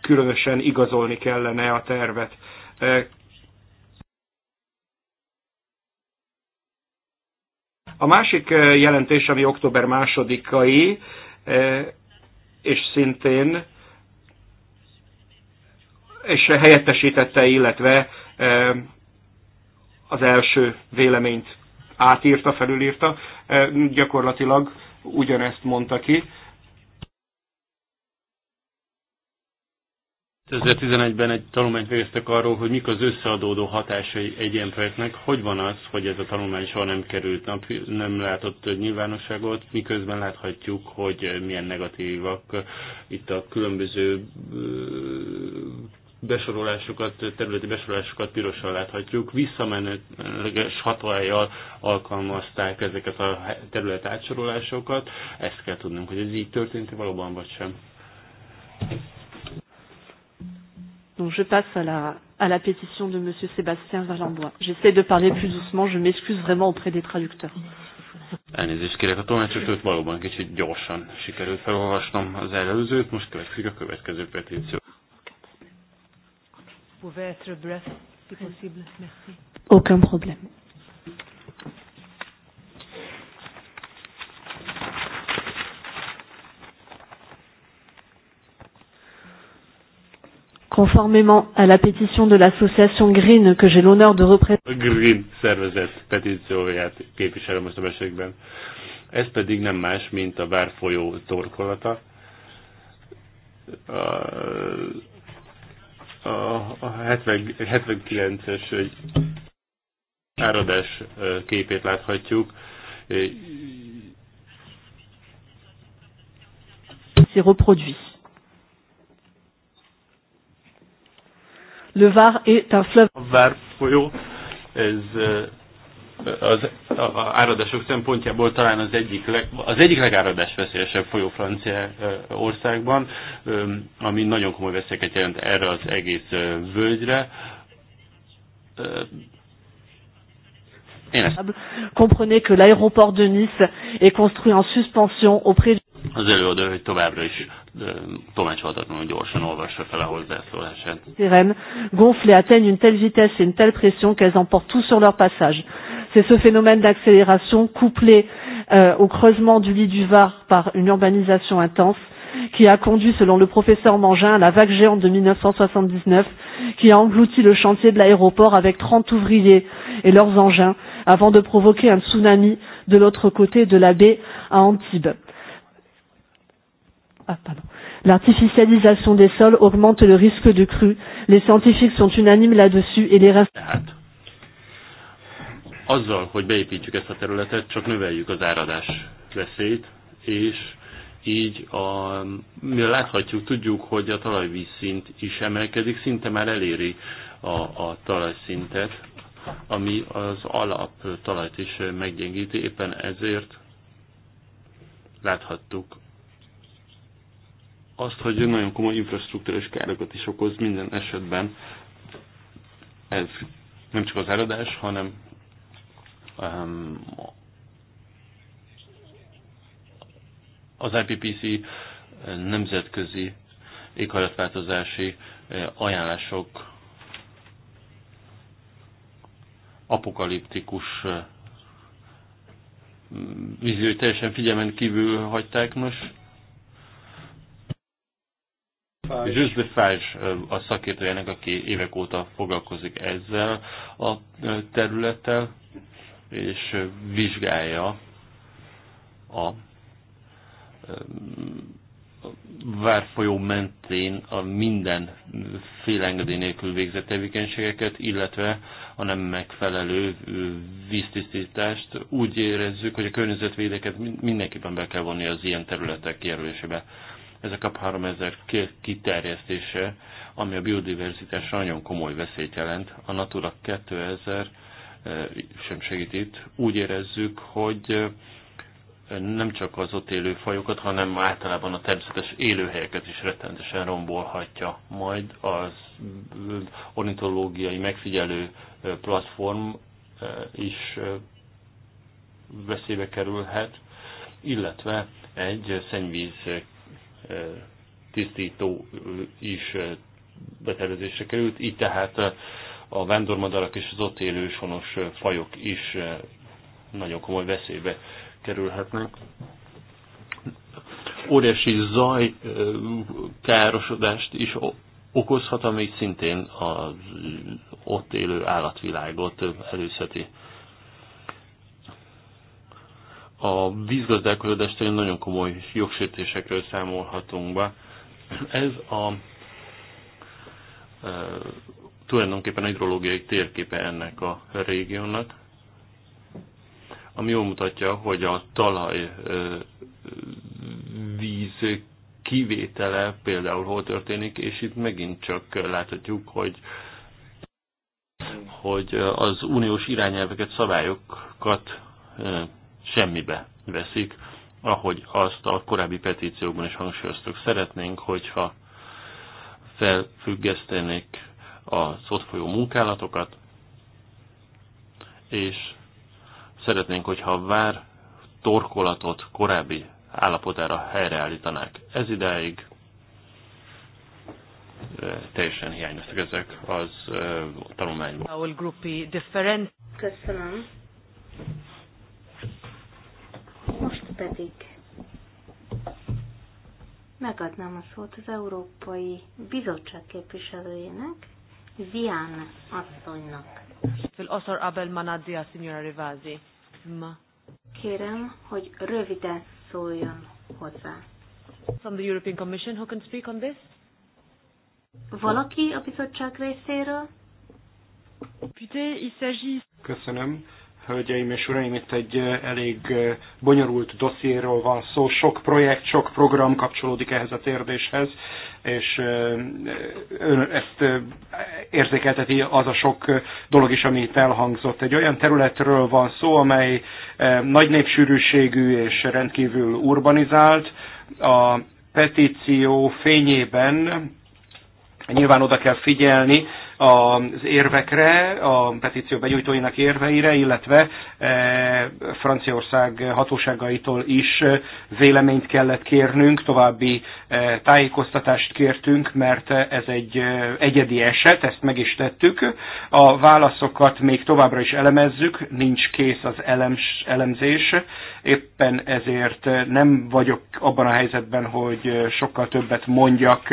különösen igazolni kellene a tervet. A másik eh, jelentés, ami október másodikai, eh, és szintén és helyettesítette, illetve eh, az első véleményt átírta, felülírta, gyakorlatilag ugyanezt mondta ki. 2011-ben egy tanulmányt végeztek arról, hogy mik az összeadódó hatásai egy ilyen projektnek. Hogy van az, hogy ez a tanulmány soha nem került nap, nem látott nyilvánosságot, miközben láthatjuk, hogy milyen negatívak itt a különböző besorolásokat, területi besorolásokat pirosan láthatjuk. Visszamenőleges hatályjal alkalmazták ezeket a terület átsorolásokat. Ezt kell tudnunk, hogy ez így történt valóban vagy sem. Donc je passe à la, à la pétition de Monsieur Sébastien Valenbois. J'essaie de parler plus doucement, je m'excuse vraiment auprès des traducteurs. Elnézést kérek a tolmácsoktól, valóban kicsit gyorsan sikerült felolvasnom az előzőt, most következik a következő petíció. Aucun problème. conformément à la pétition de l'association Green, que j'ai l'honneur de représenter. Green szervezet petícióját képviselem most a mesékben. Ez pedig nem más, mint a várfolyó torkolata. A, a, a 70, 79-es áradás képét láthatjuk. C'est reproduit. Le Var est un fleuve. A Var folyó, ez eh, az áradások szempontjából talán az egyik, leg, az egyik legáradásveszélyesebb folyó Francia eh, országban, ami nagyon komoly veszélyeket jelent erre az egész eh, völgyre. Comprenez que l'aéroport de Nice est construit en suspension auprès du az előadó, hogy továbbra is tomácsolhatatlanul gyorsan olvassa fel a hozzászólását. Sirènes gonflées atteignent une telle vitesse et une telle pression qu'elles emportent tout sur leur passage. C'est ce phénomène d'accélération couplé euh, au creusement du lit du Var par une urbanisation intense qui a conduit, selon le professeur Mangin, à la vague géante de 1979 qui a englouti le chantier de l'aéroport avec 30 ouvriers et leurs engins avant de provoquer un tsunami de l'autre côté de la baie à Antibes ah, pardon. L'artificialisation des sols augmente le risque de crue. Les scientifiques sont unanimes là-dessus et les restes... azzal, hogy beépítjük ezt a területet, csak növeljük az áradás veszélyt, és így a, mi láthatjuk, tudjuk, hogy a talajvízszint is emelkedik, szinte már eléri a, a talajszintet, ami az alap talajt is meggyengíti, éppen ezért láthattuk azt, hogy nagyon komoly infrastruktúrás károkat is okoz minden esetben. Ez nem csak az eredés, hanem az IPPC eh, nemzetközi éghajlatváltozási eh, ajánlások apokaliptikus eh, víziói teljesen figyelmen kívül hagyták. most. Jules de Fage a szakértőjének, aki évek óta foglalkozik ezzel a területtel, és vizsgálja a várfolyó mentén a minden félengedély nélkül végzett tevékenységeket, illetve a nem megfelelő víztisztítást. Úgy érezzük, hogy a környezetvédeket mindenképpen be kell vonni az ilyen területek jelölésébe. Ez a KAP 3000 kiterjesztése, ami a biodiverzitásra nagyon komoly veszélyt jelent. A Natura 2000 e, sem segít itt. Úgy érezzük, hogy e, nem csak az ott élő fajokat, hanem általában a természetes élőhelyeket is rettenetesen rombolhatja. Majd az ornitológiai megfigyelő e, platform is veszélybe kerülhet, illetve egy szennyvíz tisztító is betervezésre került, így tehát a vándormadarak és az ott élő sonos fajok is nagyon komoly veszélybe kerülhetnek. Óriási zaj károsodást is okozhat, ami szintén az ott élő állatvilágot előszeti a vízgazdálkodás terén nagyon komoly jogsértésekről számolhatunk be. Ez a e, tulajdonképpen a hidrológiai térképe ennek a régiónak, ami jól mutatja, hogy a talaj e, víz kivétele például hol történik, és itt megint csak láthatjuk, hogy hogy az uniós irányelveket, szabályokat e, semmibe veszik, ahogy azt a korábbi petíciókban is hangsúlyoztuk. Szeretnénk, hogyha felfüggesztenék az ott folyó munkálatokat, és szeretnénk, hogyha a vár torkolatot korábbi állapotára helyreállítanák. Ez idáig teljesen hiányoztak ezek az tanulmányból. Köszönöm pedig megadnám a szót az Európai Bizottság képviselőjének, Vian asszonynak. Abel Signora Kérem, hogy röviden szóljon hozzá. From the European Commission, who can speak on this? Valaki a bizottság részéről? Köszönöm hölgyeim és uraim, itt egy elég bonyolult dossziéről van szó, sok projekt, sok program kapcsolódik ehhez a kérdéshez, és ezt érzékelteti az a sok dolog is, ami itt elhangzott. Egy olyan területről van szó, amely nagy népsűrűségű és rendkívül urbanizált. A petíció fényében nyilván oda kell figyelni, az érvekre, a petíció benyújtóinak érveire, illetve e, Franciaország hatóságaitól is e, véleményt kellett kérnünk, további e, tájékoztatást kértünk, mert ez egy egyedi eset, ezt meg is tettük. A válaszokat még továbbra is elemezzük, nincs kész az elems, elemzés, éppen ezért nem vagyok abban a helyzetben, hogy sokkal többet mondjak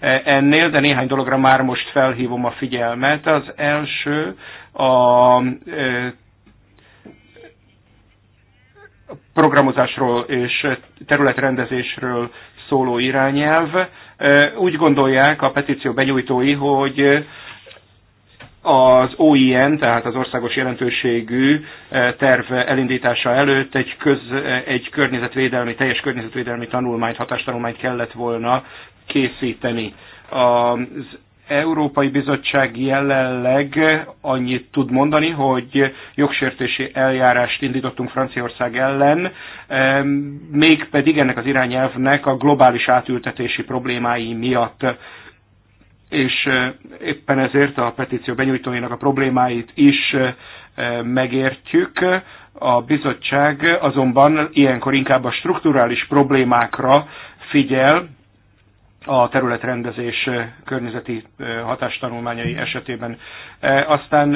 E, ennél, de néhány dologra már most felhívom a figyelmet. Az első a e, programozásról és területrendezésről szóló irányelv. E, úgy gondolják a petíció benyújtói, hogy az OIN, tehát az országos jelentőségű terv elindítása előtt egy, köz, egy környezetvédelmi, teljes környezetvédelmi tanulmányt, hatástanulmányt kellett volna készíteni. Az Európai Bizottság jelenleg annyit tud mondani, hogy jogsértési eljárást indítottunk Franciaország ellen, mégpedig ennek az irányelvnek a globális átültetési problémái miatt és eh, éppen ezért a petíció benyújtóinak a problémáit is eh, megértjük. A bizottság azonban ilyenkor inkább a strukturális problémákra figyel, a területrendezés környezeti hatástanulmányai esetében. Aztán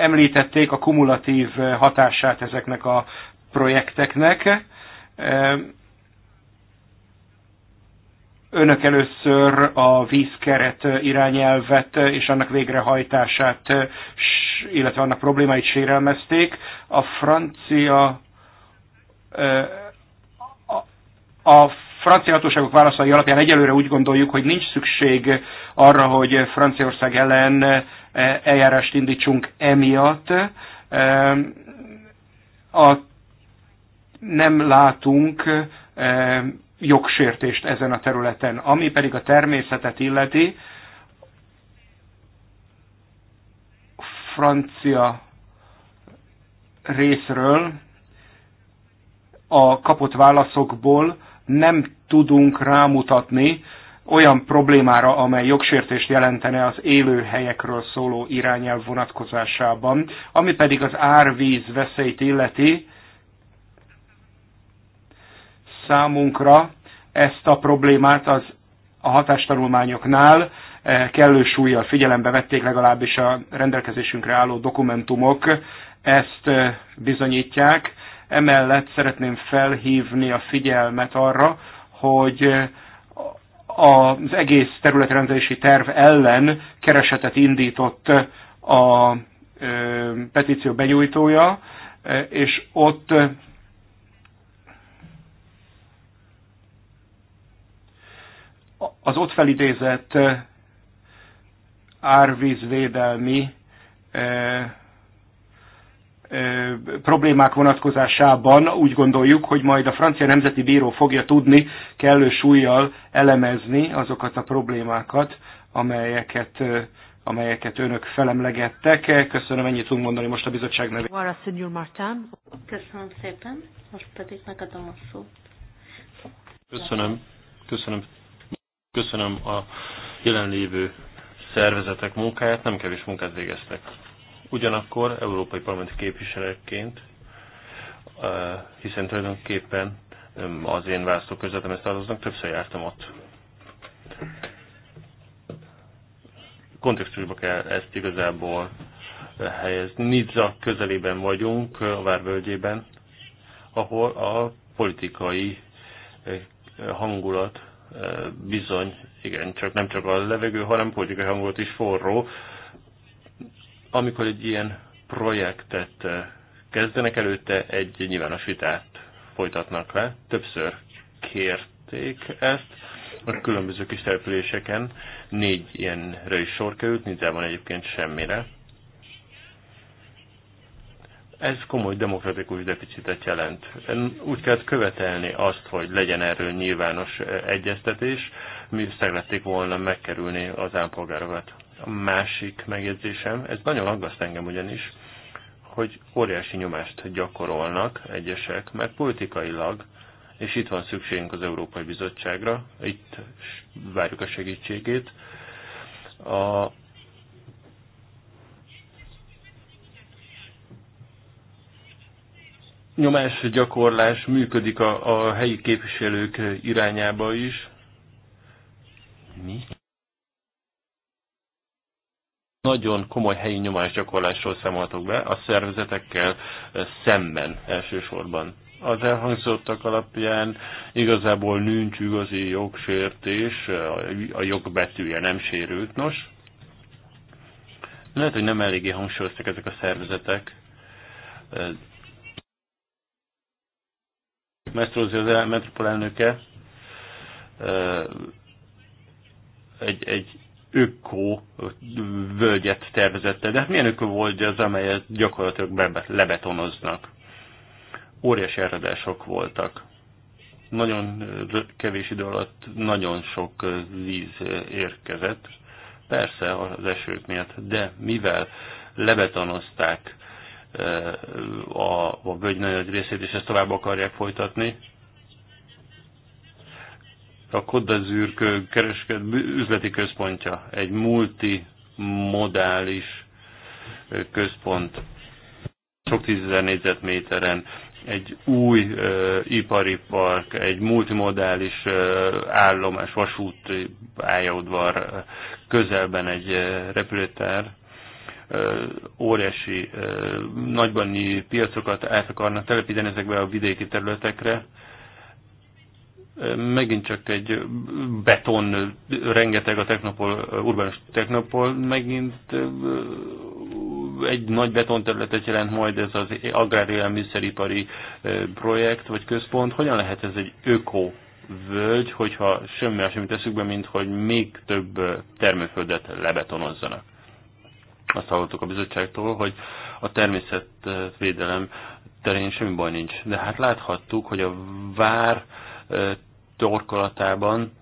említették a kumulatív hatását ezeknek a projekteknek. Önök először a vízkeret irányelvet és annak végrehajtását, illetve annak problémáit sérelmezték. A francia a francia hatóságok válaszai alapján egyelőre úgy gondoljuk, hogy nincs szükség arra, hogy Franciaország ellen eh, eljárást indítsunk emiatt. Eh, a, nem látunk eh, jogsértést ezen a területen. Ami pedig a természetet illeti, francia részről a kapott válaszokból nem tudunk rámutatni olyan problémára, amely jogsértést jelentene az élőhelyekről szóló irányelv vonatkozásában, ami pedig az árvíz veszélyt illeti, számunkra ezt a problémát az a hatástanulmányoknál eh, kellő súlyjal figyelembe vették, legalábbis a rendelkezésünkre álló dokumentumok ezt eh, bizonyítják. Emellett szeretném felhívni a figyelmet arra, hogy az egész területrendezési terv ellen keresetet indított a petíció benyújtója, és ott az ott felidézett árvízvédelmi problémák vonatkozásában úgy gondoljuk, hogy majd a francia nemzeti bíró fogja tudni kellő súlyjal elemezni azokat a problémákat, amelyeket amelyeket önök felemlegettek. Köszönöm, ennyit tudunk mondani most a bizottság nevében. Köszönöm szépen, most pedig megadom a szót. Köszönöm, köszönöm, köszönöm a jelenlévő szervezetek munkáját, nem kevés munkát végeztek Ugyanakkor európai parlamenti képviselőként, hiszen tulajdonképpen az én ezt tartoznak, többször jártam ott. Kontextusba kell ezt igazából helyezni. Nizza közelében vagyunk, a Várvölgyében, ahol a politikai hangulat bizony, igen, csak nem csak a levegő, hanem politikai hangulat is forró. Amikor egy ilyen projektet eh, kezdenek, előtte egy nyilvános vitát folytatnak le. Többször kérték ezt a különböző kis településeken. Négy ilyenre is sor került, van egyébként semmire. Ez komoly demokratikus deficitet jelent. Úgy kell követelni azt, hogy legyen erről nyilvános eh, egyeztetés, mi szeretnék volna megkerülni az állampolgárokat a másik megjegyzésem. Ez nagyon aggaszt engem ugyanis, hogy óriási nyomást gyakorolnak egyesek, mert politikailag, és itt van szükségünk az Európai Bizottságra, itt várjuk a segítségét, a nyomásgyakorlás működik a, a helyi képviselők irányába is, nagyon komoly helyi nyomásgyakorlásról számoltok be, a szervezetekkel szemben elsősorban. Az elhangzottak alapján igazából nincs igazi jogsértés, a jogbetűje nem sérült. Nos, lehet, hogy nem eléggé hangsúlyoztak ezek a szervezetek. Mestrózi az metropol elnöke egy, egy ökó völgyet tervezette. De hát milyen ökó volt az, amelyet gyakorlatilag lebetonoznak? Óriási eredások voltak. Nagyon kevés idő alatt nagyon sok víz érkezett. Persze az esők miatt, de mivel lebetonozták a, a völgy nagy részét, és ezt tovább akarják folytatni, a Kodazűr kereskedő üzleti központja, egy multimodális központ, sok tízezer négyzetméteren, egy új ö, ipari park, egy multimodális ö, állomás, vasút pályaudvar, közelben egy ö, repülőtár, ö, óriási, ö, nagybani piacokat át akarnak telepíteni ezekbe a vidéki területekre, megint csak egy beton, rengeteg a technopol, urbanus technopol, megint egy nagy betonterületet jelent majd ez az agrárélelmiszeripari projekt vagy központ. Hogyan lehet ez egy öko völgy, hogyha semmi más sem teszük be, mint hogy még több termőföldet lebetonozzanak. Azt hallottuk a bizottságtól, hogy a természetvédelem terén semmi baj nincs. De hát láthattuk, hogy a vár torkolatában.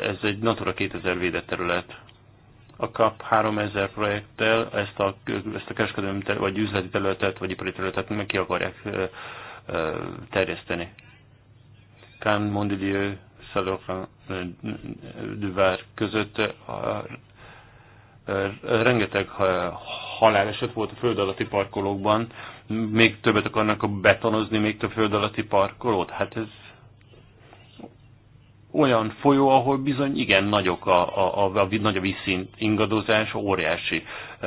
Ez egy Natura 2000 védett terület. A KAP 3000 projekttel ezt a, ezt a kereskedelmi vagy üzleti területet, vagy ipari területet meg ki akarják terjeszteni. Kán Mondilieu, Szalofan, Duvar között rengeteg haláleset volt a föld alatti parkolókban, még többet akarnak betonozni, még több föld alatti parkolót. Hát ez olyan folyó, ahol bizony igen nagyok a, a, a, a, nagy a vízszint ingadozás, óriási e,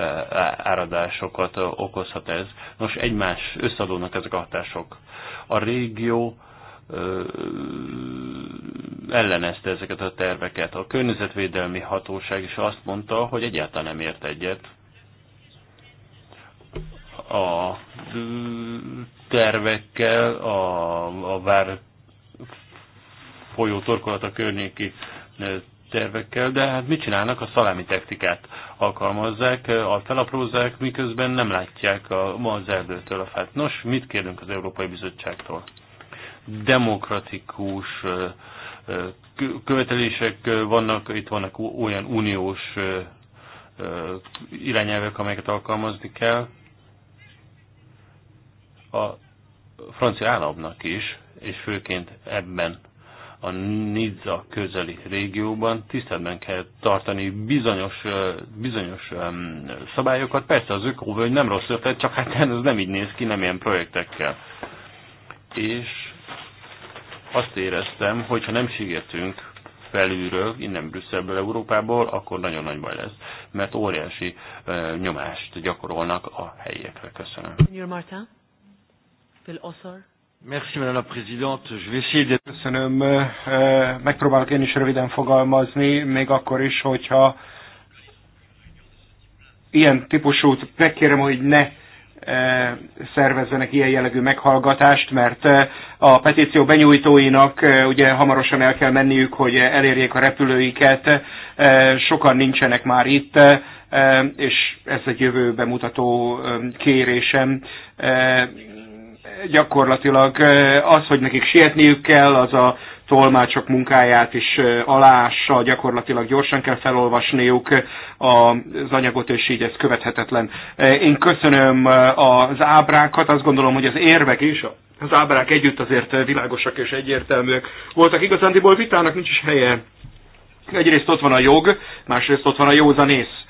áradásokat okozhat ez. Nos, egymás összeadódnak ezek a hatások. A régió ellenezte ezeket a terveket. A környezetvédelmi hatóság is azt mondta, hogy egyáltalán nem ért egyet. A tervekkel, a, a vár folyó torkolata környéki tervekkel, de hát mit csinálnak? A szalámi technikát alkalmazzák, a felaprózzák, miközben nem látják a, ma az erdőtől a fát. Nos, mit kérünk az Európai Bizottságtól? Demokratikus követelések vannak, itt vannak olyan uniós irányelvek, amelyeket alkalmazni kell. A francia államnak is, és főként ebben a Nizza közeli régióban tiszteletben kell tartani bizonyos, bizonyos szabályokat. Persze az ökóvölgy nem rossz ötlet, csak hát ez nem így néz ki, nem ilyen projektekkel. És azt éreztem, hogy ha nem sigetünk felülről, innen Brüsszelből, Európából, akkor nagyon nagy baj lesz, mert óriási uh, nyomást gyakorolnak a helyiekre. Köszönöm. Martin, Phil Ossor. Merci, Madame la Présidente. Je vais essayer de... Köszönöm. Megpróbálok én is röviden fogalmazni, még akkor is, hogyha ilyen típusút megkérem, hogy ne szervezzenek ilyen jellegű meghallgatást, mert a petíció benyújtóinak ugye hamarosan el kell menniük, hogy elérjék a repülőiket, sokan nincsenek már itt, és ez egy jövőbe mutató kérésem gyakorlatilag az, hogy nekik sietniük kell, az a tolmácsok munkáját is alássa, gyakorlatilag gyorsan kell felolvasniuk az anyagot, és így ez követhetetlen. Én köszönöm az ábrákat, azt gondolom, hogy az érvek is, az ábrák együtt azért világosak és egyértelműek voltak. Igazándiból vitának nincs is helye. Egyrészt ott van a jog, másrészt ott van a józanész,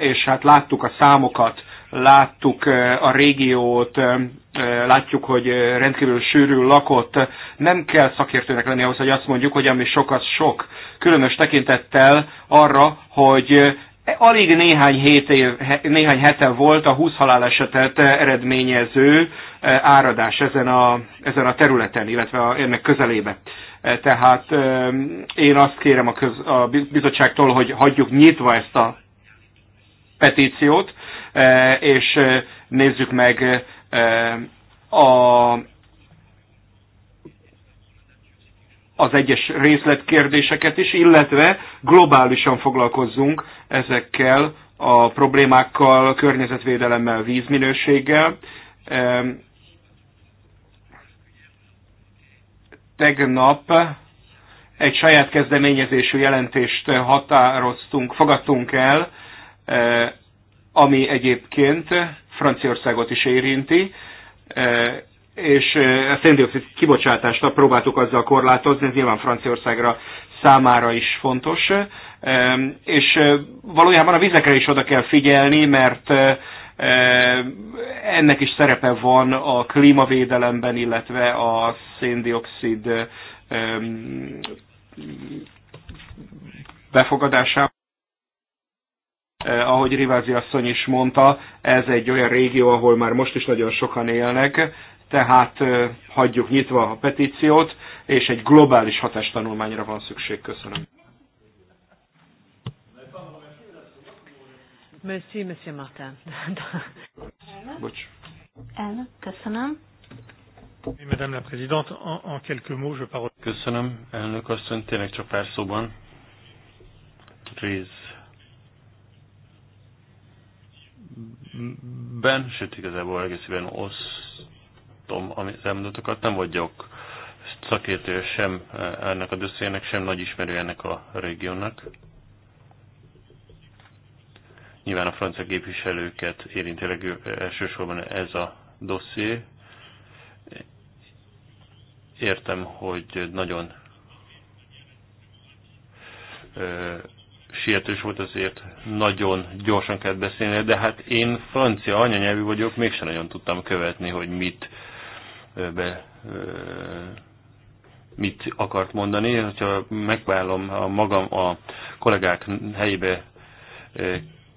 és hát láttuk a számokat, láttuk eh, a régiót, eh, eh, látjuk, hogy rendkívül sűrű lakott. Nem kell szakértőnek lenni ahhoz, hogy azt mondjuk, hogy ami sok, az sok. Különös tekintettel arra, hogy alig néhány, hét év, néhány hete volt a 20 halálesetet eredményező áradás ezen a, ezen a területen, illetve a, ennek közelébe. Tehát én azt kérem a, köz, a bizottságtól, hogy hagyjuk nyitva ezt a petíciót, E, és e, nézzük meg e, a az egyes részletkérdéseket is, illetve globálisan foglalkozzunk ezekkel a problémákkal, környezetvédelemmel, vízminőséggel. Tegnap egy saját kezdeményezésű jelentést határoztunk, fogadtunk el ami egyébként Franciaországot is érinti, e, és e, a széndiokszid kibocsátást próbáltuk azzal korlátozni, ez nyilván Franciaországra számára is fontos, e, és valójában a vizekre is oda kell figyelni, mert ennek is szerepe van a klímavédelemben, illetve a széndiokszid befogadásában. Eh, ahogy Rivázi asszony is mondta, ez egy olyan régió, ahol már most is nagyon sokan élnek, tehát eh, hagyjuk nyitva a petíciót, és egy globális hatástanulmányra van szükség. Köszönöm. Merci, Monsieur Martin. Bocs. Elnök, köszönöm. Madame la Présidente, en, en quelques mots, je parle. Köszönöm, elnök asszony, tényleg csak pár szóban. Rész ben, hm, hm, hm, sőt igazából egészében osztom az elmondatokat, nem vagyok szakértő sem ennek a dossziének, sem nagy ismerő ennek a régiónak. Nyilván a francia képviselőket érintőleg elsősorban ez a dosszié. Értem, hogy nagyon sietős volt, azért nagyon gyorsan kellett beszélni, de hát én francia anyanyelvű vagyok, mégsem nagyon tudtam követni, hogy mit be, mit akart mondani. Ha megválom a magam a kollégák helyébe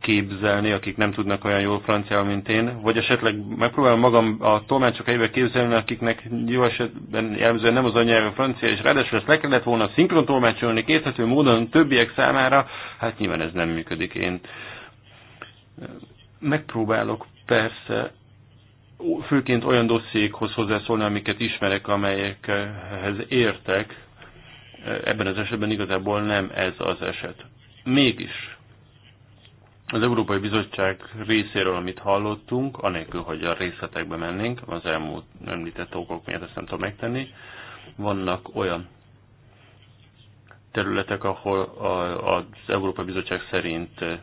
képzelni, akik nem tudnak olyan jól franciául, mint én, vagy esetleg megpróbálom magam a tolmácsok helyébe képzelni, akiknek jó esetben jellemzően nem az anyanyelve francia, és ráadásul ezt le kellett volna szinkron tolmácsolni kéthető módon többiek számára, hát nyilván ez nem működik én. Megpróbálok persze főként olyan dossziékhoz hozzászólni, amiket ismerek, amelyekhez értek, ebben az esetben igazából nem ez az eset. Mégis az Európai Bizottság részéről, amit hallottunk, anélkül, hogy a részletekbe mennénk, az elmúlt említett okok miatt ezt nem tudom megtenni, vannak olyan területek, ahol az Európai Bizottság szerint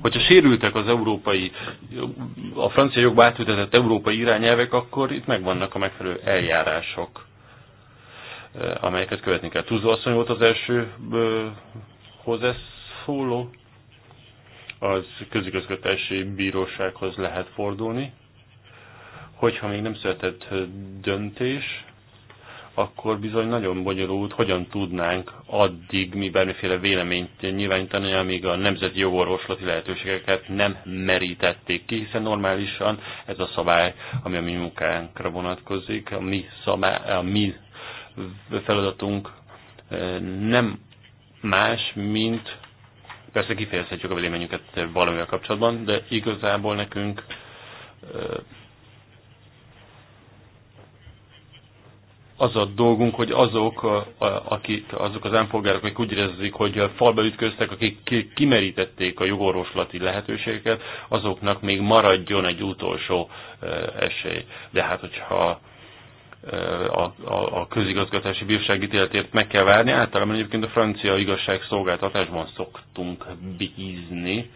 hogyha sérültek az európai, a francia jogba átültetett európai irányelvek, akkor itt megvannak a megfelelő eljárások, eh, amelyeket követni kell. Tuzó asszony volt az első eh, hozzászóló, az közigazgatási bírósághoz lehet fordulni, hogyha még nem született döntés, akkor bizony nagyon bonyolult, hogyan tudnánk addig mi bármiféle véleményt nyilvánítani, amíg a nemzeti jogorvoslati lehetőségeket nem merítették ki, hiszen normálisan ez a szabály, ami a mi munkánkra vonatkozik, a mi, szabály, a mi feladatunk eh, nem más, mint persze kifejezhetjük a véleményünket valamivel kapcsolatban, de igazából nekünk eh, az a dolgunk, hogy azok, akik, azok az állampolgárok, akik úgy érezzük, hogy falba ütköztek, akik kimerítették a jogorvoslati lehetőségeket, azoknak még maradjon egy utolsó e, esély. De hát, hogyha e, a, a, a közigazgatási bírságítéletért meg kell várni. Általában egyébként a francia igazságszolgáltatásban szoktunk bízni.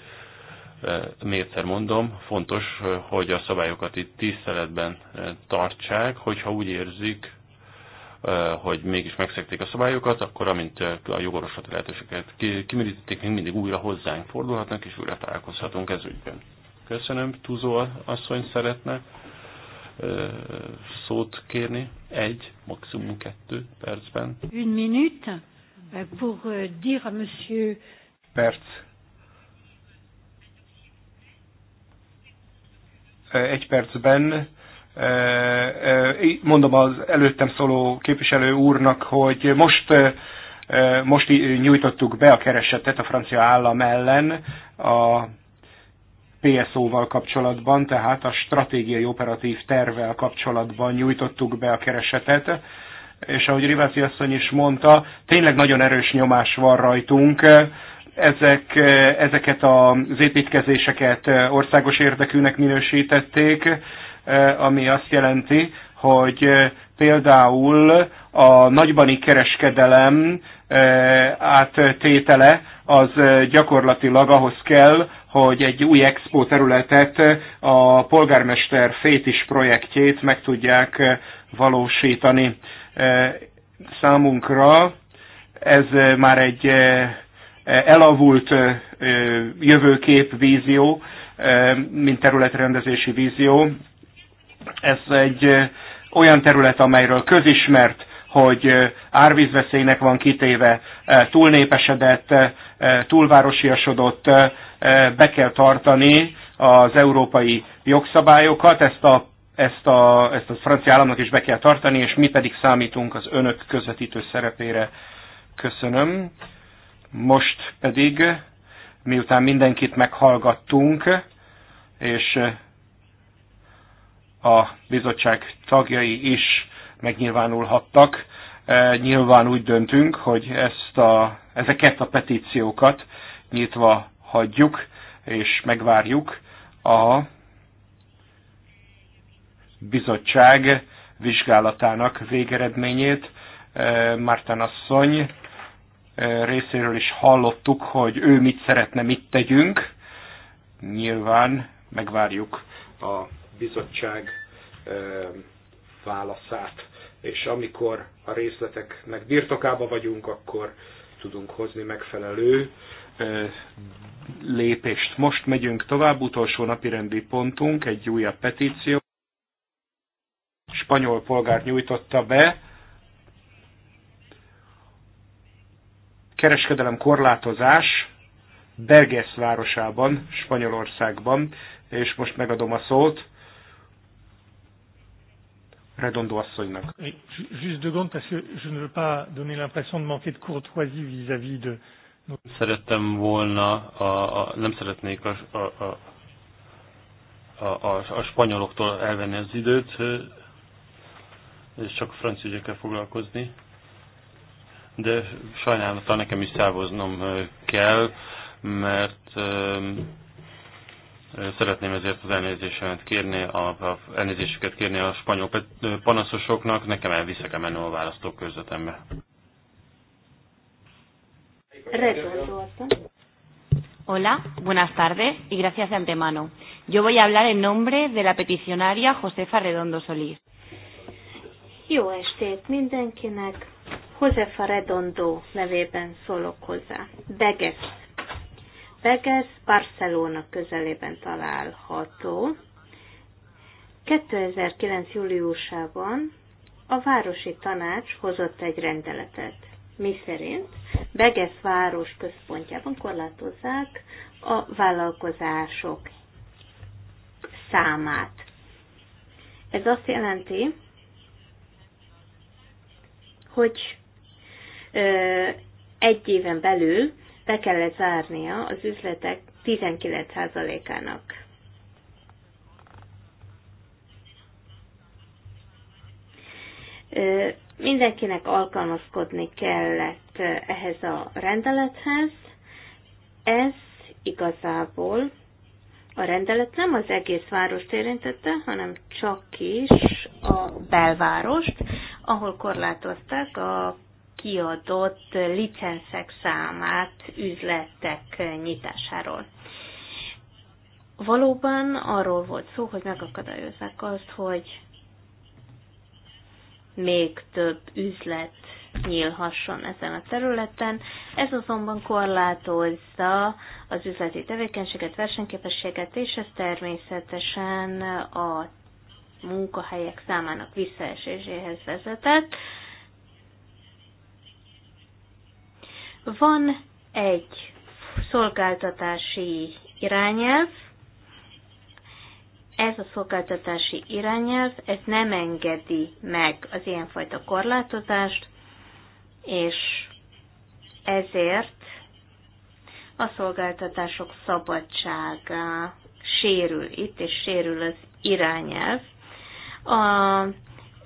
E, Mégszer mondom, fontos, hogy a szabályokat itt tiszteletben tartsák, hogyha úgy érzik, hogy mégis megszekték a szabályokat, akkor amint a jogorvoslati lehetőséget kimerítették, még mindig újra hozzánk fordulhatnak, és újra találkozhatunk ez ügyben. Köszönöm, Tuzó asszony szeretne szót kérni. Egy, maximum kettő percben. Une minute pour euh, dire à monsieur... Perc. Egy percben mondom az előttem szóló képviselő úrnak, hogy most, most nyújtottuk be a keresetet a francia állam ellen a PSO-val kapcsolatban, tehát a stratégiai operatív tervvel kapcsolatban nyújtottuk be a keresetet, és ahogy Rivasi asszony is mondta, tényleg nagyon erős nyomás van rajtunk, ezek, ezeket az építkezéseket országos érdekűnek minősítették, E, ami azt jelenti, hogy e, például a nagybani kereskedelem e, áttétele az gyakorlatilag ahhoz kell, hogy egy új expo területet, a polgármester Fétis projektjét meg tudják valósítani. Számunkra ez már egy elavult jövőkép, vízió, mint területrendezési vízió, ez egy olyan terület, amelyről közismert, hogy árvízveszélynek van kitéve, túlnépesedett, túlvárosiasodott, be kell tartani az európai jogszabályokat, ezt a ezt a, ezt a francia államnak is be kell tartani, és mi pedig számítunk az önök közvetítő szerepére. Köszönöm. Most pedig, miután mindenkit meghallgattunk, és a bizottság tagjai is megnyilvánulhattak. E, nyilván úgy döntünk, hogy ezt a, ezeket a petíciókat nyitva hagyjuk és megvárjuk a bizottság vizsgálatának végeredményét. E, Márten asszony e, részéről is hallottuk, hogy ő mit szeretne, mit tegyünk. Nyilván megvárjuk a bizottság válaszát. És amikor a részleteknek birtokába vagyunk, akkor tudunk hozni megfelelő lépést. Most megyünk tovább, utolsó napirendi pontunk, egy újabb petíció. Spanyol polgár nyújtotta be, kereskedelem korlátozás Berges városában, Spanyolországban, és most megadom a szót Redondo asszonynak. Just de gond, parce que je ne veux pas donner l'impression de manquer de courtoisie vis-à-vis de... Szerettem volna, a, a, nem szeretnék a, a, a, a, a, a spanyoloktól elvenni az időt, és csak a francia ügyekkel foglalkozni. De sajnálattal nekem is szávoznom kell, mert Szeretném ezért az elnézésemet kérni, a, a elnézésüket kérni a spanyol panaszosoknak, nekem elviszek a menő a körzetembe. Hola, buenas tardes y gracias de antemano. Yo voy a hablar en nombre de la peticionaria Josefa Redondo Solís. Jó estét mindenkinek! Josefa Redondo nevében szólok hozzá. Beges Beges Barcelona közelében található. 2009. júliusában a városi tanács hozott egy rendeletet, miszerint Beges város központjában korlátozzák a vállalkozások számát. Ez azt jelenti, hogy egy éven belül be kellett zárnia az üzletek 19%-ának. Mindenkinek alkalmazkodni kellett ehhez a rendelethez. Ez igazából a rendelet nem az egész várost érintette, hanem csak is a belvárost, ahol korlátozták a kiadott licenszek számát üzletek nyitásáról. Valóban arról volt szó, hogy megakadályozzák azt, hogy még több üzlet nyílhasson ezen a területen. Ez azonban korlátozza az üzleti tevékenységet, versenyképességet, és ez természetesen a munkahelyek számának visszaeséséhez vezetett, Van egy szolgáltatási irányelv, ez a szolgáltatási irányelv, ez nem engedi meg az ilyenfajta korlátozást, és ezért a szolgáltatások szabadsága sérül itt, és sérül az irányelv. A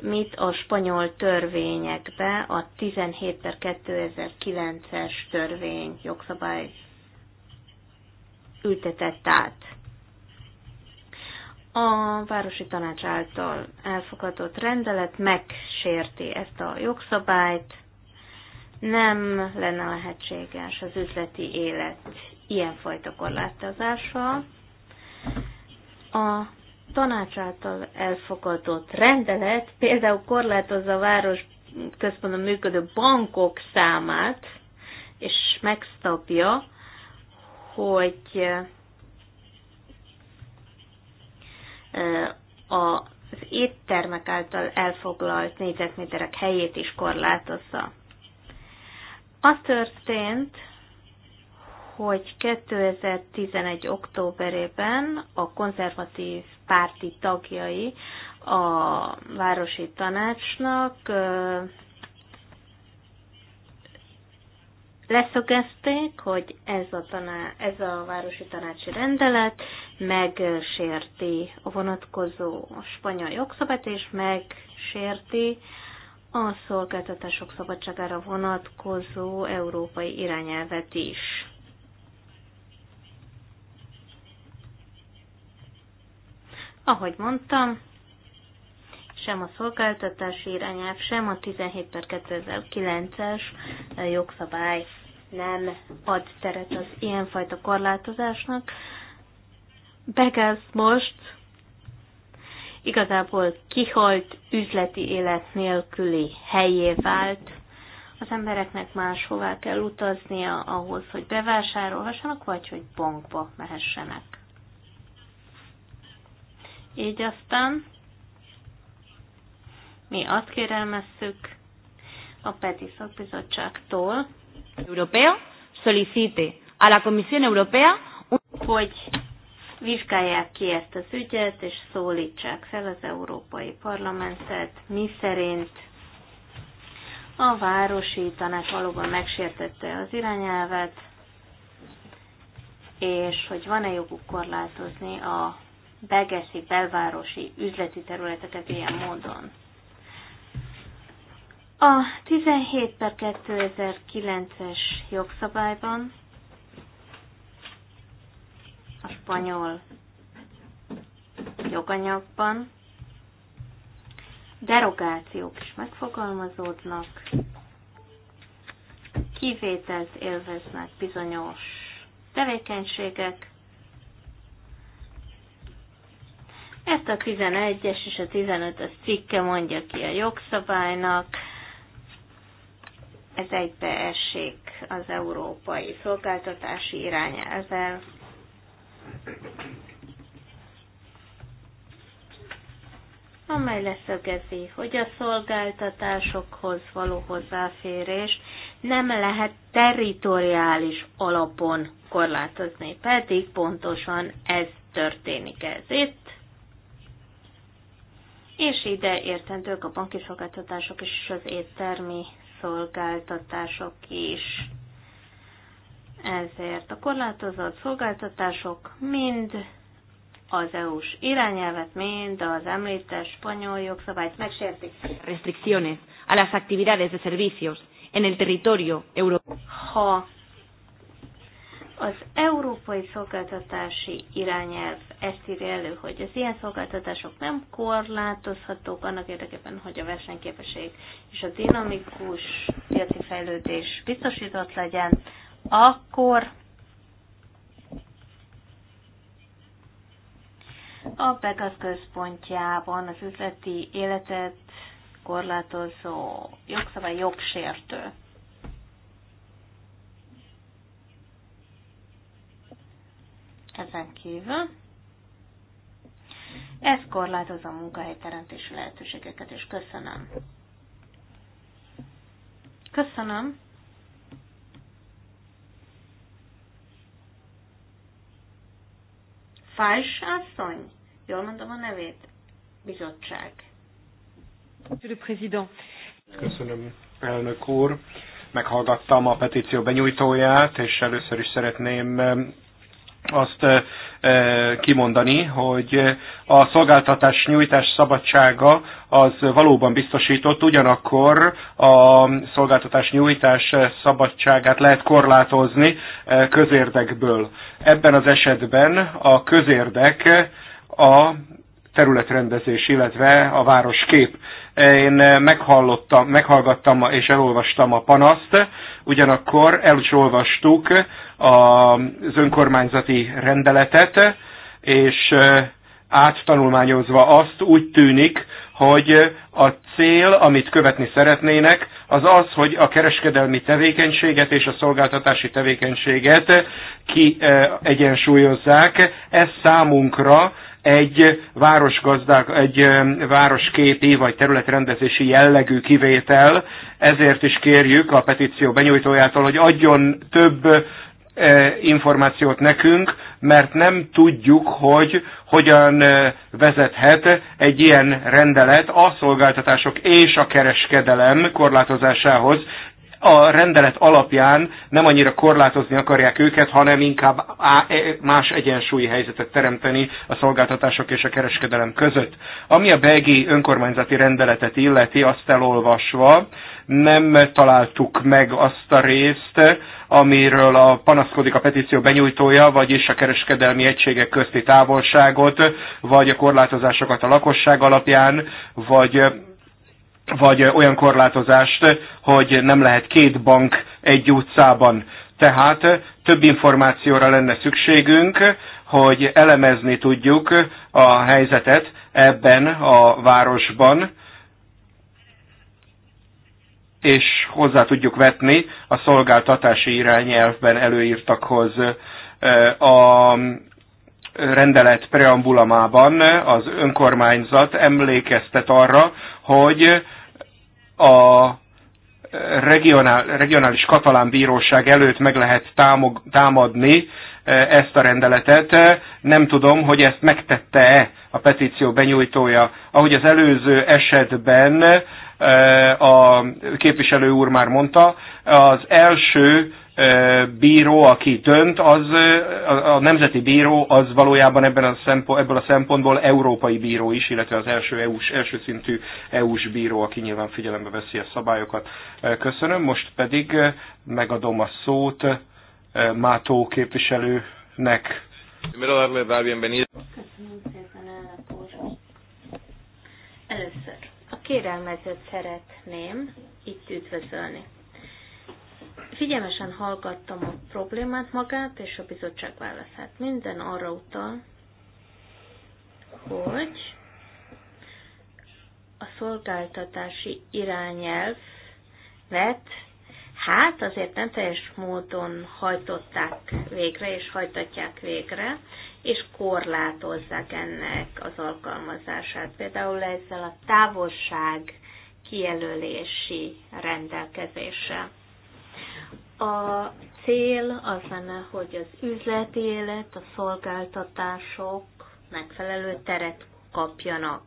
mit a spanyol törvényekbe a 17 per 2009-es törvény jogszabály ültetett át. A városi tanács által elfogadott rendelet megsérti ezt a jogszabályt, nem lenne lehetséges az üzleti élet ilyenfajta korlátozása. A tanács által elfogadott rendelet például korlátozza a város központban működő bankok számát, és megszabja, hogy az éttermek által elfoglalt négyzetméterek helyét is korlátozza. Az történt, hogy 2011. októberében a konzervatív párti tagjai a városi tanácsnak leszögezték, hogy ez a, taná, ez a városi tanácsi rendelet megsérti a vonatkozó spanyol jogszabályt, és megsérti a szolgáltatások szabadságára vonatkozó európai irányelvet is. Ahogy mondtam, sem a szolgáltatási irányelv, sem a 17 per 2009-es jogszabály nem ad teret az ilyenfajta korlátozásnak. Begáz most igazából kihalt üzleti élet nélküli helyé vált. Az embereknek máshová kell utaznia ahhoz, hogy bevásárolhassanak, vagy hogy bankba mehessenek. Így aztán mi azt kérelmezzük a PETI szakbizottságtól, Európea solicite a la Comisión Europea, hogy vizsgálják ki ezt az ügyet, és szólítsák fel az Európai Parlamentet, mi szerint a városi tanács valóban megsértette az irányelvet, és hogy van-e joguk korlátozni a belgeszi, belvárosi, üzleti területeket ilyen módon. A 17 per 2009-es jogszabályban a spanyol joganyagban derogációk is megfogalmazódnak, kivételt élveznek bizonyos tevékenységek, Ezt a 11-es és a 15-es cikke mondja ki a jogszabálynak, ez egybeesik az európai szolgáltatási irányelvvel. amely leszögezi, hogy a szolgáltatásokhoz való hozzáférés nem lehet territoriális alapon korlátozni, pedig pontosan ez történik ez itt és ide értendők a banki szolgáltatások is, és az éttermi szolgáltatások is. Ezért a korlátozott szolgáltatások mind az EU-s irányelvet, mind az említett spanyol jogszabályt megsértik. Restricciones a las actividades de servicios en el territorio europeo. Ha az európai szolgáltatási irányelv ezt írja elő, hogy az ilyen szolgáltatások nem korlátozhatók annak érdekében, hogy a versenyképesség és a dinamikus piaci fejlődés biztosított legyen, akkor a Pegas központjában az üzleti életet korlátozó jogszabály jogsértő. ezen kívül. Ez korlátoz a munkahelyteremtési lehetőségeket, és köszönöm. Köszönöm. Fajs asszony, jól mondom a nevét, bizottság. Köszönöm, elnök úr. Meghallgattam a petíció benyújtóját, és először is szeretném azt kimondani, hogy a szolgáltatás nyújtás szabadsága az valóban biztosított, ugyanakkor a szolgáltatás nyújtás szabadságát lehet korlátozni közérdekből. Ebben az esetben a közérdek a területrendezés, illetve a városkép. Én eh, meghallottam, meghallgattam és elolvastam a panaszt, ugyanakkor el is olvastuk az önkormányzati rendeletet, és eh, áttanulmányozva azt úgy tűnik, hogy a cél, amit követni szeretnének, az az, hogy a kereskedelmi tevékenységet és a szolgáltatási tevékenységet ki eh, egyensúlyozzák. Ez számunkra egy városgazdák, egy városképi vagy területrendezési jellegű kivétel, ezért is kérjük a petíció benyújtójától, hogy adjon több eh, információt nekünk, mert nem tudjuk, hogy hogyan eh, vezethet egy ilyen rendelet a szolgáltatások és a kereskedelem korlátozásához a rendelet alapján nem annyira korlátozni akarják őket, hanem inkább e, más egyensúlyi helyzetet teremteni a szolgáltatások és a kereskedelem között. Ami a belgi önkormányzati rendeletet illeti, azt elolvasva, nem találtuk meg azt a részt, amiről a panaszkodik a petíció benyújtója, vagyis a kereskedelmi egységek közti távolságot, vagy a korlátozásokat a lakosság alapján, vagy vagy olyan korlátozást, hogy nem lehet két bank egy utcában. Tehát több információra lenne szükségünk, hogy elemezni tudjuk a helyzetet ebben a városban, és hozzá tudjuk vetni a szolgáltatási irányelvben előírtakhoz. A rendelet preambulamában az önkormányzat emlékeztet arra, hogy a regionál, regionális katalán bíróság előtt meg lehet támog, támadni e, ezt a rendeletet. Nem tudom, hogy ezt megtette-e a petíció benyújtója. Ahogy az előző esetben e, a képviselő úr már mondta, az első bíró, aki dönt, az a nemzeti bíró, az valójában ebben a szempont, ebből a szempontból európai bíró is, illetve az első, EU-s, első szintű EU-s bíró, aki nyilván figyelembe veszi a szabályokat. Köszönöm, most pedig megadom a szót Mátó képviselőnek. Köszönöm szépen, Először a kérelmezőt szeretném itt üdvözölni. Figyelmesen hallgattam a problémát magát és a bizottság válaszát. Minden arra utal, hogy a szolgáltatási irányelvet hát azért nem teljes módon hajtották végre, és hajtatják végre, és korlátozzák ennek az alkalmazását. Például ezzel a távolság kijelölési rendelkezéssel. A cél az lenne, hogy az üzleti élet, a szolgáltatások megfelelő teret kapjanak.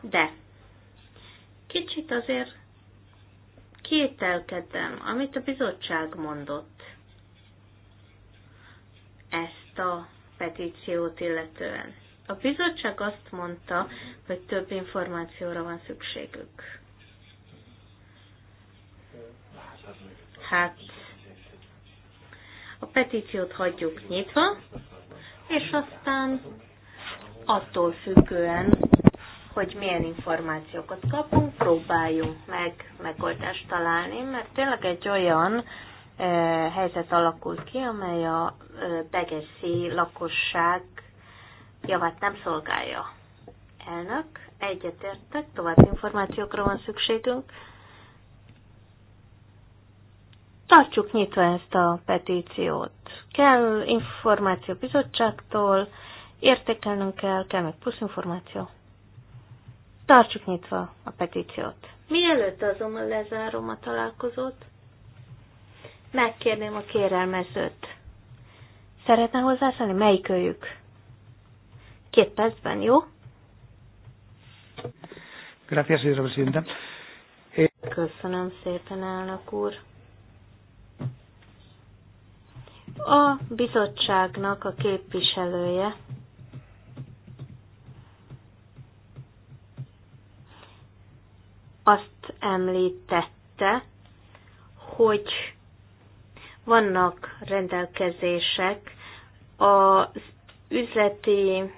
De kicsit azért kételkedem, amit a bizottság mondott ezt a petíciót illetően. A bizottság azt mondta, hogy több információra van szükségük. Hát a petíciót hagyjuk nyitva, és aztán attól függően, hogy milyen információkat kapunk, próbáljunk meg megoldást találni, mert tényleg egy olyan e, helyzet alakul ki, amely a e, eh, begeszi lakosság javát nem szolgálja. Elnök, egyetértek, további információkra van szükségünk tartsuk nyitva ezt a petíciót. Kell információ bizottságtól, értékelnünk kell, kell meg plusz információ. Tartsuk nyitva a petíciót. Mielőtt azonban lezárom a találkozót, megkérném a kérelmezőt. Szeretne hozzászólni? őjük? Két percben, jó? Gracias, señora presidenta. Köszönöm szépen, elnök úr. a bizottságnak a képviselője. Azt említette, hogy vannak rendelkezések az üzleti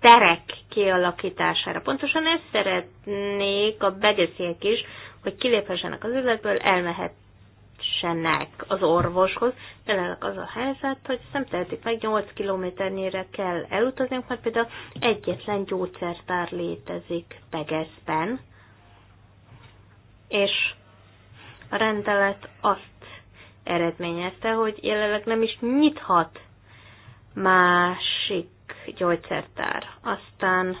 terek kialakítására. Pontosan ezt szeretnék a begeszélyek is, hogy kiléphessenek az üzletből, elmehet, jussenek az orvoshoz. Jelenleg az a helyzet, hogy nem tehetik meg, 8 kilométernyire kell elutazni, mert például egyetlen gyógyszertár létezik Pegeszben, és a rendelet azt eredményezte, hogy jelenleg nem is nyithat másik gyógyszertár. Aztán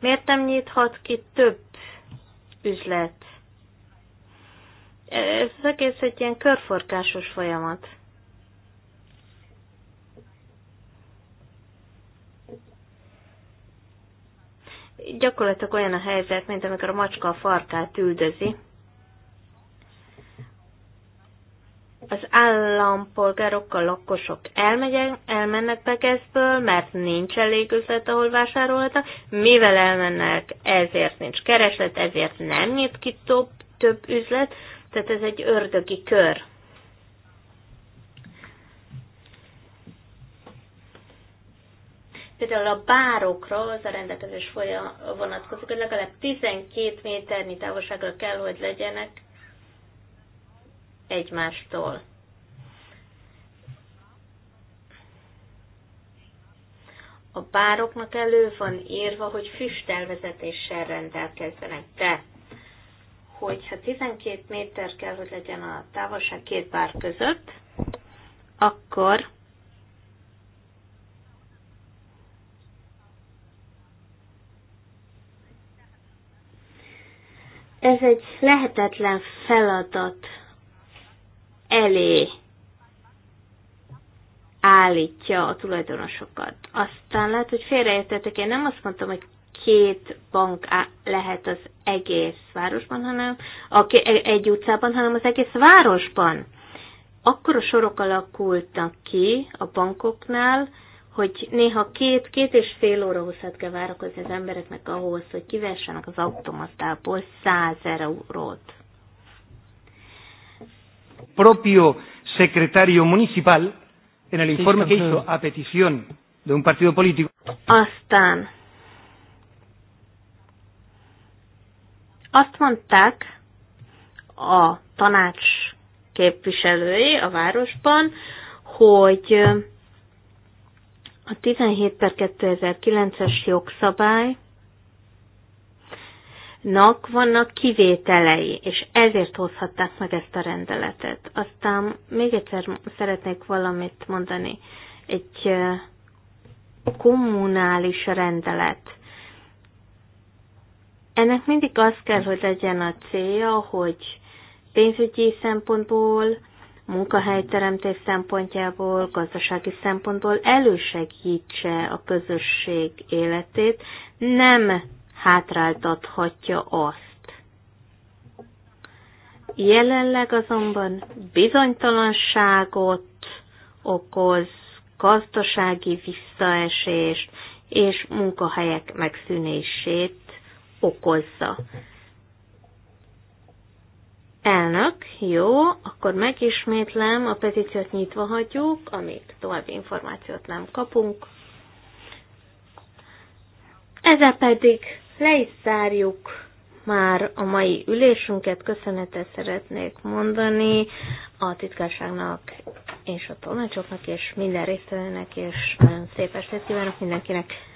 miért nem nyithat ki több üzlet? Ez az egész egy ilyen körforkásos folyamat. Gyakorlatilag olyan a helyzet, mint amikor a macska a farkát üldözi. az állampolgárok, a lakosok elmegyek, elmennek Pekeszből, mert nincs elég üzlet, ahol vásárolhatnak. Mivel elmennek, ezért nincs kereslet, ezért nem nyit ki több, több üzlet, tehát ez egy ördögi kör. Például a bárokra az a rendelkezés folya vonatkozik, hogy legalább 12 méternyi távolságra kell, hogy legyenek egymástól. A pároknak elő van írva, hogy füstelvezetéssel rendelkezzenek, Tehát hogyha 12 méter kell, hogy legyen a távolság két pár között, akkor ez egy lehetetlen feladat elé állítja a tulajdonosokat. Aztán lehet, hogy félreértettek, én nem azt mondtam, hogy két bank lehet az egész városban, hanem e, egy utcában, hanem az egész városban. Akkor a sorok alakultak ki a bankoknál, hogy néha két, két és fél óra hosszat kell várakozni az embereknek ahhoz, hogy kivessenek az automatából száz eurót. Propio secretario municipal, en el informe que hizo a petición de un partido político. Aztán Azt mondták a tanács képviselői a városban, hogy a 17 per 2009-es jogszabály nak vannak kivételei, és ezért hozhatták meg ezt a rendeletet. Aztán még egyszer szeretnék valamit mondani. Egy kommunális rendelet ennek mindig az kell, hogy legyen a célja, hogy pénzügyi szempontból, munkahelyteremtés szempontjából, gazdasági szempontból elősegítse a közösség életét, nem hátráltathatja azt. Jelenleg azonban bizonytalanságot okoz, gazdasági visszaesést és munkahelyek megszűnését okozza. Elnök, jó, akkor megismétlem, a petíciót nyitva hagyjuk, amíg további információt nem kapunk. Ezzel pedig le is zárjuk már a mai ülésünket. Köszönetet szeretnék mondani a titkárságnak és a tolmácsoknak, és minden résztvevőnek, és nagyon szép estét kívánok mindenkinek!